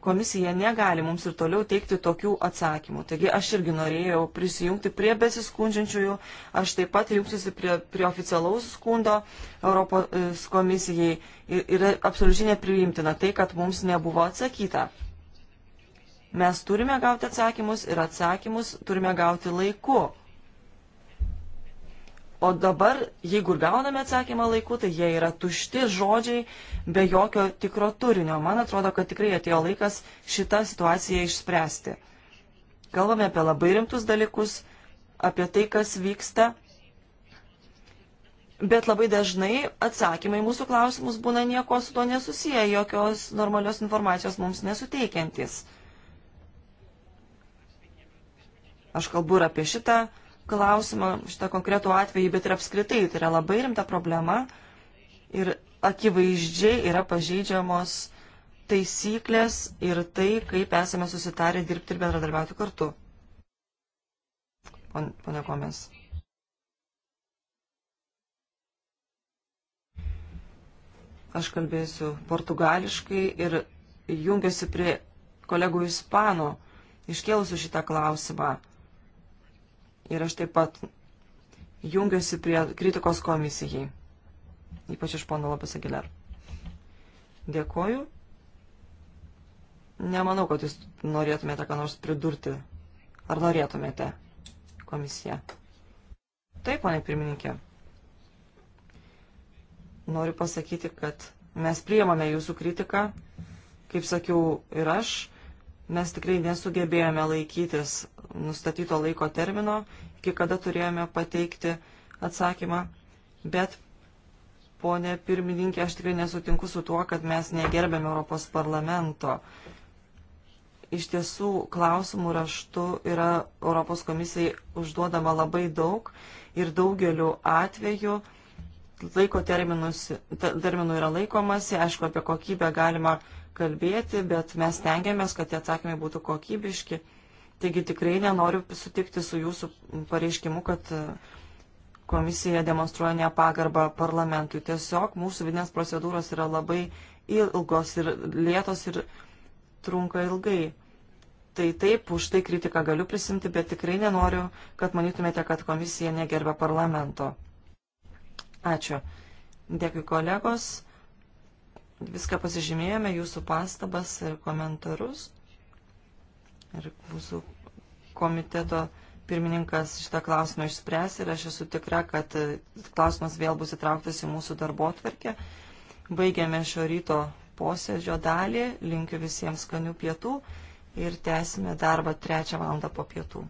Komisija negali mums ir toliau teikti tokių atsakymų. Taigi aš irgi norėjau prisijungti prie besiskundžiančiųjų, aš taip pat jungsiuosi prie, prie oficialaus skundo Europos e, komisijai ir, ir absoliučiai nepriimtina tai, kad mums nebuvo atsakyta. Mes turime gauti atsakymus ir atsakymus turime gauti laiku. O dabar, jeigu ir gauname atsakymą laiku, tai jie yra tušti žodžiai be jokio tikro turinio. Man atrodo, kad tikrai atėjo laikas šitą situaciją išspręsti. Kalbame apie labai rimtus dalykus, apie tai, kas vyksta Bet labai dažnai atsakymai mūsų klausimus būna nieko su to nesusiję, jokios normalios informacijos mums nesuteikiantis. Aš kalbu ir apie šitą klausimą, šitą konkretų atvejį, bet ir apskritai tai yra labai rimta problema ir akivaizdžiai yra pažeidžiamos taisyklės ir tai, kaip esame susitarę dirbti ir bendradarbiauti kartu. Pone Komės. Aš kalbėsiu portugališkai ir jungiuosi prie kolegų ispanų iškėlusių šitą klausimą Ir aš taip pat jungiuosi prie kritikos komisijai, ypač iš pono Lopes Aguilar. Dėkoju. Nemanau, kad jūs norėtumėte ką nors pridurti. Ar norėtumėte komisiją? Taip, ponė pirmininkė. Noriu pasakyti, kad mes priimame jūsų kritiką, kaip sakiau ir aš mes tikrai nesugebėjome laikytis nustatyto laiko termino, iki kada turėjome pateikti atsakymą, bet, ponė pirmininkė, aš tikrai nesutinku su tuo, kad mes negerbėme Europos parlamento. Iš tiesų, klausimų raštu yra Europos komisijai užduodama labai daug ir daugeliu atveju laiko terminų yra laikomasi, aišku, apie kokybę galima kalbėti, bet mes tengiamės, kad tie atsakymai būtų kokybiški. Taigi tikrai nenoriu sutikti su jūsų pareiškimu, kad komisija demonstruoja nepagarbą parlamentui. Tiesiog mūsų vidinės procedūros yra labai ilgos ir lėtos ir trunka ilgai. Tai taip, už tai kritiką galiu prisimti, bet tikrai nenoriu, kad manytumėte, kad komisija negerbia parlamento. Ačiū. Dėkui kolegos viską pasižymėjome, jūsų pastabas ir komentarus. Ir mūsų komiteto pirmininkas šitą klausimą išspręs ir aš esu tikra, kad klausimas vėl bus įtrauktas į mūsų darbo atverkę. Baigiame šio ryto posėdžio dalį, linkiu visiems skanių pietų ir tęsime darbą trečią valandą po pietų.